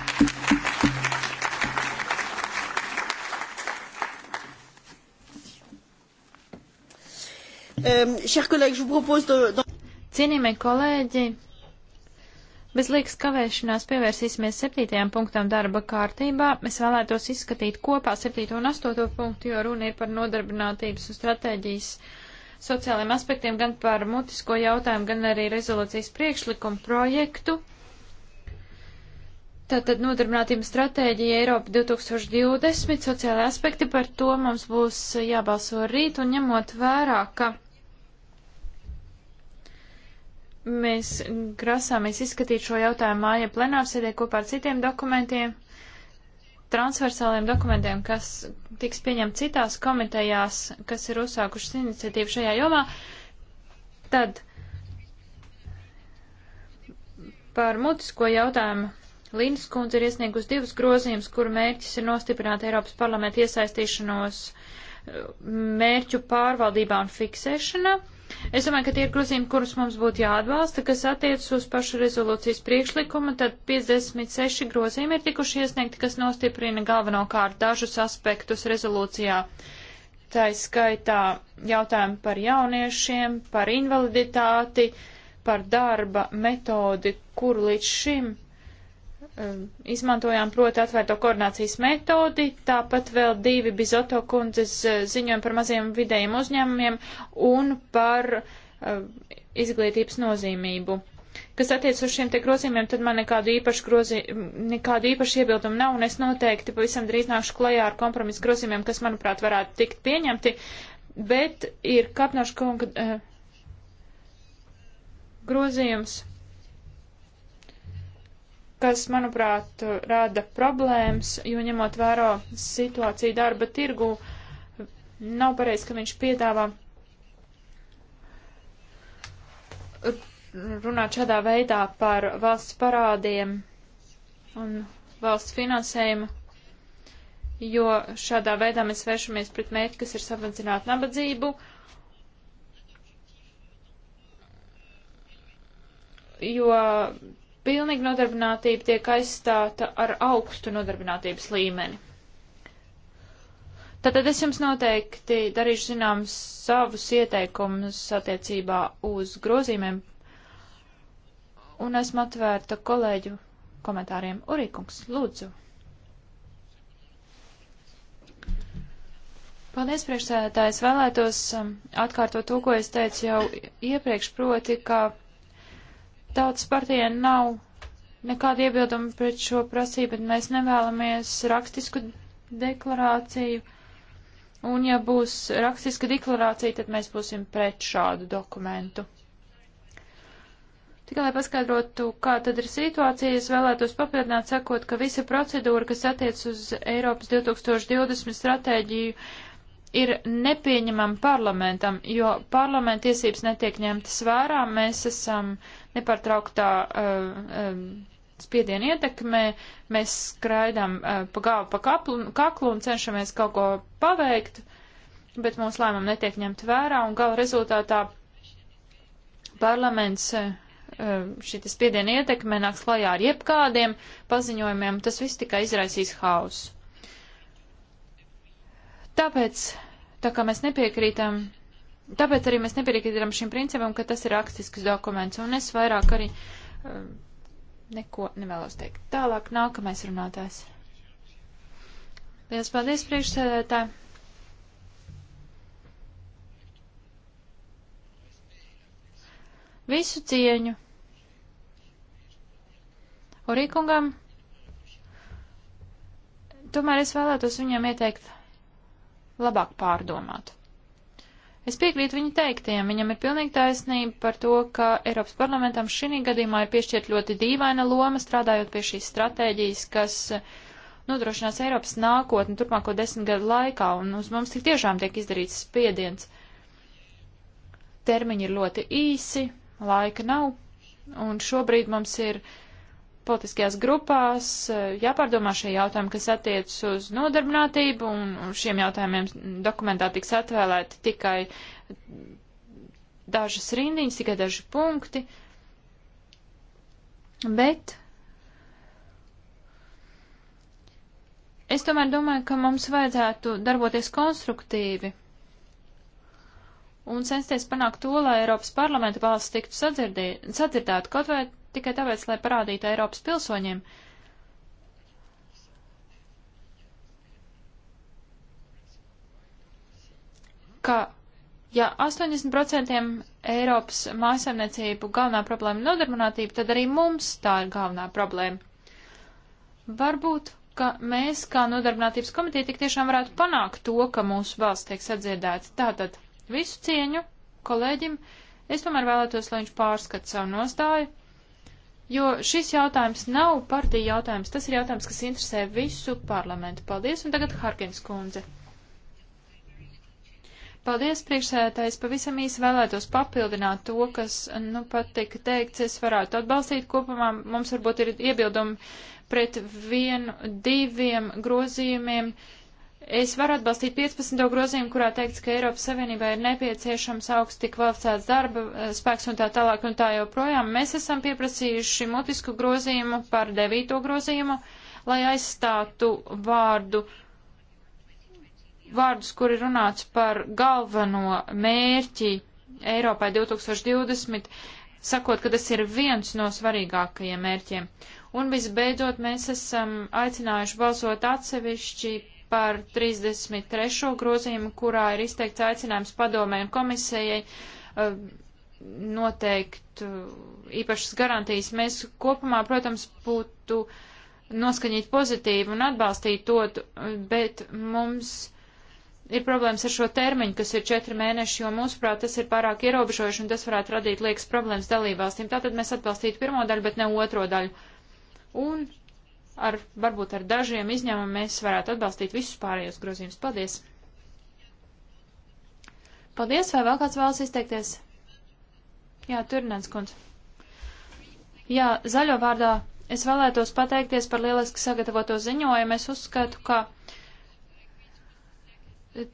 Um, Cienījamie kolēģi, Bez liekas kavēšanās pievērsīsimies septītajām punktām darba kārtībā. Es vēlētos izskatīt kopā septīto un astoto punktu, jo runa ir par nodarbinātības un stratēģijas sociālajiem aspektiem, gan par mutisko jautājumu, gan arī rezolūcijas priekšlikumu projektu. Tātad nodarbinātības stratēģija Eiropa 2020, sociālai aspekti par to mums būs jābalso rīt un ņemot vērā, ka Mēs grasāmies izskatīt šo jautājumu māja plenārsēdē kopā ar citiem dokumentiem, transversāliem dokumentiem, kas tiks pieņemt citās komitejās, kas ir uzsākušas iniciatīvu šajā jomā. Tad par mutisko jautājumu Līnas kundze ir iesniegus divus grozījumus, kuru mērķis ir nostiprināt Eiropas parlamentu iesaistīšanos mērķu pārvaldībā un fiksēšanā. Es domāju, ka tie ir grozījumi, kurus mums būtu jāatbalsta, kas attiecas uz pašu rezolūcijas priekšlikumu, tad 56 grozījumi ir tikuši iesniegti, kas nostiprina galvenokārt dažus aspektus rezolūcijā. Tā ir skaitā jautājumi par jauniešiem, par invaliditāti, par darba metodi, kuru līdz šim izmantojām proti atvērto koordinācijas metodi, tāpat vēl divi Bizoto kundzes eh, ziņojumi par maziem vidējiem uzņēmumiem un par izglītības nozīmību. Kas attiec uz šiem te grozījumiem, tad man nekādu īpašu, grozi, nekādu īpašu iebildumu nav, un es noteikti pavisam drīz nākšu klajā ar kompromisu grozījumiem, kas, manuprāt, varētu tikt pieņemti, bet ir Kapnoša kunga eh, grozījums kas, manuprāt, rada problēmas, jo ņemot vērā situāciju darba tirgu, nav pareizi, ka viņš piedāvā runāt šādā veidā par valsts parādiem un valsts finansējumu, jo šādā veidā mēs vēršamies pret mērķi, kas ir samazināt nabadzību jo pilnīga nodarbinātība tiek aizstāta ar augstu nodarbinātības līmeni. Tātad es jums noteikti darīšu zināms savus ieteikumus attiecībā uz grozīmēm un esmu atvērta kolēģu komentāriem. Urīkungs, lūdzu. Paldies, priekšsēdētājs. Vēlētos um, atkārtot to, ko es teicu jau iepriekš, proti, ka Tautas partijai nav nekāda iebilduma pret šo prasību, bet mēs nevēlamies rakstisku deklarāciju. Un ja būs rakstiska deklarācija, tad mēs būsim pret šādu dokumentu. Tikai lai paskaidrotu, kā tad ir situācija, es vēlētos papildināt sakot, ka visa procedūra, kas attiec uz Eiropas 2020 stratēģiju, ir nepieņemama parlamentam, jo parlamenta tiesības netiek ņemtas vērā. Mēs esam nepārtrauktā uh, uh, spiediena ietekmē, mēs skraidām uh, pa galvu pa kaplu, kaklu un cenšamies kaut ko paveikt, bet mūsu lēmumu netiek ņemt vērā un gala rezultātā parlaments. Uh, šī spiediena ietekme nāks klajā ar jebkādiem paziņojumiem, tas viss tikai izraisīs hausu. Tāpēc, tā kā mēs nepiekrītam, tāpēc arī mēs nepiekrītam šim principam, ka tas ir rakstisks dokuments, un es vairāk arī um, neko nevēlos teikt. Tālāk nākamais runātājs. Liels paldies priekšsēdētāji! Visu cieņu! Orīkungam! Tomēr es vēlētos viņam ieteikt labāk pārdomāt. Es piekrītu viņa teiktiem, viņam ir pilnīgi taisnība par to, ka Eiropas parlamentam šī gadījumā ir piešķirt ļoti dīvaina loma strādājot pie šīs stratēģijas, kas eh, nodrošinās Eiropas nākotni turpmāko desmit gadu laikā, un uz mums tik tiešām tiek izdarīts spiediens. Termiņi ir ļoti īsi, laika nav, un šobrīd mums ir uh, politiskajās grupās eh, jāpārdomā šie jautājumi, kas attiecas uz nodarbinātību, un šiem jautājumiem dokumentā tiks atvēlēti tikai dažas rindiņas, tikai daži punkti. Bet es tomēr domāju, ka mums vajadzētu darboties konstruktīvi un censties panākt to, lai Eiropas parlamenta balsts tiktu sadzirdēta, kaut vai tikai tāpēc, lai parādītu Eiropas pilsoņiem, ka Ja 80% Eiropas mājasemniecību galvenā problēma ir nodarbinātība, tad arī mums tā ir galvenā problēma. Varbūt, ka mēs kā nodarbinātības komiteja tik tiešām varētu panākt to, ka mūsu valsts tiek sadzirdēta. Tātad visu cieņu kolēģim, es tomēr vēlētos, lai viņš pārskata savu nostāju jo šis jautājums nav partija jautājums, tas ir jautājums, kas interesē visu parlamentu. Paldies, un tagad Harkins kundze. Paldies, priekšsēdētājs. Pavisam īsi vēlētos papildināt to, kas, nu, pat tika teikts, es varētu atbalstīt kopumā. Mums varbūt ir iebildumi pret vienu, diviem grozījumiem. Uh, Es varu atbalstīt 15. grozījumu, kurā teikts, ka Eiropas Savienībā ir nepieciešams augsti kvalificēts darba eh, spēks un tā tālāk un tā joprojām. Mēs esam pieprasījuši mutisku grozījumu par 9. grozījumu, lai aizstātu vārdu vārdus, kuri runāts par galveno mērķi Eiropai 2020, sakot, ka tas ir viens no svarīgākajiem mērķiem. Un visbeidzot, mēs esam aicinājuši balsot atsevišķi par 33. grozījumu, kurā ir izteikts aicinājums padomē un komisējai uh, noteikt uh, īpašas garantijas. Mēs kopumā, protams, būtu noskaņīt pozitīvi un atbalstīt to, bet mums ir problēmas ar šo termiņu, kas ir četri mēneši, jo mūsuprāt tas ir pārāk ierobežojuši un tas varētu radīt liekas problēmas dalībvalstīm. Tātad mēs atbalstītu pirmo daļu, bet ne otro daļu. Un ar, varbūt ar dažiem izņēmumiem mēs varētu atbalstīt visus pārējos grozījumus. Paldies! Paldies, vai vēl kāds vēlas izteikties? Jā, Turnēns kundze. Jā, zaļo vārdā es vēlētos pateikties par lieliski sagatavoto ziņojumu. Es uzskatu, ka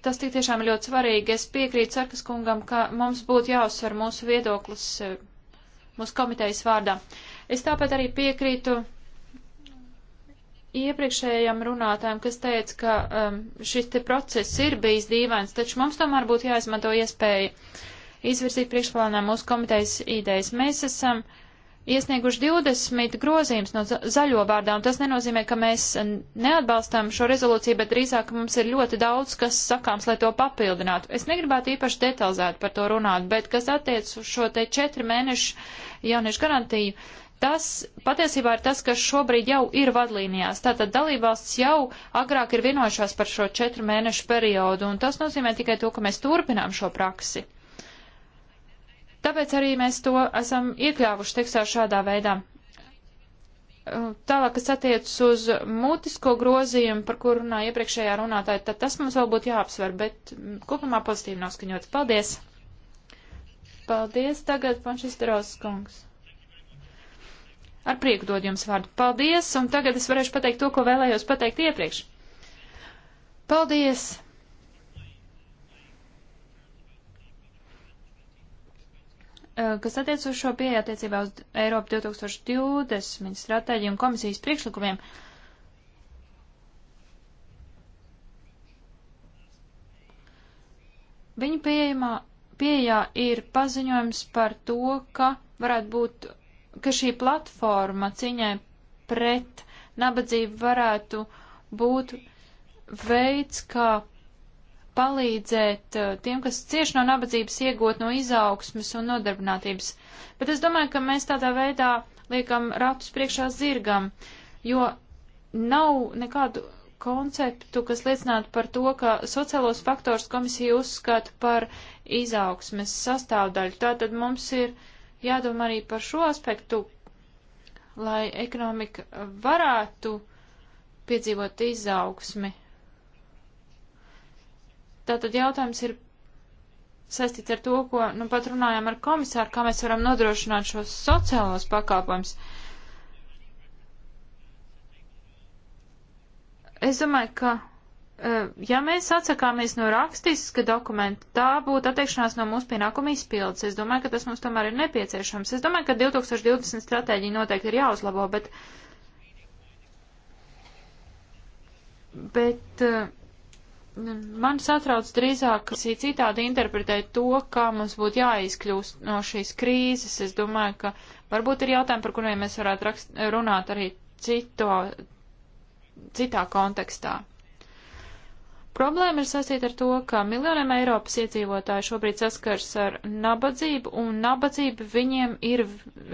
tas tik tiešām ļoti svarīgi. Es piekrītu Sarkas kungam, ka mums būtu jāuzsver mūsu viedoklis eh, mūsu komitejas vārdā. Es tāpēc arī piekrītu iepriekšējam runātājam, kas teica, ka um, šis te process ir bijis dīvains, taču mums tomēr būtu jāizmanto iespēja izvirzīt priekšplānā mūsu komitejas idejas. Mēs esam iesnieguši 20 grozījums no zaļo vārdā, un tas nenozīmē, ka mēs neatbalstām šo rezolūciju, bet drīzāk mums ir ļoti daudz, kas sakāms, lai to papildinātu. Es negribētu īpaši detalizēt par to runāt, bet kas attiec uz šo te četri mēnešu jauniešu garantiju, uh, Tas patiesībā ir tas, kas šobrīd jau ir vadlīnijās. Tātad dalībvalsts jau agrāk ir vienojušās par šo četru mēnešu periodu, un tas nozīmē tikai to, ka mēs turpinām šo praksi. Tāpēc arī mēs to esam iekļāvuši tekstā šādā veidā. Uh, tālāk, kas attiecas uz mutisko grozījumu, par kuru runā iepriekšējā runātāja, tad tas mums vēl būtu jāapsver, bet mm, kopumā pozitīvi noskaņots. Paldies! Paldies tagad, Panšis Drauskungs! Ar prieku dod jums vārdu. Paldies, un tagad es varēšu pateikt to, ko vēlējos pateikt iepriekš. Paldies! Kas attiec uz šo pieeja attiecībā uz Eiropu 2020 stratēģiju un komisijas priekšlikumiem, viņa pieejamā, pieejā ir paziņojums par to, ka varētu būt ka šī platforma ciņai pret nabadzību varētu būt veids, kā palīdzēt eh, tiem, kas cieši no nabadzības, iegūt no izaugsmes un nodarbinātības. Bet es domāju, ka mēs tādā veidā liekam ratus priekšā zirgam, jo nav nekādu konceptu, kas liecinātu par to, ka sociālos faktors komisija uzskata par izaugsmes sastāvdaļu. Tātad mums ir uh, jādomā arī par šo aspektu, lai ekonomika varētu piedzīvot izaugsmi. Tātad jautājums ir saistīts ar to, ko nu pat runājām ar komisāru, kā mēs varam nodrošināt šos sociālos pakalpojumus. Es domāju, ka Eh, ja mēs atsakāmies no rakstiska dokumenta, tā būtu attiekšanās no mūsu pienākuma izpildes. Es domāju, ka tas mums tomēr ir nepieciešams. Es domāju, ka 2020 stratēģija noteikti ir jāuzlabo, bet. Bet eh, man satrauc drīzāk, ka citādi interpretē to, kā mums būtu jāizkļūst no šīs krīzes. Es domāju, ka varbūt ir jautājumi, par kuriem mēs varētu rakst, runāt arī cito, citā kontekstā. Problēma ir saistīta ar to, ka miljoniem Eiropas iedzīvotāju šobrīd saskars ar nabadzību, un nabadzība viņiem ir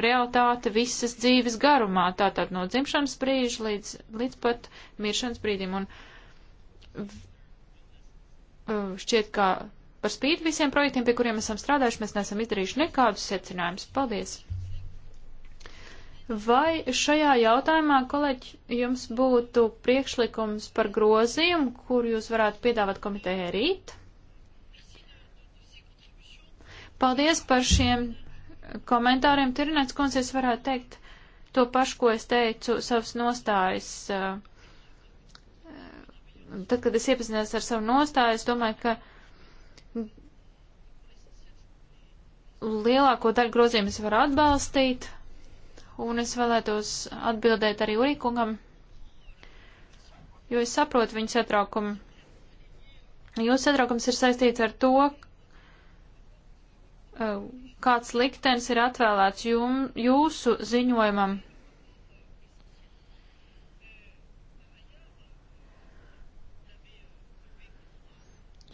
realitāte visas dzīves garumā, tātad no dzimšanas brīža līdz, līdz pat miršanas brīdim. Un šķiet, ka par spīti visiem projektiem, pie kuriem esam strādājuši, mēs neesam izdarījuši nekādus secinājumus. Paldies! Vai šajā jautājumā, kolēģi, jums būtu priekšlikums par grozījumu, kur jūs varētu piedāvāt komitejai rīt? Paldies par šiem komentāriem. Tirinēts kundze, es varētu teikt to pašu, ko es teicu savas nostājas. Uh, tad, kad es iepazinos ar savu nostāju, es domāju, ka lielāko daļu grozījumus var atbalstīt un es vēlētos atbildēt arī Urikungam, jo es saprotu viņa satraukumu. Jūsu satraukums ir saistīts ar to, uh, kāds liktenis ir atvēlēts jum, jūsu ziņojumam.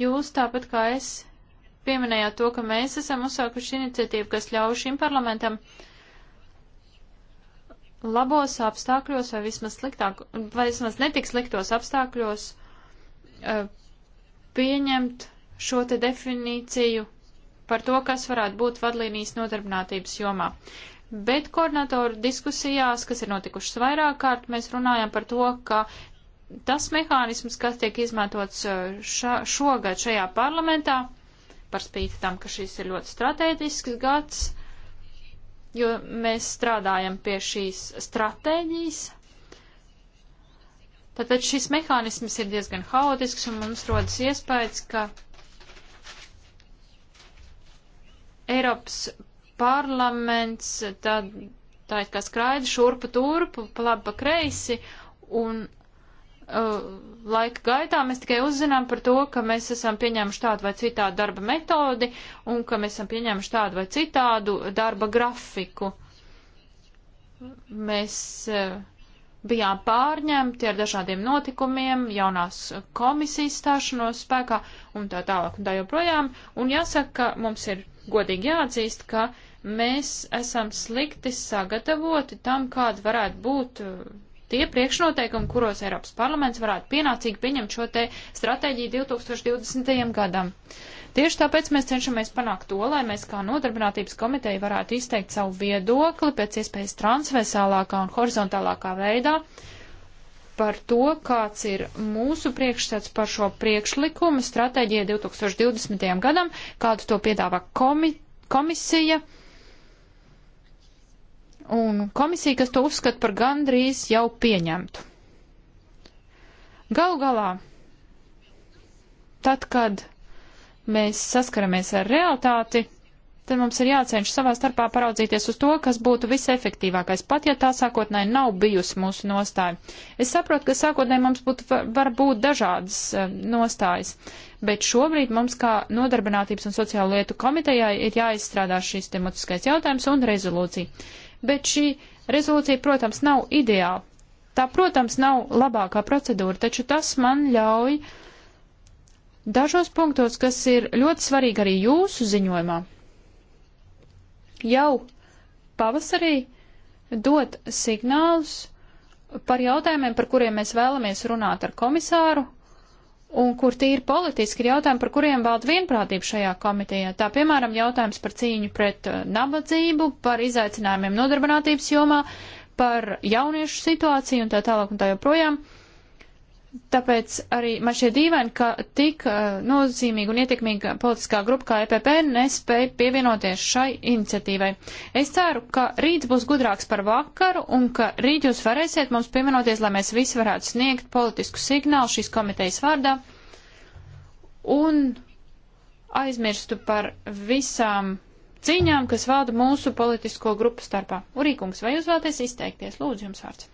Jūs tāpat kā es pieminējāt to, ka mēs esam uzsākuši iniciatīvu, kas ļauj šim parlamentam uh, labos apstākļos, vai vismaz sliktāk, vai vismaz netik sliktos apstākļos e, pieņemt šo te definīciju par to, kas varētu būt vadlīnijas nodarbinātības jomā. Bet koordinatoru diskusijās, kas ir notikušas vairāk kārt, mēs runājam par to, ka tas mehānisms, kas tiek izmantots e, ša, šogad šajā parlamentā, par spīti tam, ka šis ir ļoti strateģisks gads, jo mēs strādājam pie šīs stratēģijas. Tātad šis mehānisms ir diezgan haotisks un mums rodas iespējas, ka Eiropas parlaments tā, tā kā skraida šurpa turpu, pa labi pa kreisi un Uh, laika gaitā mēs tikai uzzinām par to, ka mēs esam pieņēmuši tādu vai citādu darba metodi un ka mēs esam pieņēmuši tādu vai citādu darba grafiku. Mēs uh, bijām pārņemti ar dažādiem notikumiem, jaunās komisijas stāšanos spēkā un tā tālāk un tā joprojām. Un jāsaka, ka mums ir godīgi jāatzīst, ka mēs esam slikti sagatavoti tam, kāda varētu būt uh, tie priekšnoteikumi, kuros Eiropas parlaments varētu pienācīgi pieņemt šo te stratēģiju 2020. gadam. Tieši tāpēc mēs cenšamies panākt to, lai mēs kā nodarbinātības komiteja varētu izteikt savu viedokli pēc iespējas transversālākā un horizontālākā veidā par to, kāds ir mūsu priekšstats par šo priekšlikumu stratēģija 2020. gadam, kādu to piedāvā komi komisija un komisija, kas to uzskata par gandrīz jau pieņemtu. Galu galā, tad, kad mēs saskaramies ar realitāti, tad mums ir jācenšas savā starpā paraudzīties uz to, kas būtu visefektīvākais, pat ja tā sākotnēji nav bijusi mūsu nostāja. Es saprotu, ka sākotnēji mums būtu, var būt dažādas eh, nostājas, bet šobrīd mums kā Nodarbinātības un sociālo lietu komitejai ir jāizstrādā šīs tematiskais jautājums un rezolūcija bet šī rezolūcija, protams, nav ideāla. Tā, protams, nav labākā procedūra, taču tas man ļauj dažos punktos, kas ir ļoti svarīgi arī jūsu ziņojumā, jau pavasarī dot signālus par jautājumiem, par kuriem mēs vēlamies runāt ar komisāru un kur tīri politiski ir jautājumi, par kuriem valda vienprātība šajā komitejā. Tā piemēram jautājums par cīņu pret uh, nabadzību, par izaicinājumiem nodarbinātības jomā, par jauniešu situāciju un tā tālāk un tā joprojām. Uh, Tāpēc arī man šie dīvaini, ka tik uh, nozīmīga un ietekmīga politiskā grupa kā EPP nespēja pievienoties šai iniciatīvai. Es ceru, ka rīts būs gudrāks par vakaru un ka rīt jūs varēsiet mums pievienoties, lai mēs visi varētu sniegt politisku signālu šīs komitejas vārdā un aizmirstu par visām cīņām, kas valda mūsu politisko grupu starpā. Urīkungs, vai jūs vēlaties izteikties? Lūdzu, jums vārds.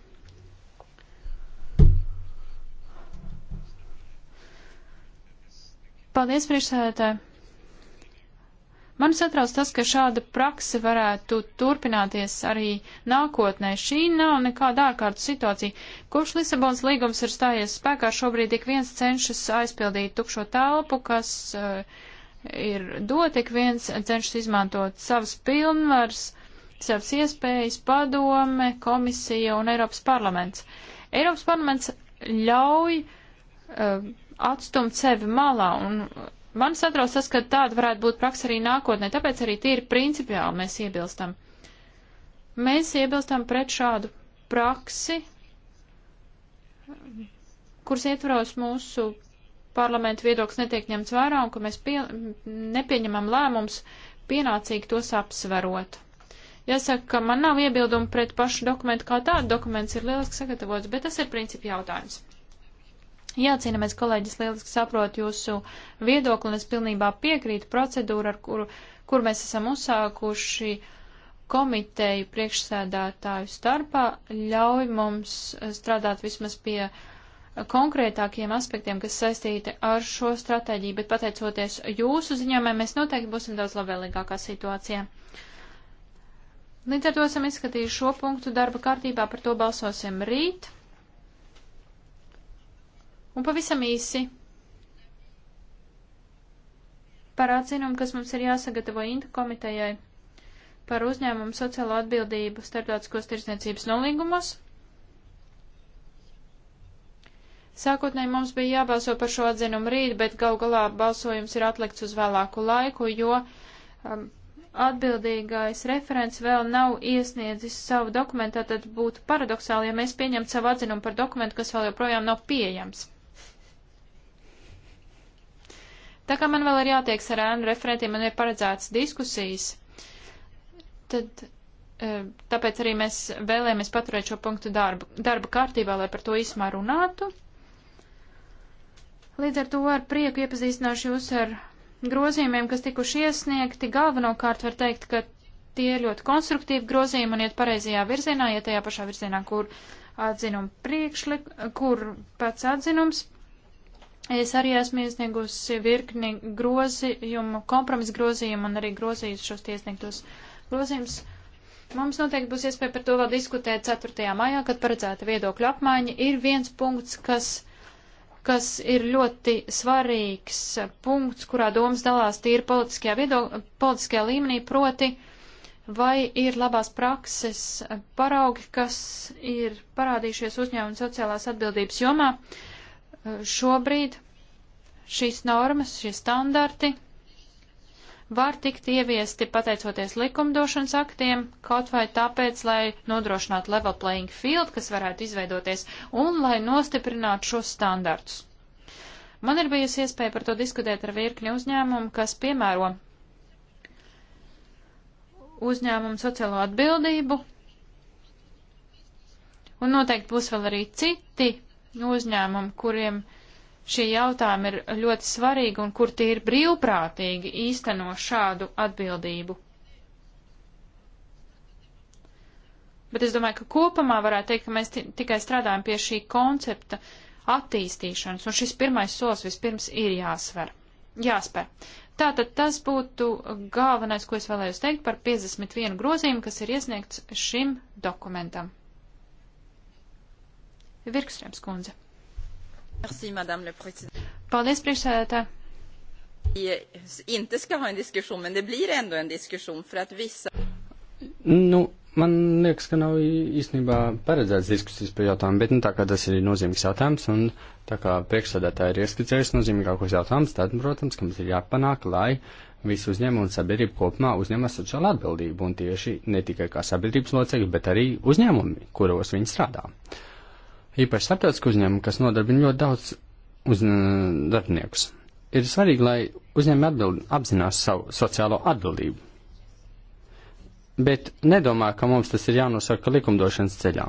Paldies, priekšsēdētāji! Man satrauc tas, ka šāda prakse varētu turpināties arī nākotnē. Šī nav nekāda ārkārtas situācija. Kopš Lisabonas līgums ir stājies spēkā, šobrīd ik viens cenšas aizpildīt tukšo telpu, kas uh, ir dot, ik viens cenšas izmantot savas pilnvars, savas iespējas, padome, komisija un Eiropas parlaments. Eiropas parlaments ļauj uh, atstumt sevi malā. Un man satrauc tas, ka tāda varētu būt praksa arī nākotnē, tāpēc arī tīri principiāli mēs iebilstam. Mēs iebilstam pret šādu praksi, kuras ietvaros mūsu parlamentu viedoklis netiek ņemts vērā un ka mēs pie, nepieņemam lēmums pienācīgi tos apsverot. Jāsaka, ka man nav iebildumi pret pašu dokumentu kā tādu. Dokuments ir lieliski sagatavots, bet tas ir principi jautājums. Jā, cienījamies kolēģis, lieliski saprotu jūsu viedokli, un es pilnībā piekrītu procedūru, ar kuru, kur mēs esam uzsākuši komiteju priekšsēdētāju starpā, ļauj mums strādāt vismaz pie konkrētākiem aspektiem, kas saistīti ar šo stratēģiju, bet pateicoties jūsu ziņām, mēs noteikti būsim daudz labvēlīgākā situācijā. Līdz ar to esam izskatījuši šo punktu darba kārtībā, par to balsosim rīt. Un pavisam īsi par atzinumu, kas mums ir jāsagatavo Intu komitejai par uzņēmumu sociālo atbildību starptautiskos tirsniecības nolīgumos. Sākotnēji mums bija jābalso par šo atzinumu rīt, bet gal galā balsojums ir atlikts uz vēlāku laiku, jo um, atbildīgais referents vēl nav iesniedzis savu dokumentu, tad būtu paradoxāli, ja mēs pieņemtu savu atzinumu par dokumentu, kas vēl joprojām nav pieejams. Tā kā man vēl ir jātieks ar ēnu referentiem, man ir paredzētas diskusijas, tad e, tāpēc arī mēs vēlēmies paturēt šo punktu darbu, darba kārtībā, lai par to īsumā runātu. Līdz ar to ar prieku iepazīstināšu jūs ar grozījumiem, kas tikuši iesniegti. Galvenokārt var teikt, ka tie ir ļoti konstruktīvi grozījumi un iet pareizajā virzienā, iet tajā pašā virzienā, kur atzinuma priekšlik, kur pats atzinums. Es arī esmu iesniegusi virkni grozījumu, kompromisu grozījumu un arī grozījusi šos iesniegtos grozījumus. Mums noteikti būs iespēja par to vēl diskutēt 4. maijā, kad paredzēta viedokļu apmaiņa. Ir viens punkts, kas, kas ir ļoti svarīgs punkts, kurā domas dalās tīri politiskajā, viedok, politiskajā līmenī, proti, vai ir labās prakses paraugi, kas ir parādījušies uzņēmuma sociālās atbildības jomā. Uh, šobrīd šīs normas, šie standarti var tikt ieviesti pateicoties likumdošanas aktiem, kaut vai tāpēc, lai nodrošinātu level playing field, kas varētu izveidoties, un lai nostiprinātu šos standartus. Man ir bijusi iespēja par to diskutēt ar virkni uzņēmumu, kas piemēro uzņēmumu sociālo atbildību, un noteikti būs vēl arī citi uzņēmumi, kuriem šie jautājumi ir ļoti svarīgi un kur tie ir brīvprātīgi īsteno šādu atbildību. Bet es domāju, ka kopumā varētu teikt, ka mēs tikai strādājam pie šī koncepta attīstīšanas, un šis pirmais solis vispirms ir jāsver. Jāspēr. Tātad tas būtu galvenais, ko es vēlējos teikt par 51 grozījumu, kas ir iesniegts šim dokumentam. Virkstrēms kundze. Merci, madame le président. Paldies, priekšsēdētāji. Inte ska ha en diskussion, men det blir ändå en diskussion för att vissa... Nu, man liekas, ka nav īstenībā paredzēts diskusijas par jautājumu, bet nu, tā kā tas ir nozīmīgs jautājums un tā kā priekšsēdētāji ir ieskicējis nozīmīgākos jautājumus, tad, nu, protams, ka mums ir jāpanāk, lai visu uzņēmumu un sabiedrību kopumā uzņemas sociālu atbildību un tieši ne tikai kā sabiedrības locekļi, bet arī uzņēmumi, kuros viņi strādā. Uh, īpaši starptautisku uzņēmumu, kas nodarbina ļoti daudz uz, darbiniekus. Ir svarīgi, lai uzņēmumi atbild, apzinās savu sociālo atbildību. Bet nedomā, ka mums tas ir jānosaka likumdošanas ceļā.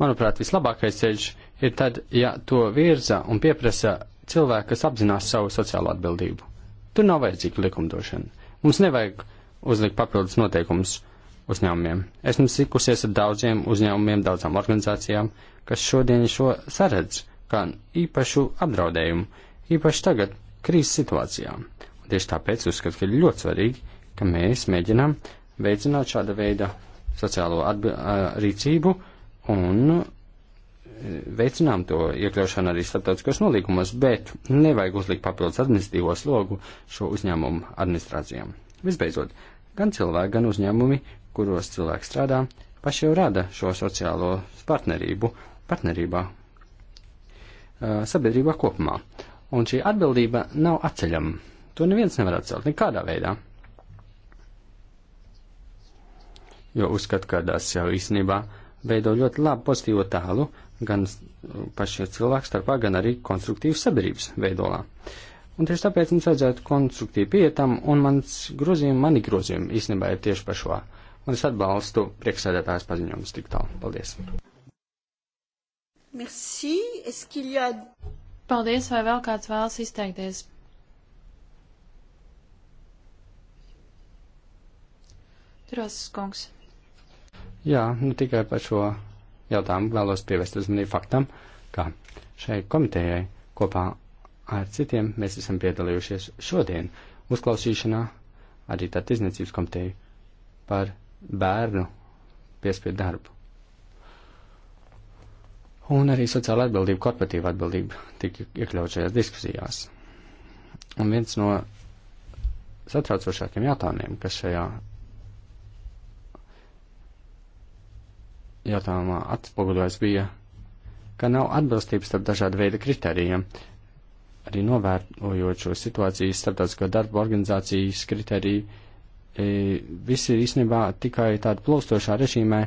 Manuprāt, vislabākais ceļš ir tad, ja to virza un pieprasa cilvēki, kas apzinās savu sociālo atbildību. Tur nav vajadzīga likumdošana. Mums nevajag uzlikt papildus noteikumus uzņēmumiem. Esmu sikusies ar daudziem uzņēmumiem, daudzām organizācijām, kas šodien šo saredz kā īpašu apdraudējumu, īpaši tagad, krīzes situācijā. Un tieši tāpēc uzskatu, ka ir ļoti svarīgi, ka mēs mēģinām veicināt šāda veida sociālo rīcību un e, veicinām to iekļaušanu arī starptautiskos nolīgumos, bet nevajag uzlikt papildus administratīvo slogu šo uzņēmumu administrācijām. Visbeidzot, gan cilvēki, gan uzņēmumi kuros cilvēki strādā, paši jau rada šo sociālo partnerību, partnerībā, sabiedrībā kopumā. Un šī atbildība nav atceļama. To neviens nevar atcelt nekādā veidā. Jo uzskat, ka tas jau īstenībā veido ļoti labu pozitīvo tēlu gan pašie cilvēku starpā, gan arī konstruktīvas sabiedrības veidolā. Un tieši tāpēc mums vajadzētu konstruktīvi pietam, un mans grozījumi, mani grozījumi īstenībā ir tieši par šo. Uh, un es atbalstu priekšsēdētājas paziņojumus tik tālu. Paldies! Merci. Y a... Paldies, vai vēl kāds vēlas izteikties? Turosas kungs. Jā, nu tikai par šo jautājumu vēlos pievērst uzmanību faktam, ka šai komitejai kopā ar citiem mēs esam piedalījušies šodien uzklausīšanā arī tā tirzniecības komiteju par bērnu piespiedu darbu. Un arī sociāla atbildība, korporatīva atbildība tika iekļaut šajās diskusijās. Un viens no satraucošākiem jautājumiem, kas šajā jautājumā atspoguļojas, bija, ka nav atbilstības starp dažādu veidu kritērijiem, arī novērojot šo situāciju starptautisko darbu organizācijas kritēriju E, viss ir īstenībā tikai tāda plūstošā režīmē,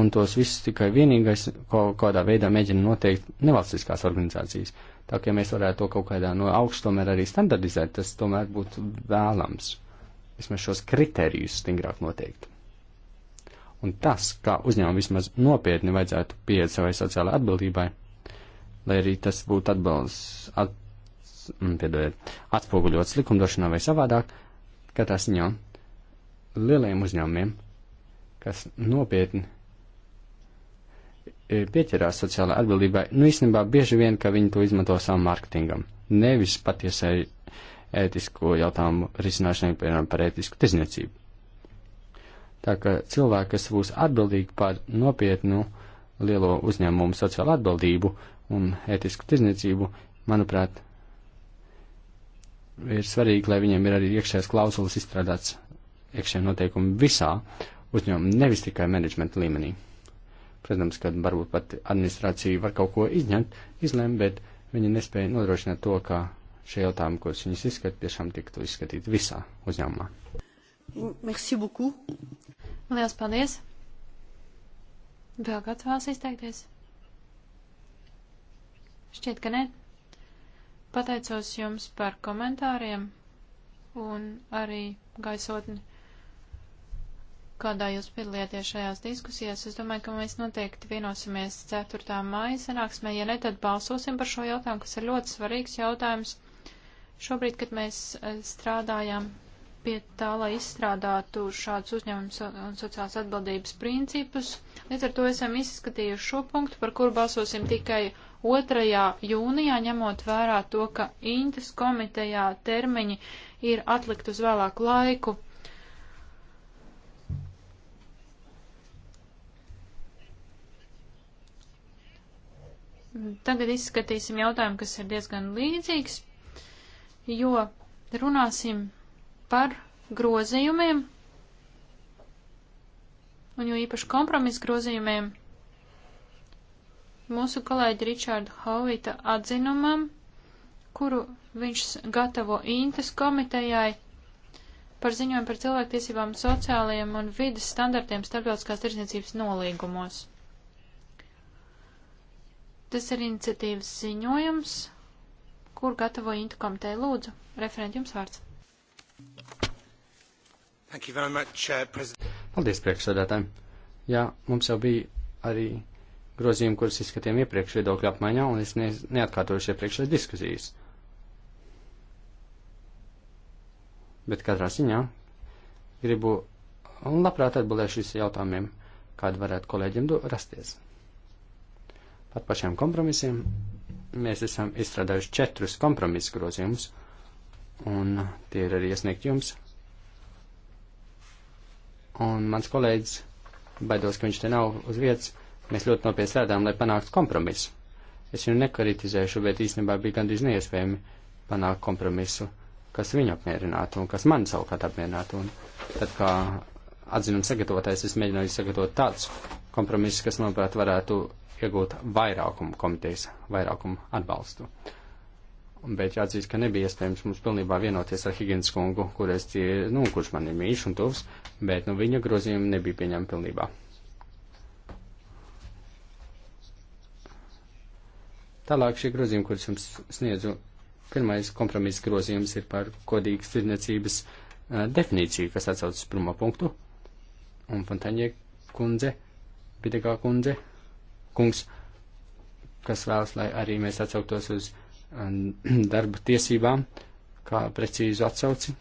un tos visus tikai vienīgais kaut kādā veidā mēģina noteikt nevalstiskās organizācijas. Tā kā ja mēs varētu to kaut kādā no augšas tomēr arī standardizēt, tas tomēr būtu vēlams. Vismaz šos kriterijus stingrāk noteikt. Un tas, kā uzņēmumu vismaz nopietni vajadzētu pieiet savai sociālajai atbildībai, lai arī tas būtu atbalsts, at, mm, piedodiet, atspoguļots likumdošanā vai savādāk, katrā ziņā lieliem uzņēmumiem, kas nopietni e, pieķerās sociālajai atbildībai, nu īstenībā bieži vien, ka viņi to izmanto savam mārketingam, nevis patiesai ētisko jautājumu risināšanai, piemēram, par ētisku tirzniecību. Tā ka cilvēki, kas būs atbildīgi par nopietnu lielo uzņēmumu sociālo atbildību un ētisku tirzniecību, manuprāt, ir svarīgi, lai viņiem ir arī iekšējās klausulas izstrādāts iekšējiem noteikumiem visā uzņēmumā, nevis tikai menedžmenta līmenī. Protams, ka varbūt pat administrācija var kaut ko izņemt, izlemt, bet viņi nespēja nodrošināt to, ka šie jautājumi, ko viņas izskata, tiešām tiktu izskatīti visā uzņēmumā. Merci beaucoup. Lielas paldies. Vēl kāds vēlas izteikties? Šķiet, ka nē. Pateicos jums par komentāriem un arī gaisotni kādā jūs piedalījāties šajās diskusijās. Es domāju, ka mēs noteikti vienosimies 4. māja sanāksmē. Ja ne, tad balsosim par šo jautājumu, kas ir ļoti svarīgs jautājums. Šobrīd, kad mēs eh, strādājam pie tā, lai izstrādātu šādus uzņēmums un sociālas atbildības principus, līdz ar to esam izskatījuši šo punktu, par kuru balsosim tikai 2. jūnijā, ņemot vērā to, ka Intas komitejā termiņi ir atlikt uz vēlāku laiku. Tagad izskatīsim jautājumu, kas ir diezgan līdzīgs, jo runāsim par grozījumiem, un jo īpaši kompromisu grozījumiem, mūsu kolēģi Ričārda Hovita atzinumam, kuru viņš gatavo Intas komitejai par ziņojumu par cilvēktiesībām sociālajiem un vidas standartiem starptautiskās tirzniecības nolīgumos. Tas ir iniciatīvas ziņojums, kur gatavo Intu komiteja. Lūdzu, referent jums vārds. Much, uh, Paldies priekšsēdētājiem. Jā, mums jau bija arī grozījumi, kurus izskatījām iepriekš viedokļu apmaiņā, un es ne, neatkārtojuši iepriekšējās diskusijas. Bet katrā ziņā gribu un labprāt atbildēšu uz jautājumiem, kādi varētu kolēģiem rasties. Pat pašiem kompromisiem mēs esam izstrādājuši četrus kompromisu grozījumus, un tie ir arī iesniegti jums. Un mans kolēģis, baidos, ka viņš te nav uz vietas, mēs ļoti nopietni strādājam, lai panāktu kompromisu. Es viņu nekaritizēšu, bet īstenībā bija gandrīz neiespējami panākt kompromisu, kas viņu apmierinātu un kas man savukārt apmierinātu. Un tad, kā atzinums sagatavotais, es mēģināju sagatavot tāds kompromiss, kas, manuprāt, varētu iegūt vairākumu komitejas, vairākumu atbalstu. Bet jāatzīst, ka nebija iespējams mums pilnībā vienoties ar Higgins kungu, kur es, nu, kurš man ir mīļš un tuvs, bet nu, viņa grozījumi nebija pieņemti pilnībā. Tālāk šie grozījumi, kurus jums sniedzu, pirmais kompromiss grozījums ir par kodīgas tirniecības uh, definīciju, kas atsaucas pirmo punktu. Un Fontaņie kundze, Pidegā kundze kungs, kas vēlas, lai arī mēs atsauktos uz um, <clears throat> darba tiesībām, kā precīzu atsauci,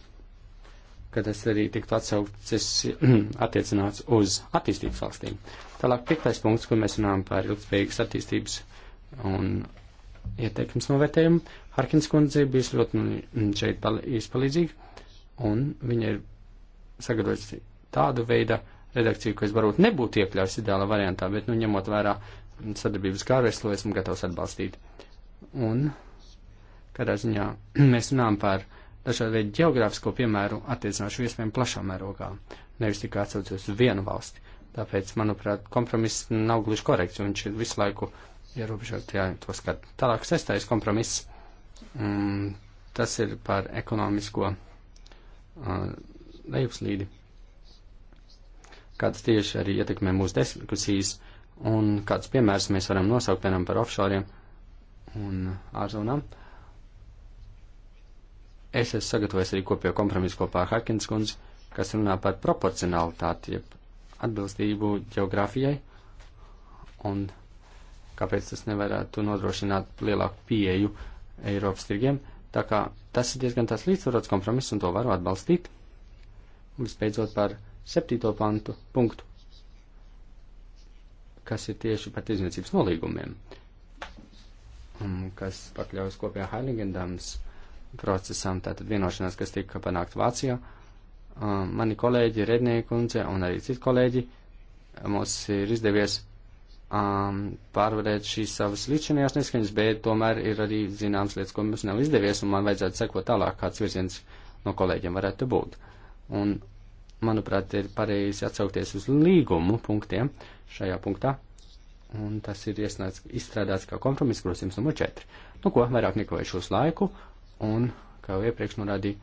ka tas arī tiktu atsauktas <clears throat> attiecināts uz attīstības valstīm. Tālāk piektais punkts, kur mēs runājam par ilgspējīgas attīstības un ieteikums novērtējumu. Harkins kundze bijis ļoti nu, šeit izpalīdzīga, un viņa ir sagatavojusi tādu veidu redakciju, kas varbūt nebūtu iekļauts ideālā variantā, bet, nu, ņemot vērā uh, sadarbības kāru, es to esmu gatavs atbalstīt. Un, kādā ziņā, <clears throat> mēs runājam par dažādu veidu geogrāfisko piemēru attiecināšu iespējami plašā mērogā, nevis tikai atsaucos uz vienu valsti. Tāpēc, manuprāt, kompromiss nav gluži korekts, un viņš ir visu laiku ierobežot, jā, to skat. Tālāk sestais kompromiss, mm, tas ir par ekonomisko uh, lejupslīdi, kāds tieši arī ietekmē mūsu diskusijas. Uh, Un kāds piemērs mēs varam nosaukt, piemēram, par offshoriem un ārzonām. Es esmu sagatavojis arī kopējo kompromisu kopā ar Harkins kundzi, kas runā par proporcionalitāti, jeb atbilstību geogrāfijai. Un kāpēc tas nevarētu nodrošināt lielāku pieeju Eiropas tirgiem. Tā kā tas ir diezgan tās līdzsvarots kompromiss un to varu atbalstīt. Un visbeidzot par septīto pantu punktu kas ir tieši par tirdzniecības nolīgumiem, kas pakļaujas kopējā Heiligendams procesam, tātad vienošanās, kas tika panākt Vācijā. Um, mani kolēģi Rednieka kundze un arī citi kolēģi mums ir izdevies um, pārvarēt šīs savas līdzinājās neskaņas, bet tomēr ir arī zināmas lietas, ko mums nav izdevies, un man vajadzētu sekot tālāk, kāds virziens no kolēģiem varētu būt. Un manuprāt, ir pareizi atsaukties uz līgumu punktiem šajā punktā. Un tas ir iesnāts, izstrādāts kā kompromiss grozījums numur 4. Nu ko, vairāk nekavēšu uz laiku, un, kā jau iepriekš norādīju,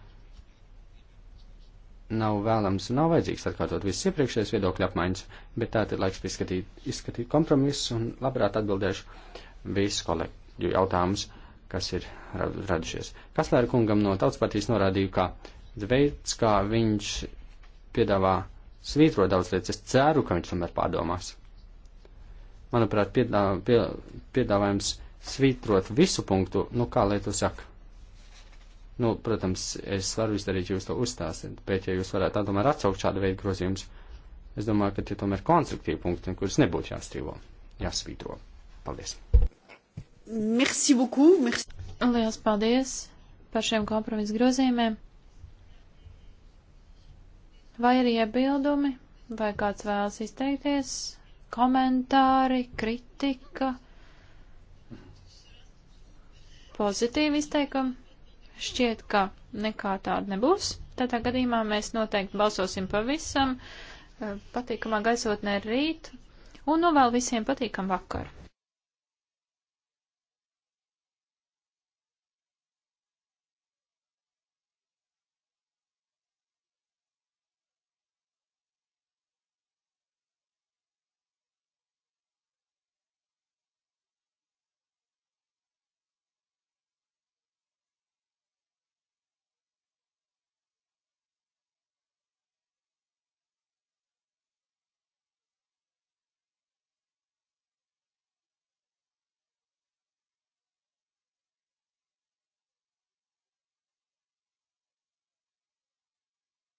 nav vēlams un nav vajadzīgs atkārtot visas iepriekšējās viedokļa apmaiņas, bet tā ir laiks izskatīt, izskatīt kompromisu un labprāt atbildēšu visu kolēģu jautājumus, kas ir radušies. Kaslēra kungam no tautas partijas norādīju, ka veids, kā viņš piedāvā svītrot daudz lietas. Es ceru, ka viņš tomēr pārdomās. Manuprāt, piedāvā, pie, piedāvājums svītrot visu punktu, nu kā lai to saka. Nu, protams, es varu izdarīt, jūs to uzstāsiet, bet ja jūs varētu tomēr atsaukt šādu veidu grozījumus, es domāju, ka tie tomēr konstruktīvi punkti, kurus nebūtu jāstrīvo, jāsvītro. Paldies! Merci beaucoup! Merci. Lielas paldies par šiem kompromisu grozījumiem! Vai ir iebildumi, vai kāds vēlas izteikties, komentāri, kritika, pozitīvi izteikumi? Šķiet, ka nekā tāda nebūs. Tādā gadījumā mēs noteikti balsosim pavisam eh, patīkamā gaisotnē rīt un novēl nu visiem patīkam vakaru.